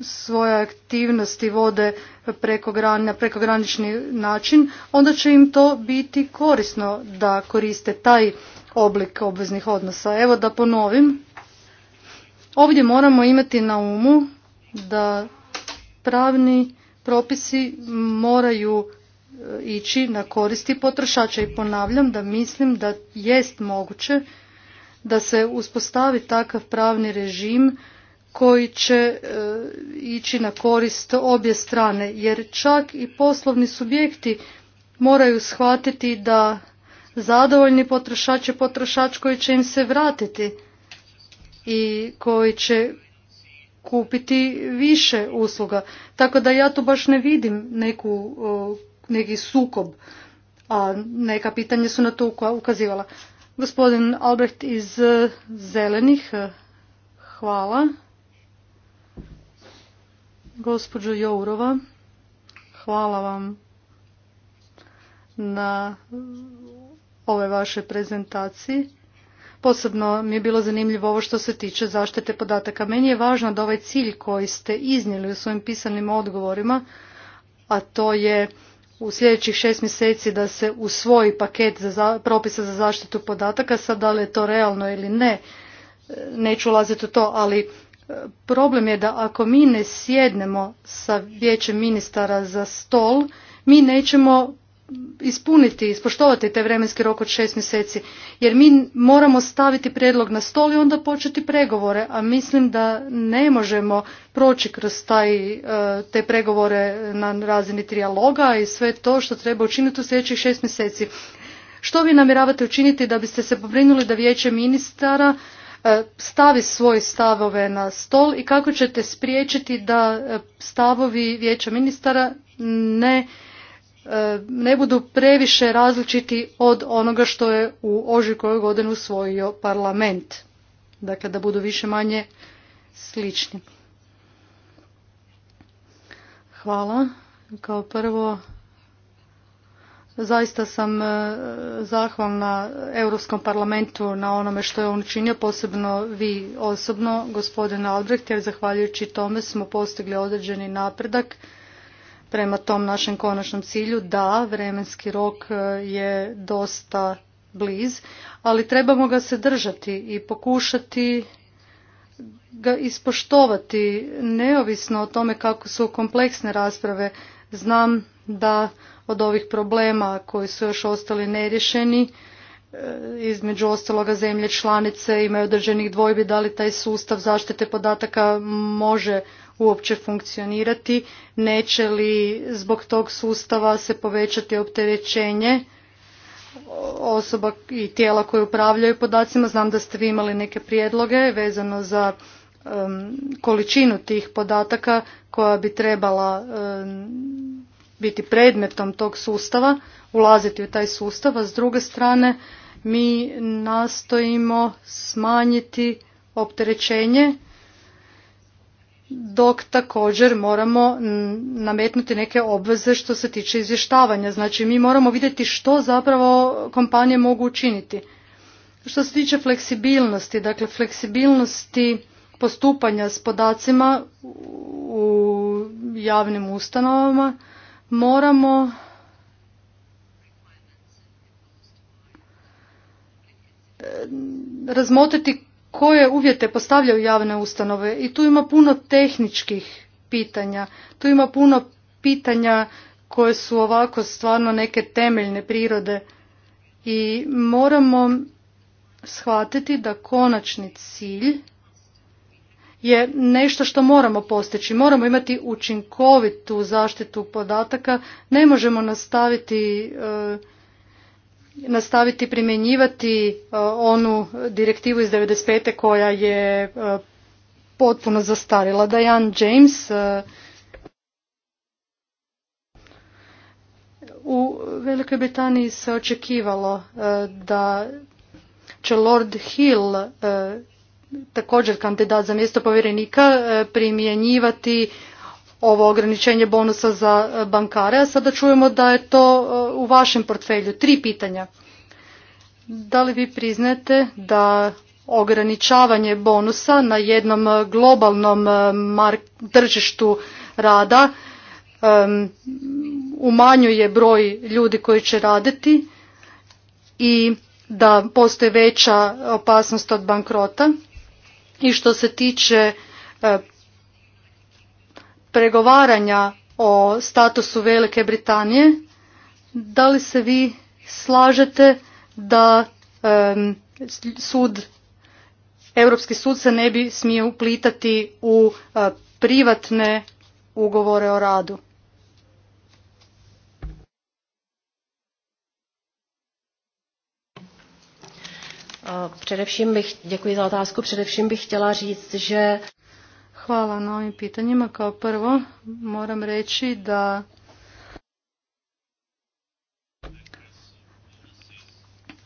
svoje aktivnosti vode preko gran, na prekogranični način, onda će im to biti korisno da koriste taj oblik obveznih odnosa. Evo da ponovim, ovdje moramo imati na umu da pravni propisi moraju e, ići na koristi potrošača i ponavljam da mislim da jest moguće da se uspostavi takav pravni režim koji će e, ići na korist obje strane jer čak i poslovni subjekti moraju shvatiti da zadovoljni potrošač je potrošač koji će im se vratiti i koji će kupiti više usluga. Tako da ja tu baš ne vidim neku, e, neki sukob, a neka pitanja su na to ukazivala. Gospodin Albrecht iz eh, Zelenih, eh, hvala. Gospođo Jourova, hvala vam na ove vaše prezentaciji. Posebno mi je bilo zanimljivo ovo što se tiče zaštite podataka. Meni je važno da ovaj cilj koji ste iznijeli u svojim pisanim odgovorima, a to je u sljedećih šest mjeseci da se usvoji paket za propisa za zaštitu podataka, sad da li je to realno ili ne, e, neću ulaziti u to, ali e, problem je da ako mi ne sjednemo sa vijećem ministara za stol, mi nećemo ispuniti, ispoštovati taj vremenski rok od šest mjeseci, jer mi moramo staviti prijedlog na stol i onda početi pregovore, a mislim da ne možemo proći kroz taj, e, te pregovore na razini trijaloga i sve to što treba učiniti u sljedećih šest mjeseci. Što vi namjeravate učiniti da biste se pobrinuli da vijeće ministara e, stavi svoje stavove na stol i kako ćete spriječiti da e, stavovi vijeća ministara ne E, ne budu previše različiti od onoga što je u ožujku ove godine usvojio parlament. Dakle, da budu više manje slični. Hvala. Kao prvo, zaista sam e, zahvalna Europskom parlamentu na onome što je on učinio, posebno vi osobno, gospodine Albrecht, jer zahvaljujući tome smo postigli određeni napredak prema tom našem konačnom cilju. Da, vremenski rok e, je dosta bliz, ali trebamo ga se držati i pokušati ga ispoštovati neovisno o tome kako su kompleksne rasprave. Znam da od ovih problema koji su još ostali neriješeni, e, između ostaloga zemlje članice imaju određenih dvojbi da li taj sustav zaštite podataka može uopće funkcionirati, neće li zbog tog sustava se povećati opterećenje osoba i tijela koje upravljaju podacima. Znam da ste vi imali neke prijedloge vezano za količinu tih podataka koja bi trebala biti predmetom tog sustava, ulaziti u taj sustav, a s druge strane mi nastojimo smanjiti opterećenje dok također moramo nametnuti neke obveze što se tiče izvještavanja. Znači mi moramo vidjeti što zapravo kompanije mogu učiniti. Što se tiče fleksibilnosti, dakle fleksibilnosti postupanja s podacima u javnim ustanovama, moramo razmotriti koje uvjete postavljaju javne ustanove i tu ima puno tehničkih pitanja, tu ima puno pitanja koje su ovako stvarno neke temeljne prirode i moramo shvatiti da konačni cilj je nešto što moramo postići. Moramo imati učinkovitu zaštitu podataka. Ne možemo nastaviti e, nastaviti primjenjivati e, onu direktivu iz 1995. koja je e, potpuno zastarila. Diane James e, u Velikoj Britaniji se očekivalo da će Lord Hill također kandidat za mjesto povjerenika primjenjivati ovo ograničenje bonusa za e, bankare, a sada čujemo da je to e, u vašem portfelju. Tri pitanja. Da li vi priznate da ograničavanje bonusa na jednom e, globalnom tržištu rada umanjuje broj ljudi koji će raditi i da postoji veća opasnost od bankrota. I što se tiče pregovaranja o statusu Velike Britanije, da li se vi slažete da sud, Europski sud se ne bi smio uplitati u e, privatne ugovore o radu? Především bych, děkuji za otázku, především bych chtěla říct, že... Hvala na ovim pitanjima. Kao prvo moram reći da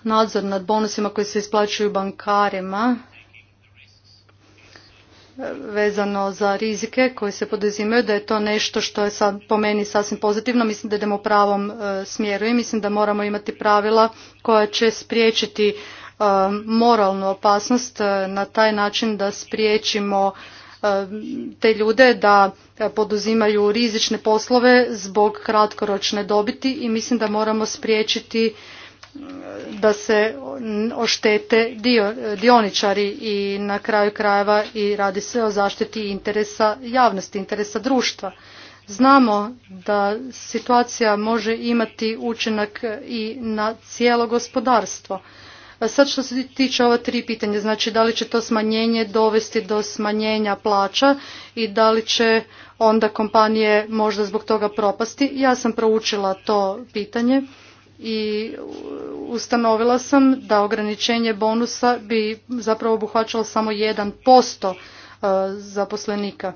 nadzor nad bonusima koji se isplaćuju bankarima vezano za rizike koje se poduzimaju, da je to nešto što je sad po meni sasvim pozitivno. Mislim da idemo u pravom e, smjeru i mislim da moramo imati pravila koja će spriječiti e, moralnu opasnost e, na taj način da spriječimo Um, te ljude da e, poduzimaju rizične poslove zbog kratkoročne dobiti i mislim da moramo spriječiti e, da se oštete dioničari i na kraju krajeva i radi se o zaštiti interesa javnosti, interesa društva. Znamo da situacija može imati učinak i na cijelo gospodarstvo. Sad što se tiče ova tri pitanja, znači da li će to smanjenje dovesti do smanjenja plaća i da li će onda kompanije možda zbog toga propasti. Ja sam proučila to pitanje i ustanovila sam da ograničenje bonusa bi zapravo obuhvaćalo samo 1% e, zaposlenika.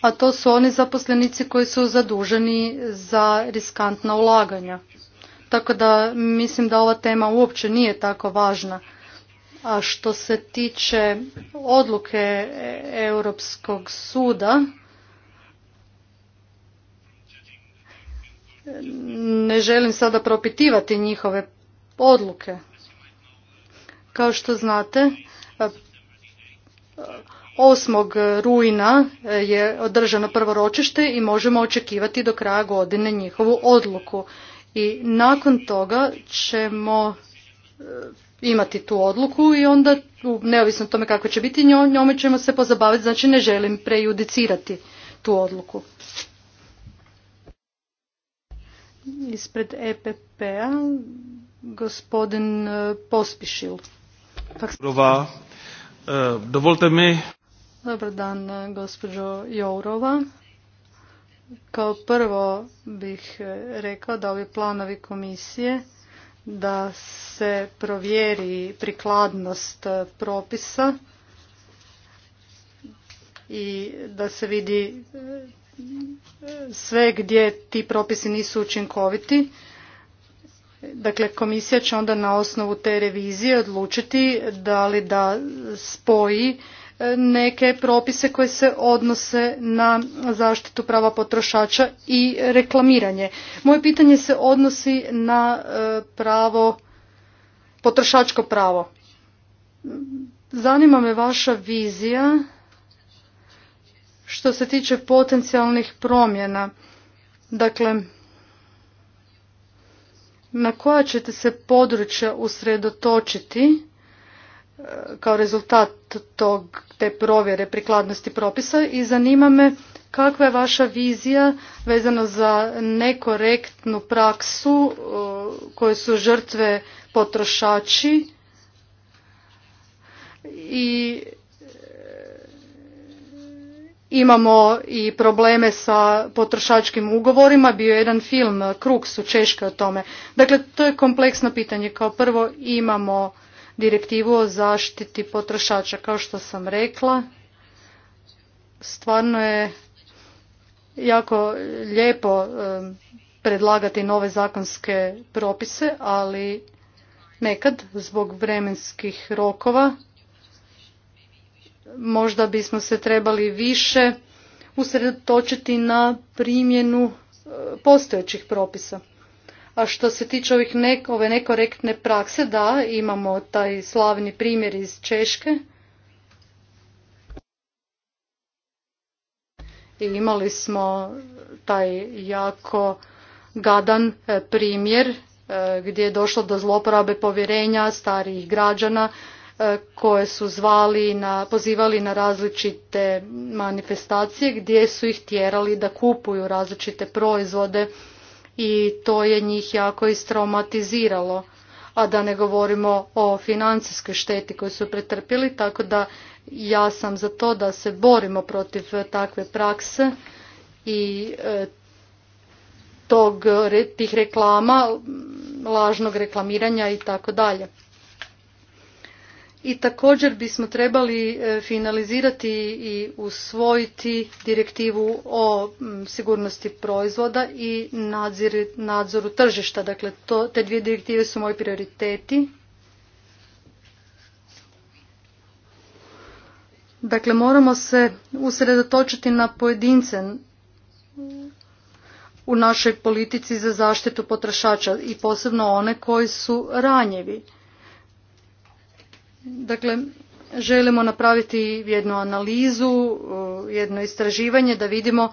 A to su oni zaposlenici koji su zaduženi za riskantna ulaganja. Tako da mislim da ova tema uopće nije tako važna. A što se tiče odluke Europskog suda, ne želim sada propitivati njihove odluke. Kao što znate, 8. rujna je održano prvo ročište i možemo očekivati do kraja godine njihovu odluku. I nakon toga ćemo e, imati tu odluku i onda neovisno tome kako će biti njome ćemo se pozabaviti, znači ne želim prejudicirati tu odluku. Ispred EPP-a gospodin e, Pospišil. E, dovolte mi... Dobar dan, gospođo Jourova. Kao prvo bih e, rekao da ovi planovi komisije da se provjeri prikladnost e, propisa i da se vidi e, sve gdje ti propisi nisu učinkoviti. Dakle, komisija će onda na osnovu te revizije odlučiti da li da spoji neke propise koje se odnose na zaštitu prava potrošača i reklamiranje. Moje pitanje se odnosi na e, pravo, potrošačko pravo. Zanima me vaša vizija što se tiče potencijalnih promjena. Dakle, na koja ćete se područja usredotočiti kao rezultat tog, te provjere prikladnosti propisa i zanima me kakva je vaša vizija vezano za nekorektnu praksu koje su žrtve potrošači i e, imamo i probleme sa potrošačkim ugovorima. Bio je jedan film, Kruk su Češke o tome. Dakle, to je kompleksno pitanje. Kao prvo imamo direktivu o zaštiti potrošača. Kao što sam rekla, stvarno je jako lijepo predlagati nove zakonske propise, ali nekad zbog vremenskih rokova možda bismo se trebali više usredotočiti na primjenu e, postojećih propisa. A što se tiče ovih ove nekorektne prakse, da, imamo taj slavni primjer iz Češke. I imali smo taj jako gadan e, primjer e, gdje je došlo do zloporabe povjerenja starijih građana e, koje su zvali na, pozivali na različite manifestacije gdje su ih tjerali da kupuju različite proizvode i to je njih jako istraumatiziralo a da ne govorimo o financijskoj šteti koju su pretrpili, tako da ja sam za to da se borimo protiv takve prakse i e, tog, tih reklama, lažnog reklamiranja i tako dalje i također bismo trebali e, finalizirati i usvojiti direktivu o sigurnosti proizvoda i nadzoru tržišta. Dakle, to, te dvije direktive su moji prioriteti. Dakle, moramo se usredotočiti na pojedince u našoj politici za zaštitu potrošača i posebno one koji su ranjevi. Dakle, želimo napraviti jednu analizu, jedno istraživanje da vidimo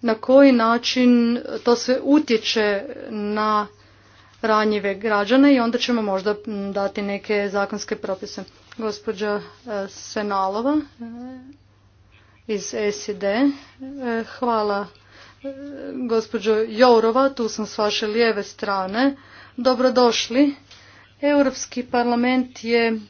na koji način to sve utječe na ranjive građane i onda ćemo možda dati neke zakonske propise. Gospođa e, Senalova e, iz SD, e, hvala gospođo Jourova, tu sam s vaše lijeve strane. Dobrodošli. Europski parlament je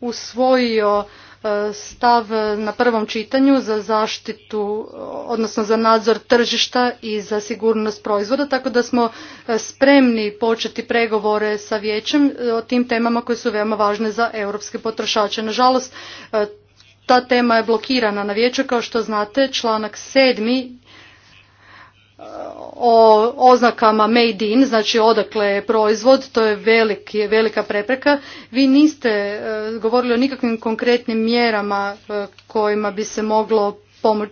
usvojio e, stav na prvom čitanju za zaštitu, odnosno za nadzor tržišta i za sigurnost proizvoda, tako da smo e, spremni početi pregovore sa vijećem e, o tim temama koje su veoma važne za europske potrošače. Nažalost, ta tema je blokirana na vijeću, kao što znate, članak sedmi o oznakama made in, znači odakle je proizvod, to je velika prepreka. Vi niste e, govorili o nikakvim konkretnim mjerama e, kojima bi se moglo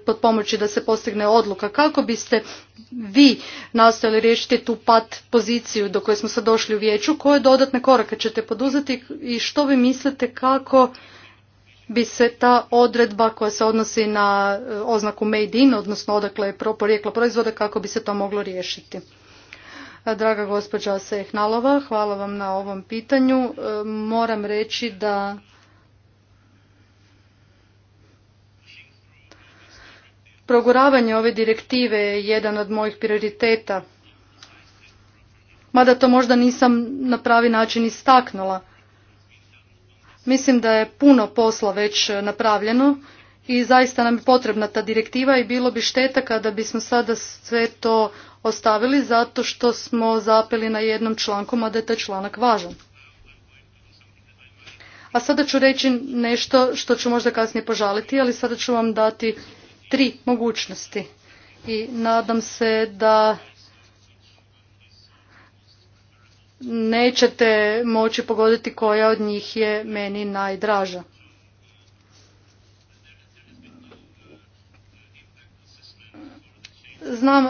pod pomoći da se postigne odluka. Kako biste vi nastojali riješiti tu pat poziciju do koje smo sad došli u vijeću? Koje dodatne korake ćete poduzeti i što vi mislite kako bi se ta odredba koja se odnosi na e, oznaku made in, odnosno odakle je porijeklo proizvoda, kako bi se to moglo riješiti. E, draga gospođa Sehnalova, hvala vam na ovom pitanju. E, moram reći da proguravanje ove direktive je jedan od mojih prioriteta. Mada to možda nisam na pravi način istaknula. Mislim da je puno posla već napravljeno i zaista nam je potrebna ta direktiva i bilo bi šteta kada bismo sada sve to ostavili zato što smo zapeli na jednom člankom, a da je taj članak važan. A sada ću reći nešto što ću možda kasnije požaliti, ali sada ću vam dati tri mogućnosti. I nadam se da nećete moći pogoditi koja od njih je meni najdraža. Znam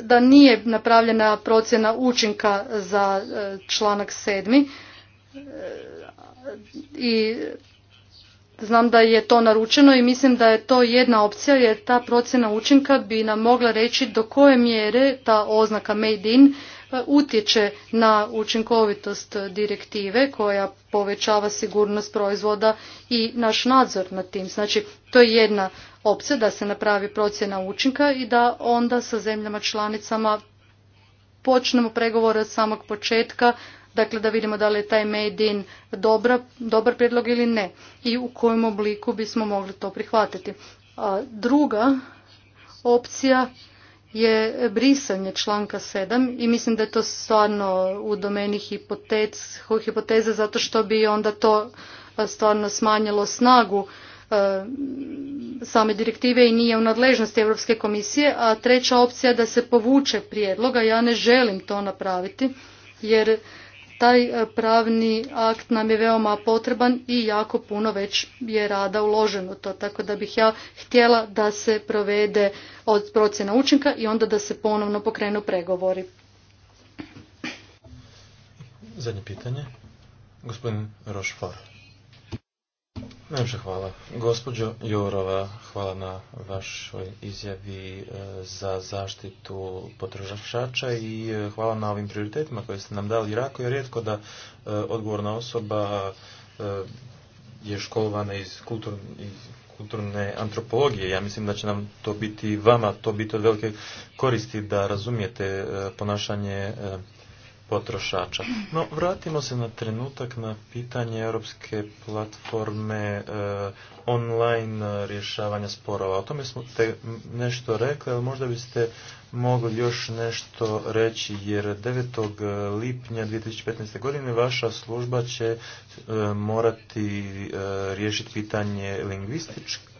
da nije napravljena procjena učinka za e, članak sedmi e, i znam da je to naručeno i mislim da je to jedna opcija jer ta procjena učinka bi nam mogla reći do koje mjere ta oznaka made in pa utječe na učinkovitost direktive koja povećava sigurnost proizvoda i naš nadzor nad tim. Znači, to je jedna opcija da se napravi procjena učinka i da onda sa zemljama članicama počnemo pregovore od samog početka, dakle da vidimo da li je taj made in dobar prijedlog ili ne i u kojem obliku bismo mogli to prihvatiti. A druga opcija je brisanje članka 7 i mislim da je to stvarno u domeni hipoteze zato što bi onda to stvarno smanjilo snagu same direktive i nije u nadležnosti Europske komisije, a treća opcija je da se povuče prijedloga. Ja ne želim to napraviti jer taj e, pravni akt nam je veoma potreban i jako puno već je rada uloženo to, tako da bih ja htjela da se provede od procjena učinka i onda da se ponovno pokrenu pregovori. Zadnje pitanje, gospodin Najviše hvala. Gospođo Jorova, hvala na vašoj izjavi e, za zaštitu potrošača i e, hvala na ovim prioritetima koje ste nam dali. Rako je rijetko da e, odgovorna osoba je školovana iz kulturne, kulturne antropologije. Ja mislim da će nam to biti vama, to biti od velike koristi da razumijete ponašanje potrošača. No, vratimo se na trenutak na pitanje europske platforme e, online rješavanja sporova. O tome smo te nešto rekli, ali možda biste mogli još nešto reći, jer 9. lipnja 2015. godine vaša služba će e, morati e, riješiti pitanje lingvističke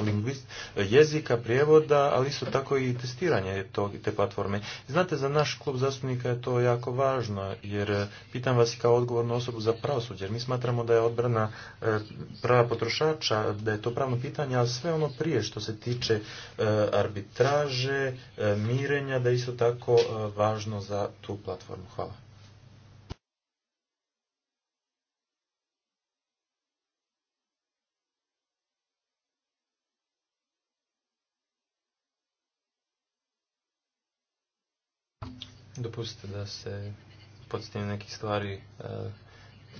lingvist, jezika, prijevoda, ali isto tako i testiranje tog, te platforme. Znate, za naš klub zastupnika je to jako važno, jer e, pitam vas kao odgovornu osobu za pravosuđe, jer mi smatramo da je odbrana e, prava potrošača, da je to pravno pitanje, a sve ono prije što se tiče e, arbitraže, mirenja, da je isto tako važno za tu platformu. Hvala. Dopustite da se podsjetim nekih stvari. E,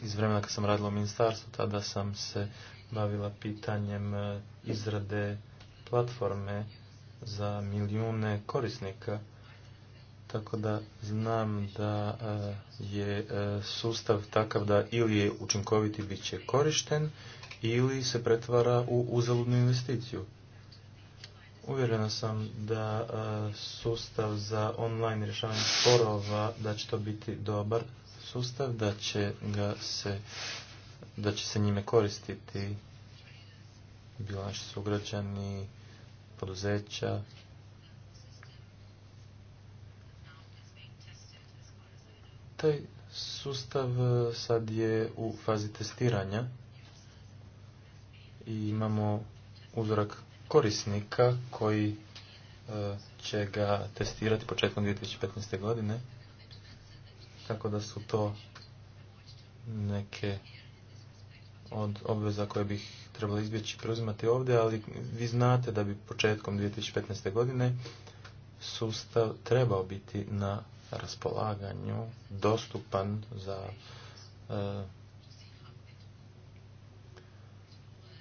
iz vremena kad sam radila u ministarstvu, tada sam se bavila pitanjem e, izrade platforme za milijune korisnika. Tako da znam da e, je sustav takav da ili je učinkoviti bit će korišten, ili se pretvara u uzaludnu investiciju. Uvjerena sam da e, sustav za online rješavanje sporova, da će to biti dobar sustav, da će ga se da će se njime koristiti bilo naši sugrađani, poduzeća. Taj sustav e, sad je u fazi testiranja i imamo uzorak korisnika koji e, će ga testirati početkom 2015. godine. Tako da su to neke od obveza koje bih trebalo izbjeći preuzimati ovdje, ali vi znate da bi početkom 2015. godine sustav trebao biti na raspolaganju, dostupan za e,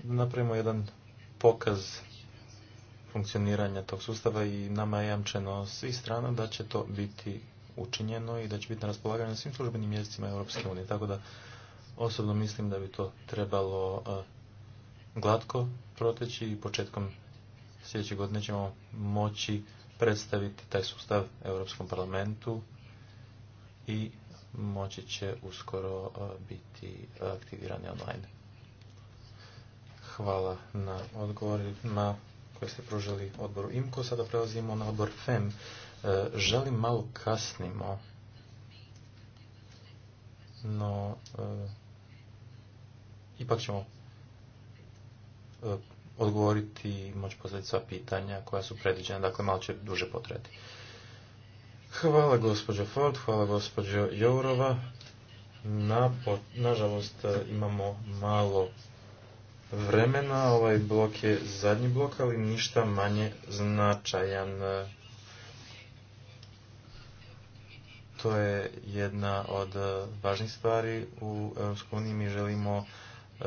da napravimo jedan pokaz funkcioniranja tog sustava i nama je jamčeno svih strana da će to biti učinjeno i da će biti na raspolaganju svim službenim mjestima Europske unije. Tako da osobno mislim da bi to trebalo eh, glatko proteći i početkom sljedećeg godine ćemo moći predstaviti taj sustav Europskom parlamentu i moći će uskoro eh, biti aktivirani online. Hvala na odgovorima koje ste pružili odboru IMKO. Sada prelazimo na odbor FEM. E, želim malo kasnimo, no e, ipak ćemo e, odgovoriti i moći postaviti sva pitanja koja su predviđena, dakle malo će duže potreti. Hvala gospođo Ford, hvala gospođo Jourova. nažalost imamo malo vremena. Ovaj blok je zadnji blok, ali ništa manje značajan. To je jedna od eh, važnih stvari u EU. Mi želimo eh,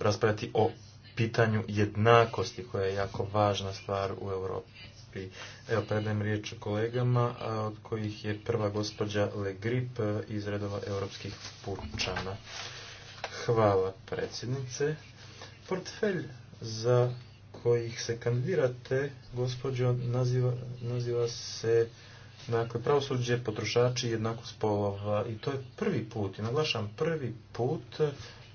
raspraviti o pitanju jednakosti koja je jako važna stvar u Europi. Evo predajem riječ kolegama, od kojih je prva gospođa Legrip eh, iz redova europskih pučana. Hvala predsjednice. Portfelj za kojih se kandidirate, gospođo, naziva, naziva se dakle, pravosuđe, potrošači, jednako spolova. I to je prvi put, i naglašam prvi put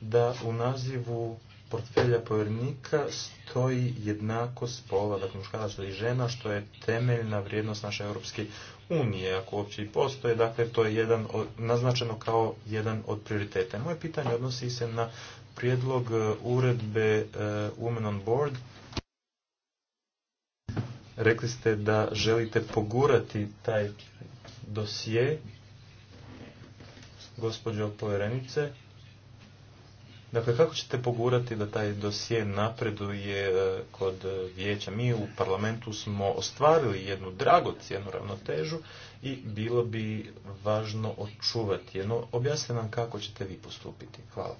da u nazivu portfelja povjernika stoji jednako spola, dakle muškarac i žena, što je temeljna vrijednost naše Europske unije, ako uopće i postoje, dakle to je jedan od, naznačeno kao jedan od prioriteta. Moje pitanje odnosi se na prijedlog e, uredbe e, Women on Board. Rekli ste da želite pogurati taj dosije, gospođo povjerenice, Dakle, kako ćete pogurati da taj dosje napreduje e, kod e, vijeća? Mi u parlamentu smo ostvarili jednu dragocjenu ravnotežu i bilo bi važno očuvati je. No, objasnite nam kako ćete vi postupiti. Hvala.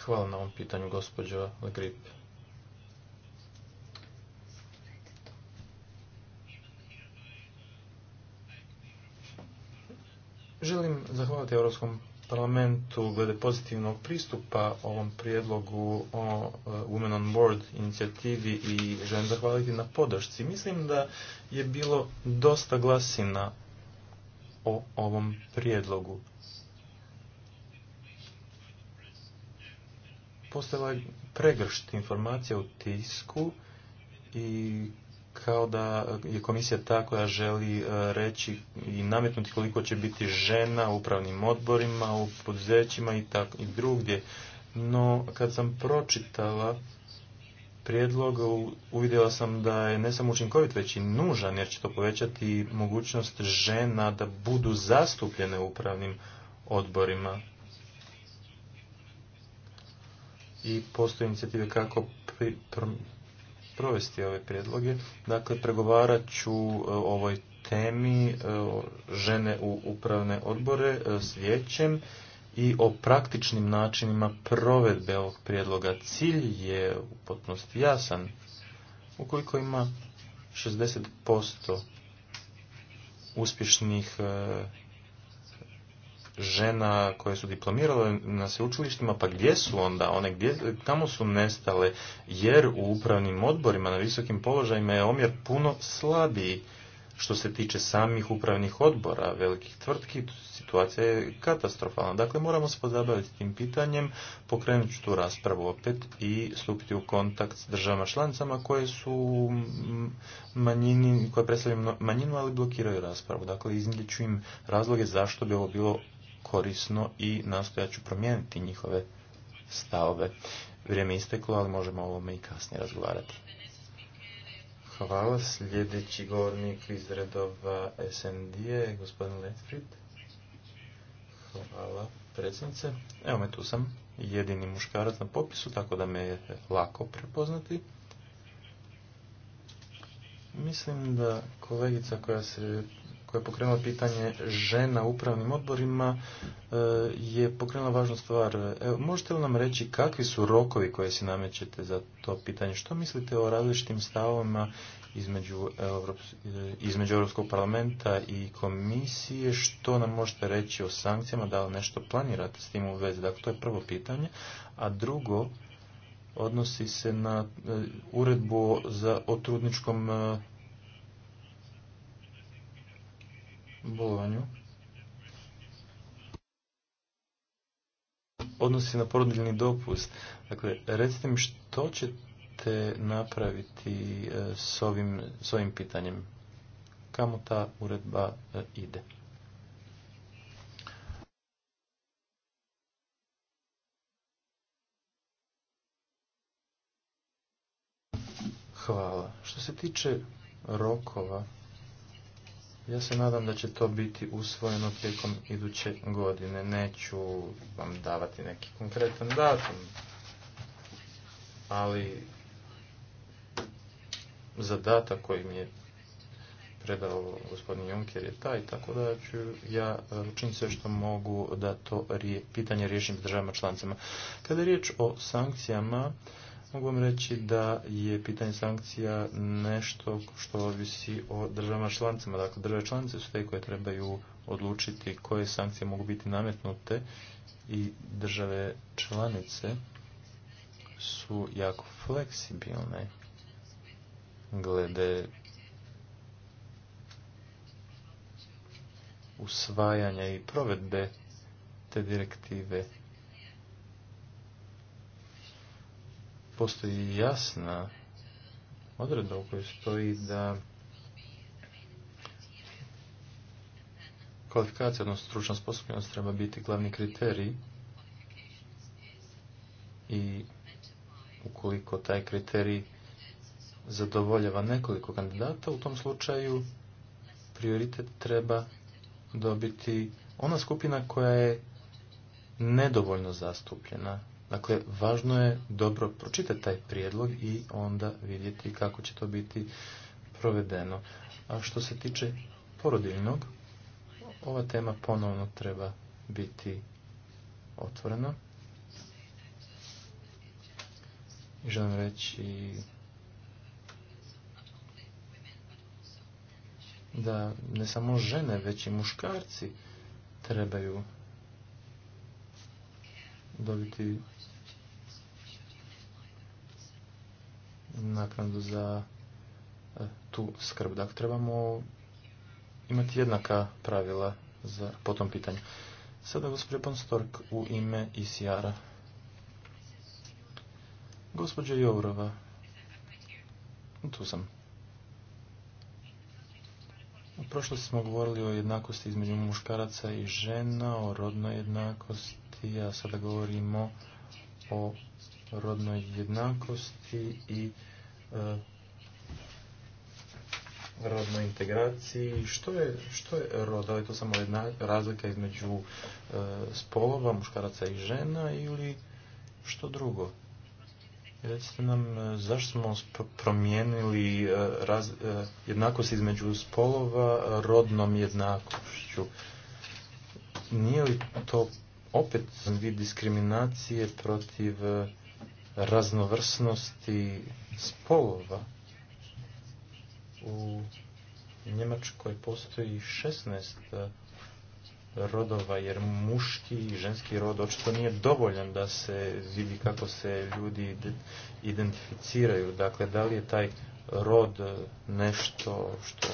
Hvala na ovom pitanju, gospođo Legripe. Želim zahvaliti Europskom parlamentu glede pozitivnog pristupa ovom prijedlogu o e, Women on Board inicijativi i želim zahvaliti na podršci. Mislim da je bilo dosta glasina o ovom prijedlogu. Postala je pregršt informacija u tisku i kao da je komisija ta koja želi e, reći i nametnuti koliko će biti žena u upravnim odborima, u poduzećima i, tako, i drugdje. No, kad sam pročitala prijedlog, uvidjela sam da je ne samo učinkovit, već i nužan, jer će to povećati mogućnost žena da budu zastupljene u upravnim odborima. I postoje inicijative kako pri, provesti ove prijedloge. Dakle, pregovarat ću e, o ovoj temi e, žene u upravne odbore e, s vijećem i o praktičnim načinima provedbe ovog prijedloga. Cilj je u potpunosti jasan. Ukoliko ima 60% uspješnih žena koje su diplomirale na sveučilištima, pa gdje su onda one, gdje, kamo su nestale, jer u upravnim odborima na visokim položajima je omjer puno slabiji što se tiče samih upravnih odbora velikih tvrtki, situacija je katastrofalna. Dakle, moramo se pozabaviti tim pitanjem, pokrenut ću tu raspravu opet i stupiti u kontakt s državama članicama koje su manjini, koje predstavljaju manjinu, ali blokiraju raspravu. Dakle, iznijeti im razloge zašto bi ovo bilo korisno i nastojat ću promijeniti njihove stavove. Vrijeme je isteklo, ali možemo o ovome i kasnije razgovarati. Hvala. Sljedeći govornik iz redova SND je gospodin Lefrit. Hvala predsjednice. Evo me tu sam, jedini muškarac na popisu, tako da me je lako prepoznati. Mislim da kolegica koja se koja je pokrenula pitanje žena u upravnim odborima e, je pokrenula važnu stvar. Evo, možete li nam reći kakvi su rokovi koje si namećete za to pitanje? Što mislite o različitim stavovima između, e, između Europskog parlamenta i komisije? Što nam možete reći o sankcijama? Da li nešto planirate s tim u vezi? Dakle, to je prvo pitanje. A drugo, odnosi se na e, uredbu za, o trudničkom bolovanju odnosi na porodiljni dopust. Dakle, recite mi što ćete napraviti e, s ovim, s ovim pitanjem? Kamo ta uredba e, ide? Hvala. Što se tiče rokova, ja se nadam da će to biti usvojeno tijekom iduće godine. Neću vam davati neki konkretan datum, ali zadatak koji mi je predao gospodin Juncker je taj, tako da ću ja e, učiniti sve što mogu da to pitanje riješim s državama članicama. Kada je riječ o sankcijama, Mogu vam reći da je pitanje sankcija nešto što ovisi o državama članicama. Dakle, države članice su te koje trebaju odlučiti koje sankcije mogu biti nametnute i države članice su jako fleksibilne glede usvajanja i provedbe te direktive postoji jasna odredba u kojoj stoji da kvalifikacija, odnosno stručna sposobnost treba biti glavni kriterij i ukoliko taj kriterij zadovoljava nekoliko kandidata, u tom slučaju prioritet treba dobiti ona skupina koja je nedovoljno zastupljena Dakle, važno je dobro pročitati taj prijedlog i onda vidjeti kako će to biti provedeno. A što se tiče porodilnog, ova tema ponovno treba biti otvorena. želim reći da ne samo žene, već i muškarci trebaju dobiti naknadu za e, tu skrb. Dakle, trebamo imati jednaka pravila za, po tom pitanju. Sada gospođa Ponstork u ime ICR-a. E gospođa Jourova. Tu sam. U prošlosti smo govorili o jednakosti između muškaraca i žena, o rodnoj jednakosti, a sada govorimo o rodnoj jednakosti i e, rodnoj integraciji. Što je, što je rod? ali je to samo jedna razlika između e, spolova, muškaraca i žena ili što drugo? Recite nam e, zašto smo promijenili jednakost između spolova rodnom jednakošću. Nije li to opet vid diskriminacije protiv raznovrsnosti spolova. U Njemačkoj postoji 16 eh, rodova, jer muški i ženski rod očito nije dovoljan da se vidi kako se ljudi identificiraju. Dakle, da li je taj rod eh, nešto što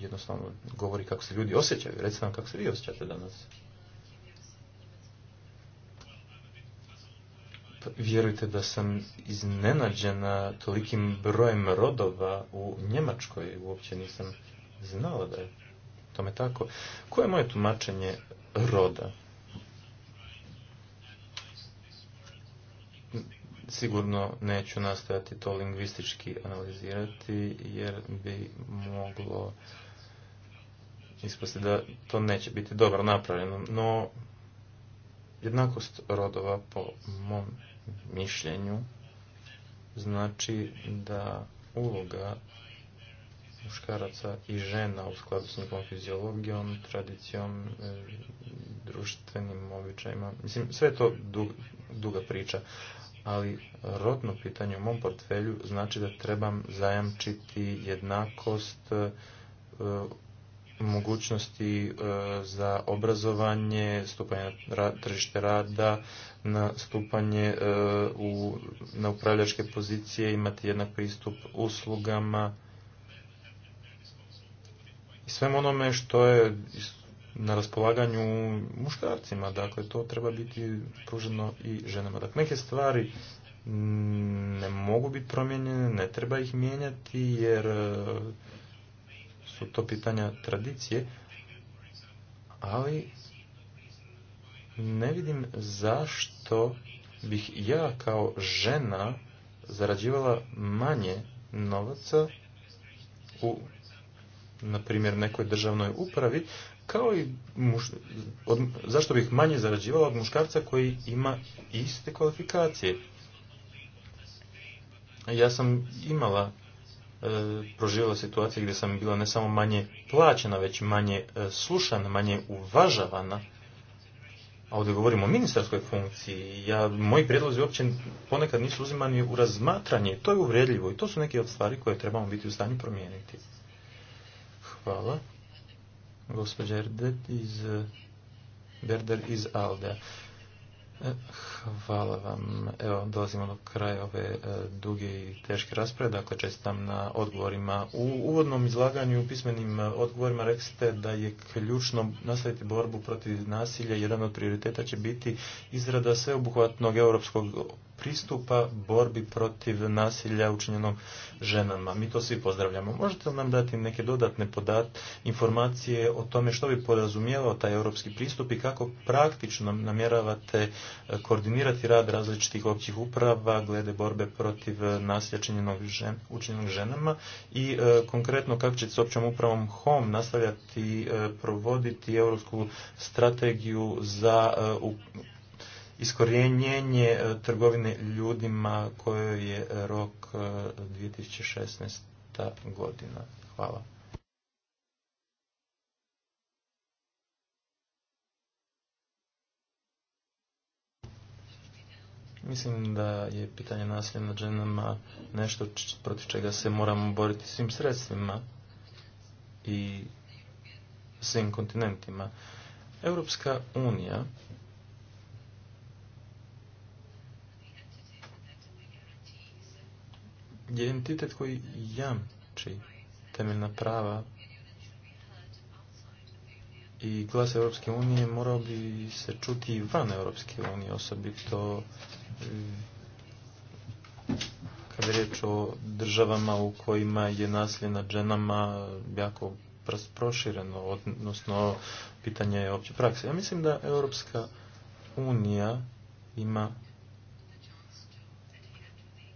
jednostavno govori kako se ljudi osjećaju? recimo nam kako se vi osjećate danas. vjerujte da sam iznenađena tolikim brojem rodova u Njemačkoj. Uopće nisam znala da je tome tako. Koje je moje tumačenje roda? Sigurno neću nastojati to lingvistički analizirati jer bi moglo ispasti da to neće biti dobro napravljeno. No, jednakost rodova po mom mišljenju znači da uloga muškaraca i žena u skladu s njihovom fiziologijom, tradicijom, e, društvenim običajima. Mislim, sve je to duga priča, ali rodno pitanje u mom portfelju znači da trebam zajamčiti jednakost e, mogućnosti e, za obrazovanje, stupanje na tržište rada, na stupanje e, u, na upravljačke pozicije, imati jednak pristup uslugama i svemu onome što je na raspolaganju muškarcima. Dakle, to treba biti pruženo i ženama. Dakle, neke stvari ne mogu biti promijenjene, ne treba ih mijenjati jer e, su to pitanja tradicije, ali ne vidim zašto bih ja kao žena zarađivala manje novaca u na primjer nekoj državnoj upravi kao i muš... zašto bih manje zarađivala od muškarca koji ima iste kvalifikacije ja sam imala e, proživjela situacije gdje sam bila ne samo manje plaćena već manje e, slušana manje uvažavana a ovdje govorimo o ministarskoj funkciji, ja, moji prijedlozi uopće ponekad nisu uzimani u razmatranje, to je uvredljivo i to su neke od stvari koje trebamo biti u stanju promijeniti. Hvala. Gospođa iz Berder iz Alde. E, Hvala vam. Evo, dolazimo do kraja ove e, duge i teške rasprave. Dakle, čestitam na odgovorima. U uvodnom izlaganju u pismenim e, odgovorima rekste da je ključno nastaviti borbu protiv nasilja. Jedan od prioriteta će biti izrada sveobuhvatnog europskog pristupa borbi protiv nasilja učinjenom ženama. Mi to svi pozdravljamo. Možete li nam dati neke dodatne podat, informacije o tome što bi podrazumijevao taj europski pristup i kako praktično namjeravate e, koordinirati mirati rad različitih općih uprava glede borbe protiv e, nasilja žen, učinjenog ženama i e, konkretno kako će s općom upravom HOM nastavljati e, provoditi europsku strategiju za iskorjenjenje trgovine ljudima kojoj je rok 2016. godina. Hvala. Mislim da je pitanje nasilja nad ženama nešto protiv čega se moramo boriti svim sredstvima i svim kontinentima. Europska unija je entitet koji jamči temeljna prava i glas Europske unije morao bi se čuti i van Europske unije, osobito kada je riječ o državama u kojima je nasilje nad ženama jako prošireno, odnosno pitanje je opće prakse. Ja mislim da Europska unija ima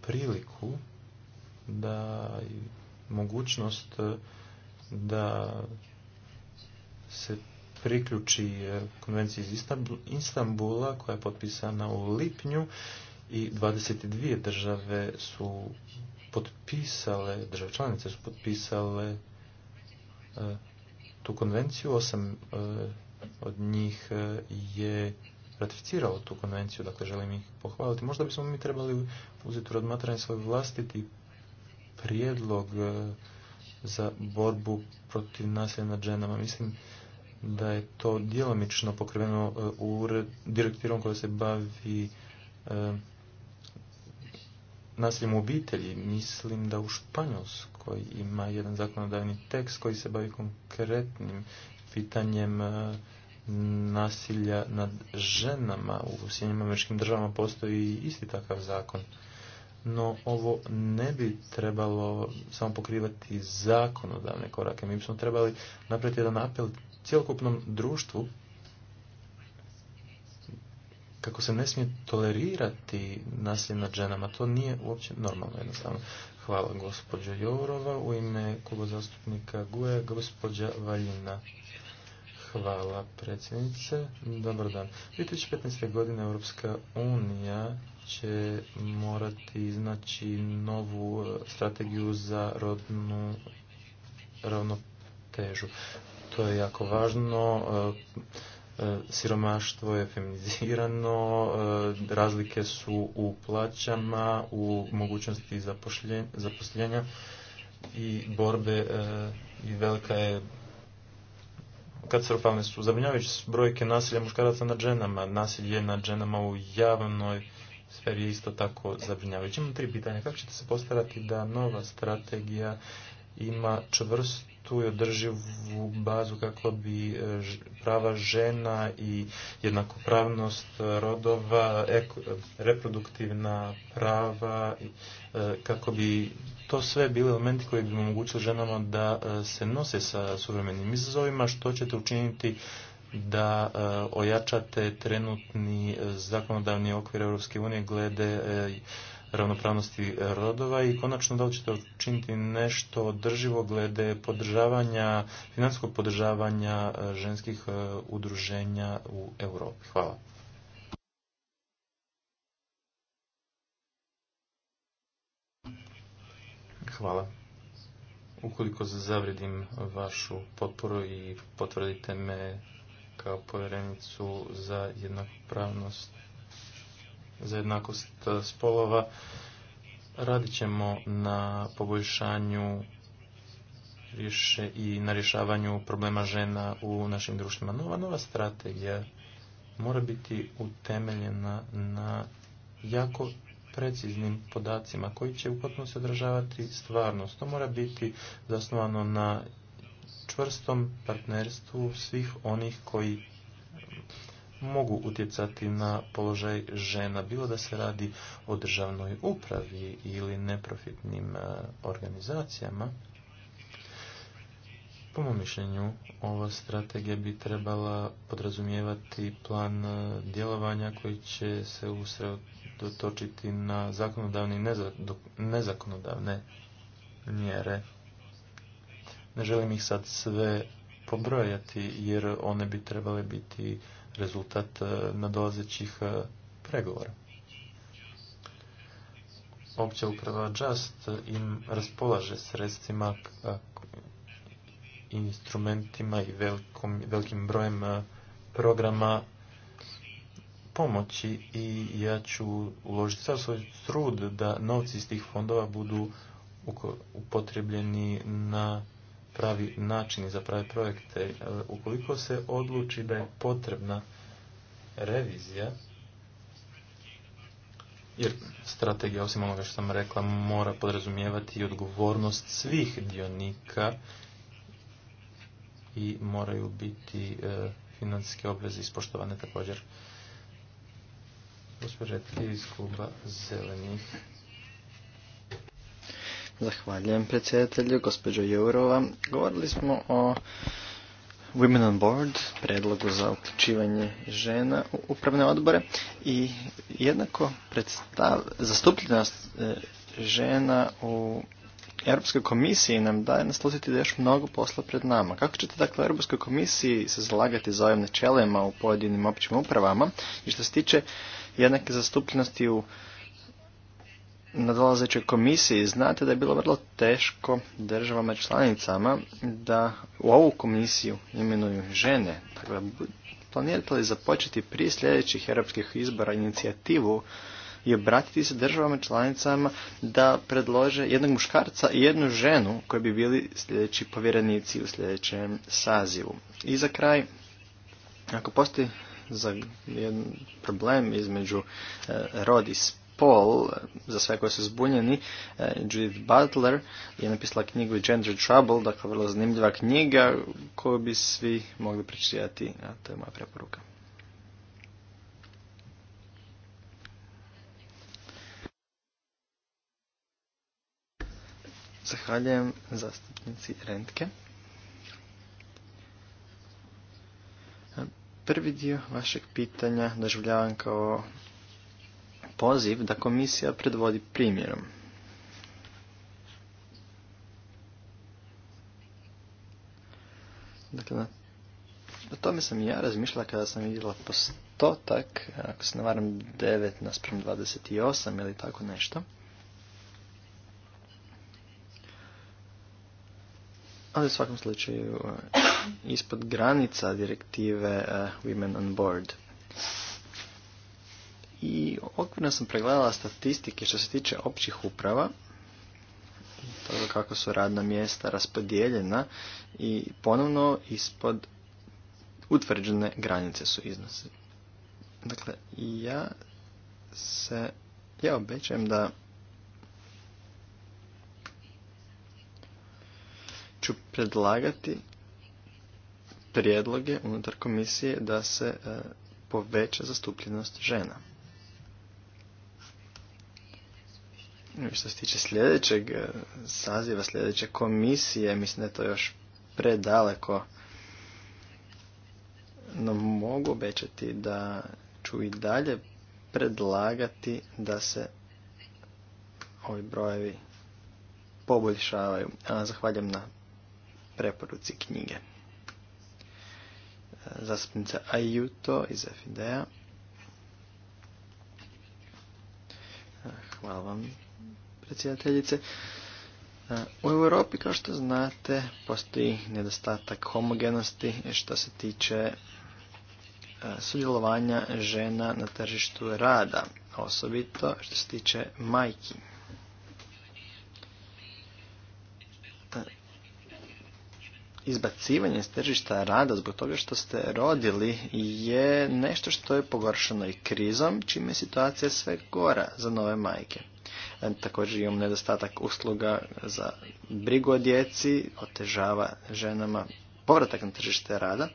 priliku da mogućnost da se priključi e, konvenciji iz Istambula koja je potpisana u lipnju i 22 države su potpisale, države članice su potpisale e, tu konvenciju, osam e, od njih je ratificirao tu konvenciju, dakle želim ih pohvaliti. Možda bismo mi trebali uzeti u razmatranje svoj vlastiti prijedlog za borbu protiv nasilja nad ženama. Mislim da je to djelomično pokriveno e, u direktivom koja se bavi e, nasiljem u obitelji. Mislim da u Španjolskoj ima jedan zakonodavni tekst koji se bavi konkretnim pitanjem e, nasilja nad ženama. U Sjednjim američkim državama postoji isti takav zakon. No ovo ne bi trebalo samo pokrivati zakonodavne korake. Mi bismo trebali napraviti jedan apel cjelokupnom društvu kako se ne smije tolerirati nasilje nad ženama. To nije uopće normalno jednostavno. Hvala gospođo Jourova. U ime kluba zastupnika GUE, gospođa Valjina. Hvala predsjednice. Dobar dan. 2015. godine Europska unija će morati iznaći novu eh, strategiju za rodnu ravnotežu to je jako važno. E, e, siromaštvo je feminizirano, e, razlike su u plaćama, u mogućnosti zaposljenja i borbe i velika je katastrofalne su. Zabrinjavajuće brojke nasilja muškaraca nad ženama. Nasilje nad ženama u javnoj sferi je isto tako zabrinjavajući. Imam tri pitanja. Kako ćete se postarati da nova strategija ima čvrst tu i održivu bazu kako bi e, prava žena i jednakopravnost rodova, reproduktivna prava, e, kako bi to sve bili elementi koji bi omogućili ženama da e, se nose sa suvremenim izazovima, što ćete učiniti da ojačate trenutni zakonodavni okvir Europske unije glede ravnopravnosti rodova i konačno da li ćete učiniti nešto održivo glede podržavanja, financijskog podržavanja e, ženskih e, udruženja u Europi. Hvala. Hvala. Ukoliko zavredim vašu potporu i potvrdite me kao povjerenicu za jednakopravnost za jednakost e, spolova. Radit ćemo na poboljšanju i na rješavanju problema žena u našim društvima. Nova, nova strategija mora biti utemeljena na jako preciznim podacima koji će upotno se odražavati stvarnost. To mora biti zasnovano na čvrstom partnerstvu svih onih koji mogu utjecati na položaj žena, bilo da se radi o državnoj upravi ili neprofitnim e, organizacijama. Po mom mišljenju, ova strategija bi trebala podrazumijevati plan e, djelovanja koji će se usredotočiti na zakonodavne i nezakonodavne mjere. Ne želim ih sad sve pobrojati jer one bi trebale biti rezultat e, nadolazećih e, pregovora. Opća uprava Just im raspolaže sredstvima e, instrumentima i velikom, velikim brojem programa pomoći i ja ću uložiti sav svoj trud da novci iz tih fondova budu upotrebljeni na pravi način i za prave projekte. E, ukoliko se odluči da je potrebna revizija, jer strategija, osim onoga što sam rekla, mora podrazumijevati i odgovornost svih dionika i moraju biti e, financijske obveze ispoštovane također. Gospođa iz kluba zelenih. Zahvaljujem predsjedatelju, gospođo Jourova. Govorili smo o Women on Board, predlogu za uključivanje žena u upravne odbore i jednako predstav, zastupljenost e, žena u Europskoj komisiji nam daje naslutiti da je još mnogo posla pred nama. Kako ćete dakle u Europskoj komisiji se zalagati za ovim načelima u pojedinim općim upravama i što se tiče jednake zastupljenosti u nadolazećoj komisiji znate da je bilo vrlo teško državama članicama da u ovu komisiju imenuju žene. Dakle, planirate li započeti prije sljedećih europskih izbora inicijativu i obratiti se državama članicama da predlože jednog muškarca i jednu ženu koji bi bili sljedeći povjerenici u sljedećem sazivu. I za kraj, ako postoji za jedan problem između e, rod i Paul, za sve koje su zbunjeni, e, Judith Butler je napisala knjigu Gender Trouble, dakle vrlo zanimljiva knjiga koju bi svi mogli pričijati, a to je moja preporuka. Zahvaljujem zastupnici Rentke. Prvi dio vašeg pitanja doživljavam kao poziv da komisija predvodi primjerom. Dakle, o tome sam i ja razmišljala kada sam vidjela postotak, ako se ne varam 9 naspram 28 ili tako nešto. Ali u svakom slučaju eh, ispod granica direktive eh, Women on Board. I okvirno sam pregledala statistike što se tiče općih uprava, toga kako su radna mjesta raspodijeljena i ponovno ispod utvrđene granice su iznose. Dakle, ja se, ja obećajem da ću predlagati prijedloge unutar komisije da se e, poveća zastupljenost žena. Što se tiče sljedećeg e, saziva, sljedeće komisije, mislim da je to još predaleko. No mogu obećati da ću i dalje predlagati da se ovi brojevi poboljšavaju. A zahvaljam na preporuci knjige. E, zastupnica Ajuto iz FIDEA. E, hvala vam predsjedateljice. E, u Europi, kao što znate, postoji nedostatak homogenosti što se tiče e, sudjelovanja žena na tržištu rada, osobito što se tiče majki. Izbacivanje s tržišta rada zbog toga što ste rodili je nešto što je pogoršano i krizom, čime je situacija sve gora za nove majke. Također imamo nedostatak usluga za brigu o djeci, otežava ženama povratak na tržište rada.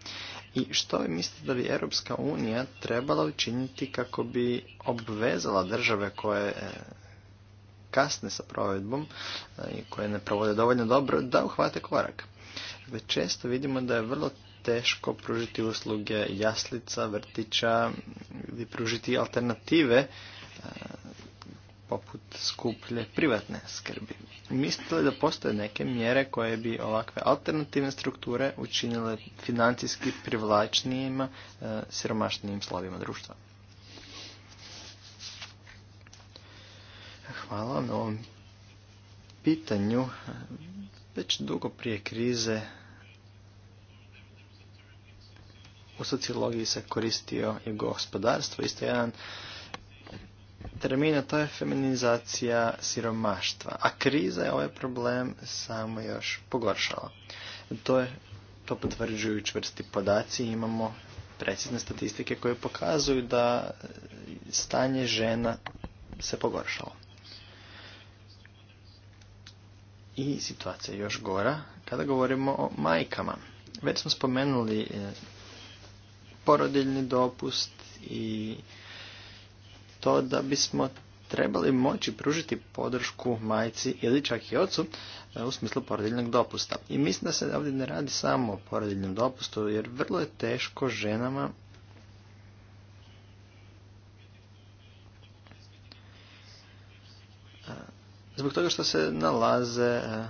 I što vi mislite da bi Europska unija trebala učiniti kako bi obvezala države koje e, kasne sa provedbom e, i koje ne provode dovoljno dobro da uhvate korak? Dakle, često vidimo da je vrlo teško pružiti usluge jaslica, vrtića ili pružiti alternative e, poput skuplje privatne skrbi. Mislite li da postoje neke mjere koje bi ovakve alternativne strukture učinile financijski privlačnijima e, siromašnijim slovima društva? Hvala na ovom pitanju. Već dugo prije krize u sociologiji se koristio i gospodarstvo. Isto jedan termina, to je feminizacija siromaštva. A kriza je ovaj problem samo još pogoršala. To, je, to potvrđuju čvrsti podaci. Imamo precizne statistike koje pokazuju da stanje žena se pogoršalo. I situacija je još gora kada govorimo o majkama. Već smo spomenuli e, porodiljni dopust i to da bismo trebali moći pružiti podršku majci ili čak i ocu e, u smislu porodiljnog dopusta. I mislim da se ovdje ne radi samo o porodiljnom dopustu, jer vrlo je teško ženama zbog toga što se nalaze e,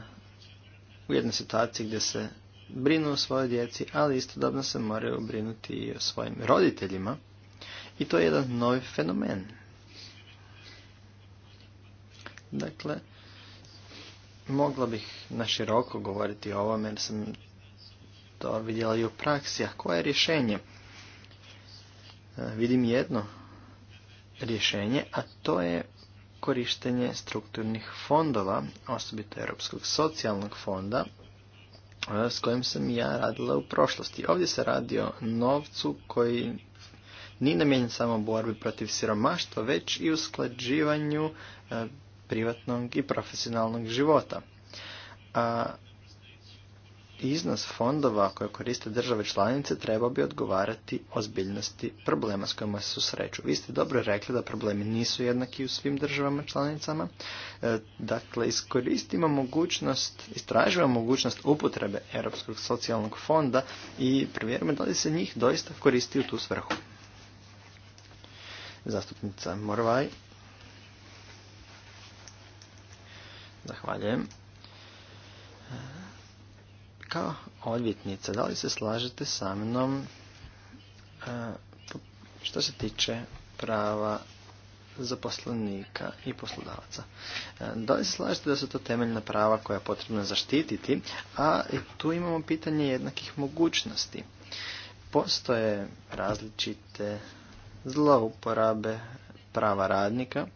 u jednoj situaciji gdje se brinu o svojoj djeci, ali istodobno se moraju brinuti i o svojim roditeljima. I to je jedan novi fenomen. Dakle, mogla bih na široko govoriti o ovome jer sam to vidjela i u praksi. A koje je rješenje? E, vidim jedno rješenje, a to je korištenje strukturnih fondova, osobito Europskog socijalnog fonda, e, s kojim sam ja radila u prošlosti. Ovdje se radi o novcu koji nije namijenjen samo borbi protiv siromaštva, već i usklađivanju e, privatnog i profesionalnog života. A iznos fondova koje koriste države članice treba bi odgovarati ozbiljnosti problema s kojima se susreću. Vi ste dobro rekli da problemi nisu jednaki u svim državama članicama. E, dakle, iskoristimo mogućnost, istražujemo mogućnost upotrebe Europskog socijalnog fonda i provjerimo da li se njih doista koristi u tu svrhu. Zastupnica Morvaj. Zahvaljujem. E, kao odvjetnica, da li se slažete sa mnom e, što se tiče prava zaposlenika i poslodavaca. E, da li se slažete da su to temeljna prava koja je potrebno zaštititi, a tu imamo pitanje jednakih mogućnosti. Postoje različite zlouporabe prava radnika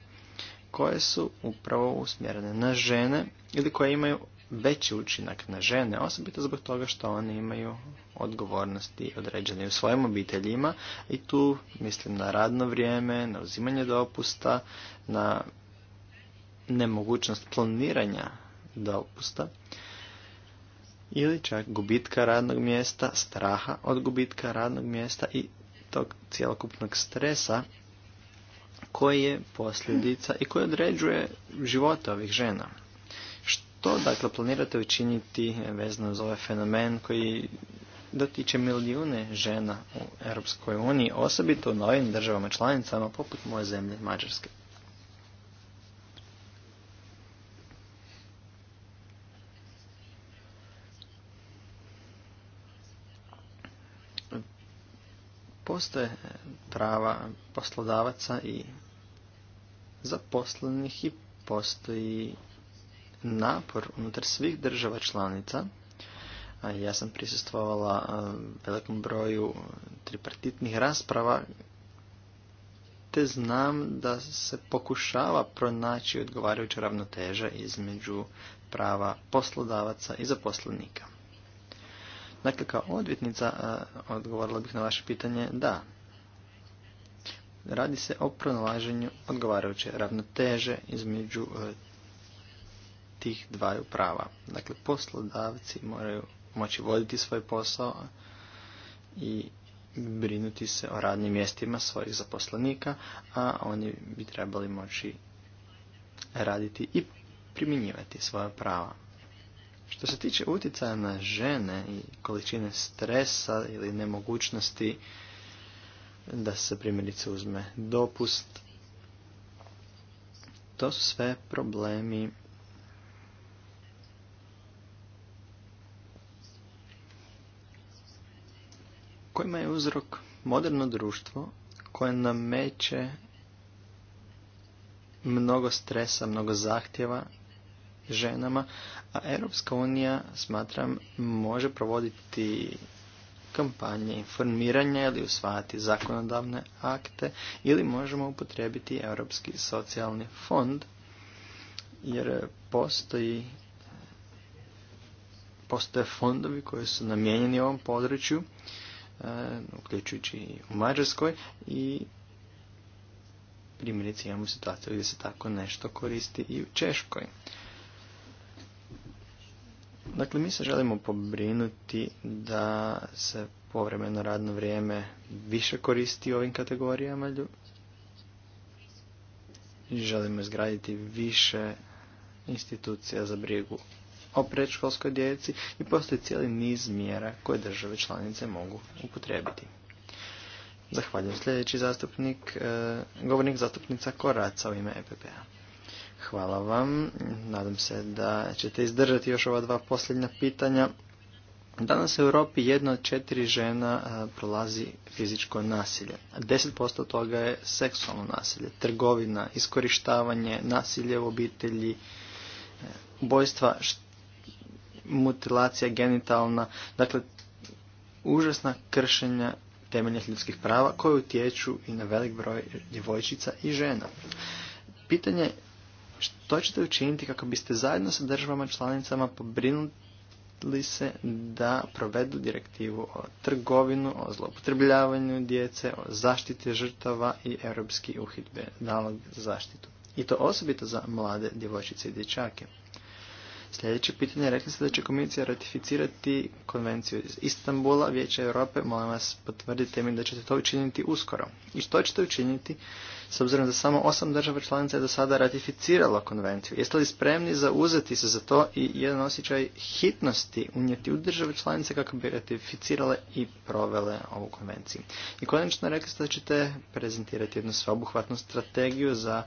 koje su upravo usmjerene na žene ili koje imaju veći učinak na žene, osobito zbog toga što one imaju odgovornosti određene u svojim obiteljima i tu mislim na radno vrijeme, na uzimanje dopusta, na nemogućnost planiranja dopusta ili čak gubitka radnog mjesta, straha od gubitka radnog mjesta i tog cjelokupnog stresa koje je posljedica i koji određuje živote ovih žena. Što dakle planirate učiniti vezano za ovaj fenomen koji dotiče milijune žena u Europskoj uniji, osobito u novim državama članicama poput moje zemlje Mađarske? postoje prava poslodavaca i zaposlenih i postoji napor unutar svih država članica. Ja sam prisustvovala velikom broju tripartitnih rasprava te znam da se pokušava pronaći odgovarajuća ravnoteža između prava poslodavaca i zaposlenika. Dakle, kao odvjetnica odgovorila bih na vaše pitanje da. Radi se o pronalaženju odgovarajuće ravnoteže između e, tih dvaju prava. Dakle, poslodavci moraju moći voditi svoj posao i brinuti se o radnim mjestima svojih zaposlenika, a oni bi trebali moći raditi i primjenjivati svoja prava. Što se tiče utjecaja na žene i količine stresa ili nemogućnosti da se primjerice uzme dopust, to su sve problemi kojima je uzrok moderno društvo koje nameće mnogo stresa, mnogo zahtjeva ženama, a Europska unija, smatram, može provoditi kampanje informiranja ili usvajati zakonodavne akte ili možemo upotrijebiti Europski socijalni fond jer postoji postoje fondovi koji su namijenjeni ovom području e, uključujući i u Mađarskoj i primjerice imamo situaciju gdje se tako nešto koristi i u Češkoj. Dakle, mi se želimo pobrinuti da se povremeno radno vrijeme više koristi ovim kategorijama ljudi. Želimo izgraditi više institucija za brigu o predškolskoj djeci i postoji cijeli niz mjera koje države članice mogu upotrebiti. Zahvaljujem sljedeći zastupnik, e, govornik zastupnica Koraca u ime EPP-a. Hvala vam. Nadam se da ćete izdržati još ova dva posljednja pitanja. Danas u Europi jedna od četiri žena prolazi fizičko nasilje. 10% toga je seksualno nasilje, trgovina, iskorištavanje, nasilje u obitelji, e, bojstva, mutilacija genitalna. Dakle, užasna kršenja temeljnih ljudskih prava koje utječu i na velik broj djevojčica i žena. Pitanje što ćete učiniti kako biste zajedno sa državama članicama pobrinuli se da provedu direktivu o trgovinu, o zloupotrebljavanju djece, o zaštiti žrtava i europski uhidbe nalog za zaštitu? I to osobito za mlade djevojčice i dječake. Sljedeće pitanje, rekli ste da će komisija ratificirati konvenciju iz Istanbula, Vijeća Europe, molim vas potvrdite mi da ćete to učiniti uskoro. I što ćete učiniti s obzirom da samo osam država članica je do sada ratificiralo konvenciju. Jeste li spremni zauzeti se za to i jedan osjećaj hitnosti unijeti u države članice kako bi ratificirale i provele ovu konvenciju? I konačno rekli ste da ćete prezentirati jednu sveobuhvatnu strategiju za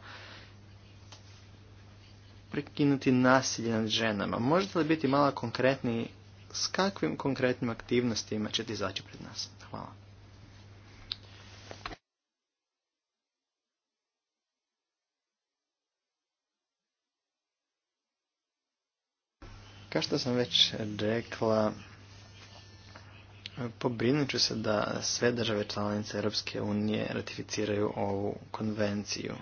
prekinuti nasilje nad ženama. Možete li biti malo konkretni s kakvim konkretnim aktivnostima ćete izaći pred nas? Hvala. Kao što sam već rekla, pobrinut ću se da sve države članice Europske unije ratificiraju ovu konvenciju.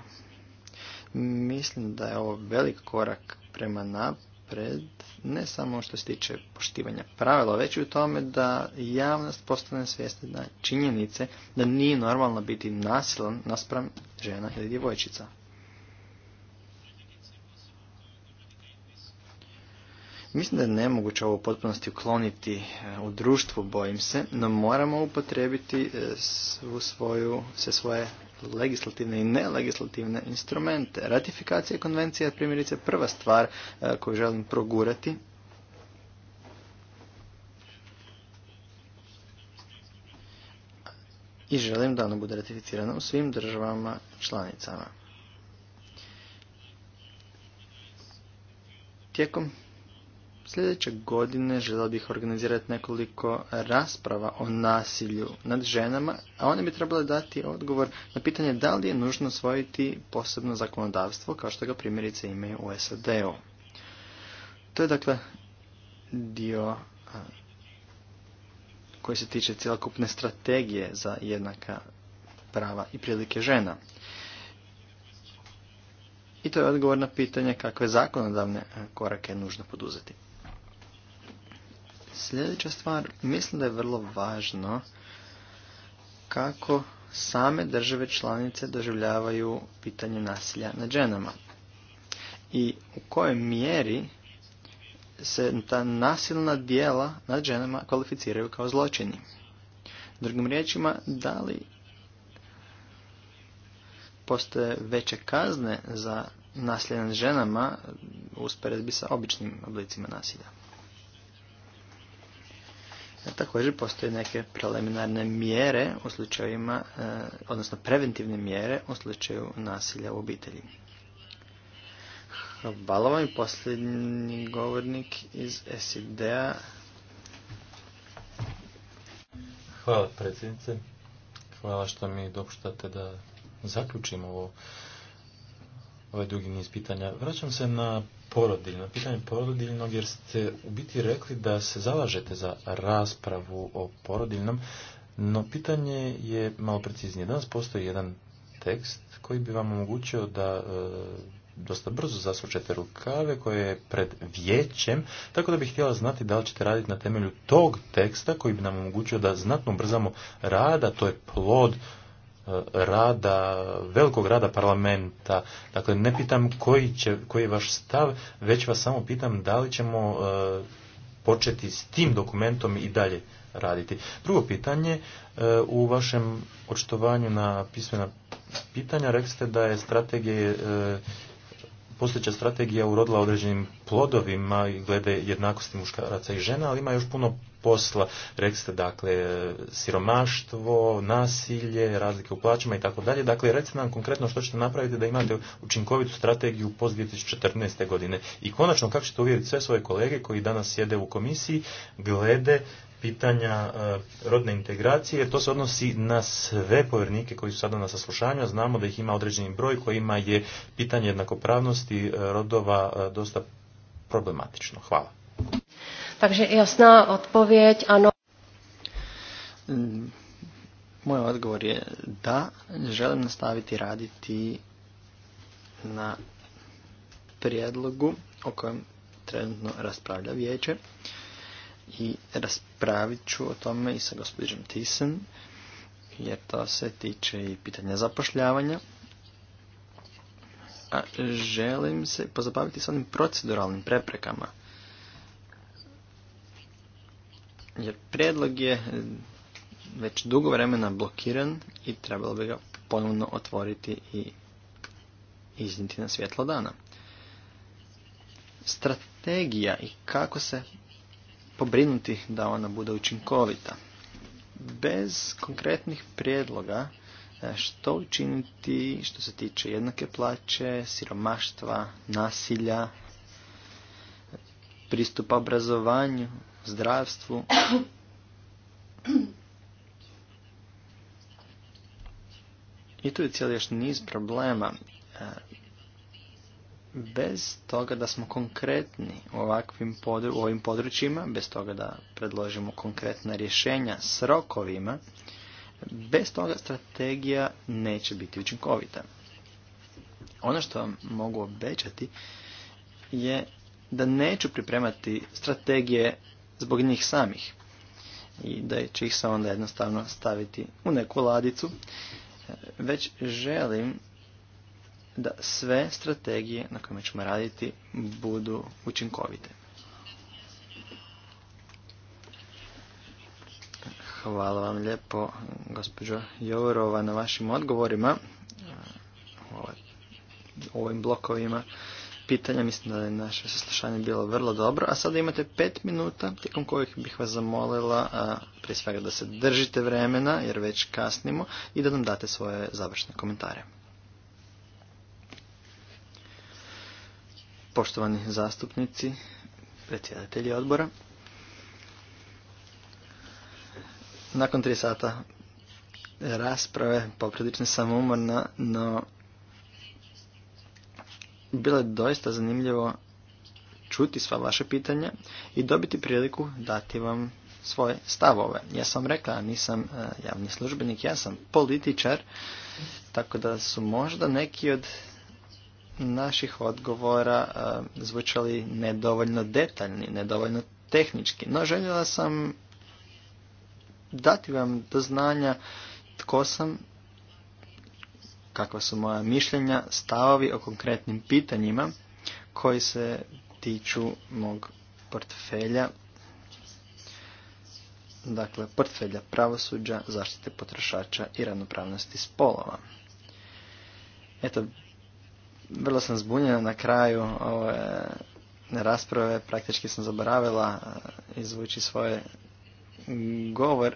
Mislim da je ovo velik korak prema napred, ne samo što se tiče poštivanja pravila, već i u tome da javnost postane svjesna na činjenice da nije normalno biti nasilan naspram žena ili djevojčica. Mislim da je nemoguće ovo u potpunosti ukloniti e, u društvu, bojim se, no moramo upotrebiti e, svoju, sve svoje legislativne i nelegislativne instrumente. Ratifikacija konvencija je primjerice prva stvar e, koju želim progurati. I želim da ona bude ratificirana u svim državama članicama. Tijekom Sljedeće godine želio bih organizirati nekoliko rasprava o nasilju nad ženama, a one bi trebale dati odgovor na pitanje da li je nužno osvojiti posebno zakonodavstvo kao što ga primjerice imaju u SAD-u. To je dakle dio koji se tiče cjelokupne strategije za jednaka prava i prilike žena. I to je odgovor na pitanje kakve zakonodavne korake je nužno poduzeti. Sljedeća stvar, mislim da je vrlo važno kako same države članice doživljavaju pitanje nasilja nad ženama. I u kojoj mjeri se ta nasilna dijela nad ženama kvalificiraju kao zločini. Drugim riječima, da li postoje veće kazne za nasilje nad ženama usporedbi sa običnim oblicima nasilja? E, također postoje neke preliminarne mjere u slučajevima, e, odnosno preventivne mjere u slučaju nasilja u obitelji. Hvala vam i posljednji govornik iz SID-a. Hvala predsjednice. Hvala što mi dopuštate da zaključim ovo, ovaj dugi niz pitanja. Vraćam se na porodiljno, pitanje porodiljnog, jer ste u biti rekli da se zalažete za raspravu o porodiljnom, no pitanje je malo preciznije. Danas postoji jedan tekst koji bi vam omogućio da e, dosta brzo zasučete rukave koje je pred vijećem, tako da bih htjela znati da li ćete raditi na temelju tog teksta koji bi nam omogućio da znatno ubrzamo rada, to je plod Eh, rada, velikog rada parlamenta. Dakle, ne pitam koji, će, koji je vaš stav, već vas samo pitam da li ćemo eh, početi s tim dokumentom i dalje raditi. Drugo pitanje, eh, u vašem očitovanju na pismena pitanja rekli ste da je strategije postojeća strategija urodila određenim plodovima glede jednakosti muškaraca i žena, ali ima još puno posla. Rekli ste, dakle, siromaštvo, nasilje, razlike u plaćama i tako dalje. Dakle, recite nam konkretno što ćete napraviti da imate učinkovitu strategiju post 2014. godine. I konačno, kako ćete uvjeriti sve svoje kolege koji danas sjede u komisiji glede pitanja eh, rodne integracije, jer to se odnosi na sve povjernike koji su sada na saslušanju, a znamo da ih ima određeni broj kojima je pitanje jednakopravnosti eh, rodova eh, dosta problematično. Hvala. Takže jasná odpověď, ano. Moj mm, odgovor je da, želim nastaviti raditi na prijedlogu o kojem trenutno raspravlja vijeće i raspravit ću o tome i sa gospođom Tisen jer to se tiče i pitanja zapošljavanja. A želim se pozabaviti s onim proceduralnim preprekama Jer prijedlog je e, već dugo vremena blokiran i trebalo bi ga ponovno otvoriti i izniti na svjetlo dana. Strategija i kako se pobrinuti da ona bude učinkovita. Bez konkretnih prijedloga e, što učiniti što se tiče jednake plaće, siromaštva, nasilja, pristupa obrazovanju, zdravstvu. I tu je cijeli još niz problema. E, bez toga da smo konkretni u ovakvim ovim područjima, bez toga da predložimo konkretna rješenja s rokovima, bez toga strategija neće biti učinkovita. Ono što vam mogu obećati je da neću pripremati strategije zbog njih samih i da će ih se onda jednostavno staviti u neku ladicu, e, već želim da sve strategije na kojima ćemo raditi budu učinkovite. Hvala vam lijepo, gospođo Jovorova, na vašim odgovorima e, ovim blokovima pitanja. Mislim da je naše saslušanje bilo vrlo dobro. A sada imate pet minuta tijekom kojih bih vas zamolila a, prije svega da se držite vremena jer već kasnimo i da nam date svoje završne komentare. Poštovani zastupnici, predsjedatelji odbora. Nakon tri sata rasprave poprilično sam umorna, no bilo je doista zanimljivo čuti sva vaše pitanja i dobiti priliku dati vam svoje stavove. Ja sam rekla, nisam e, javni službenik, ja sam političar, tako da su možda neki od naših odgovora e, zvučali nedovoljno detaljni, nedovoljno tehnički, no željela sam dati vam do znanja tko sam kakva su moja mišljenja, stavovi o konkretnim pitanjima koji se tiču mog portfelja, dakle portfelja pravosuđa, zaštite potrošača i ravnopravnosti spolova. Eto, vrlo sam zbunjena na kraju ove rasprave, praktički sam zaboravila e, izvući svoj govor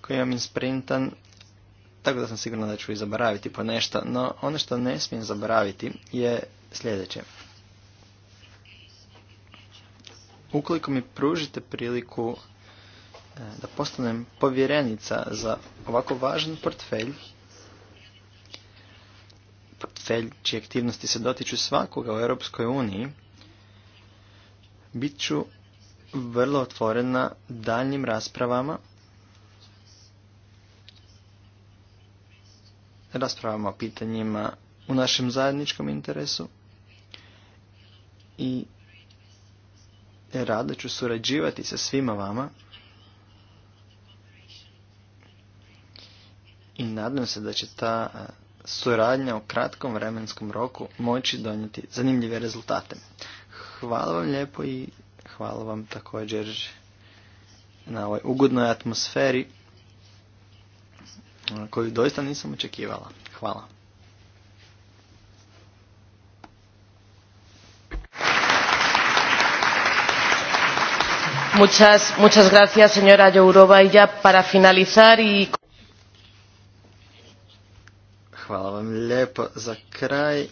koji imam sprintan tako da sam sigurno da ću i zaboraviti po nešto, no ono što ne smijem zaboraviti je sljedeće. Ukoliko mi pružite priliku e, da postanem povjerenica za ovako važan portfelj, portfelj čije aktivnosti se dotiču svakoga u Europskoj uniji, bit ću vrlo otvorena daljnjim raspravama raspravamo o pitanjima u našem zajedničkom interesu i rado ću surađivati sa svima vama i nadam se da će ta suradnja u kratkom vremenskom roku moći donijeti zanimljive rezultate. Hvala vam lijepo i hvala vam također na ovoj ugodnoj atmosferi koju doista nisam očekivala. Hvala. Muchas, muchas gracias, señora Jourova. Y ya para finalizar y... Hvala vam lijepo. Za kraj e,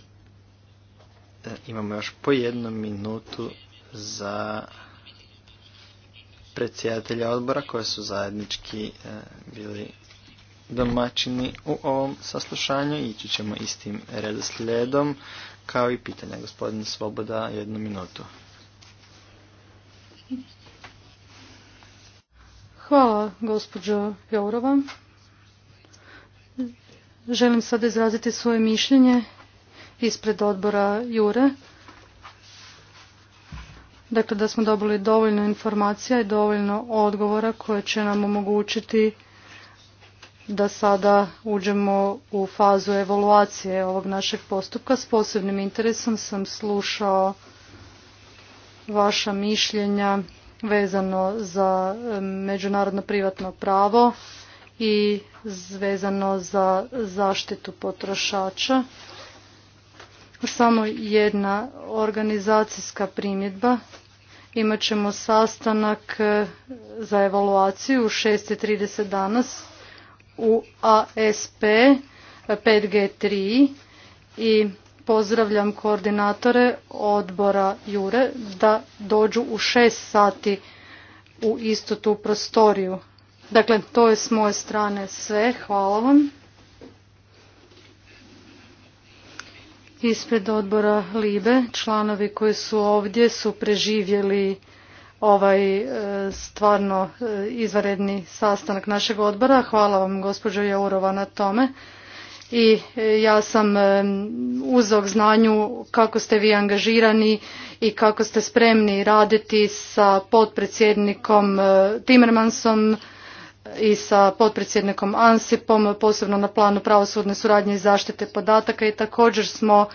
imamo još po jednu minutu za predsjedatelja odbora koje su zajednički e, bili domaćini u ovom saslušanju. Ići ćemo istim redoslijedom kao i pitanja. Gospodin Svoboda, jednu minutu. Hvala, gospođo Jourova. Želim sada izraziti svoje mišljenje ispred odbora Jure. Dakle, da smo dobili dovoljno informacija i dovoljno odgovora koje će nam omogućiti da sada uđemo u fazu evaluacije ovog našeg postupka. S posebnim interesom sam slušao vaša mišljenja vezano za e, međunarodno privatno pravo i vezano za zaštitu potrošača. Samo jedna organizacijska primjedba. Imaćemo sastanak e, za evaluaciju u 6.30 danas u ASP 5G3 i pozdravljam koordinatore odbora Jure da dođu u 6 sati u istu tu prostoriju. Dakle, to je s moje strane sve. Hvala vam. Ispred odbora Libe, članovi koji su ovdje su preživjeli ovaj e, stvarno e, izvanredni sastanak našeg odbora. Hvala vam gospođo Jourova na tome. I e, ja sam uzog znanju kako ste vi angažirani i kako ste spremni raditi sa potpredsjednikom Timmermansom i sa potpredsjednikom Ansipom, posebno na planu pravosudne suradnje i zaštite podataka i također smo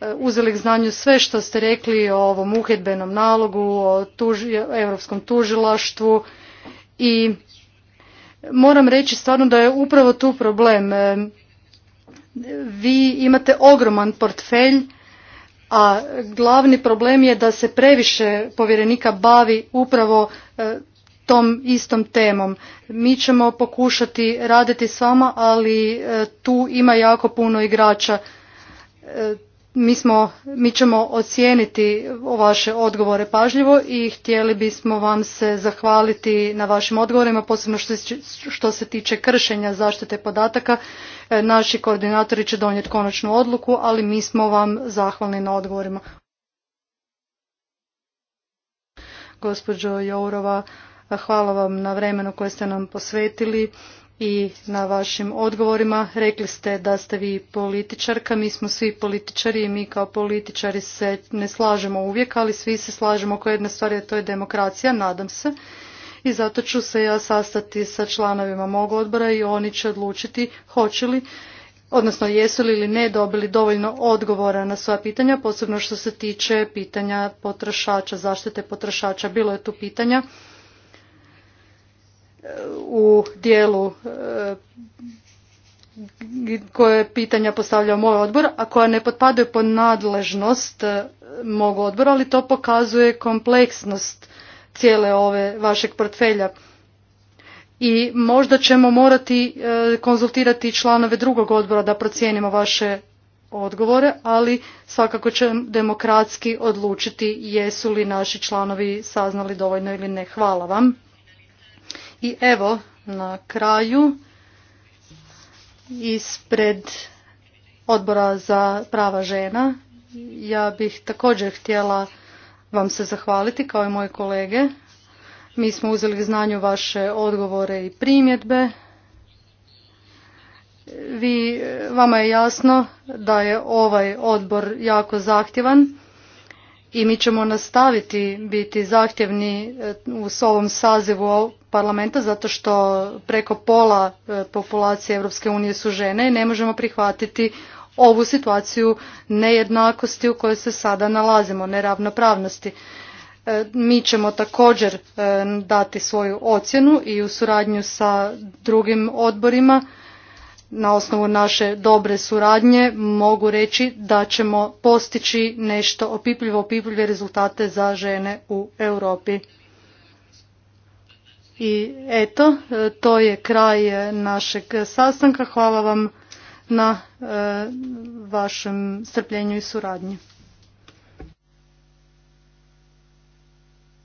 E, uzeli k znanju sve što ste rekli o ovom uhjedbenom nalogu, o tuži, europskom tužilaštvu i moram reći stvarno da je upravo tu problem. E, vi imate ogroman portfelj, a glavni problem je da se previše povjerenika bavi upravo e, tom istom temom. Mi ćemo pokušati raditi s vama, ali tu ima jako puno igrača mi, smo, mi ćemo ocijeniti vaše odgovore pažljivo i htjeli bismo vam se zahvaliti na vašim odgovorima, posebno što se, što se tiče kršenja zaštite podataka. E, naši koordinatori će donijeti konačnu odluku, ali mi smo vam zahvalni na odgovorima. Gospođo Jourova, hvala vam na vremenu koje ste nam posvetili i na vašim odgovorima. Rekli ste da ste vi političarka, mi smo svi političari i mi kao političari se ne slažemo uvijek, ali svi se slažemo oko jedne stvari, a to je demokracija, nadam se. I zato ću se ja sastati sa članovima mog odbora i oni će odlučiti hoće li odnosno jesu li ili ne dobili dovoljno odgovora na sva pitanja, posebno što se tiče pitanja potrošača, zaštite potrošača. Bilo je tu pitanja u dijelu e, koje pitanja postavlja moj odbor, a koja ne potpadaju pod nadležnost e, mog odbora, ali to pokazuje kompleksnost cijele ove vašeg portfelja. I možda ćemo morati e, konzultirati članove drugog odbora da procijenimo vaše odgovore, ali svakako će demokratski odlučiti jesu li naši članovi saznali dovoljno ili ne. Hvala vam. I evo, na kraju, ispred odbora za prava žena, ja bih također htjela vam se zahvaliti kao i moje kolege. Mi smo uzeli znanju vaše odgovore i primjedbe. Vi, vama je jasno da je ovaj odbor jako zahtjevan i mi ćemo nastaviti biti zahtjevni e, u ovom sazivu parlamenta zato što preko pola e, populacije Europske unije su žene i ne možemo prihvatiti ovu situaciju nejednakosti u kojoj se sada nalazimo, neravnopravnosti. E, mi ćemo također dati svoju ocjenu i u suradnju sa drugim odborima na osnovu naše dobre suradnje mogu reći da ćemo postići nešto opipljivo opipljive rezultate za žene u Europi. I eto, to je kraj e, našeg sastanka. Hvala vam na e, vašem strpljenju i suradnji.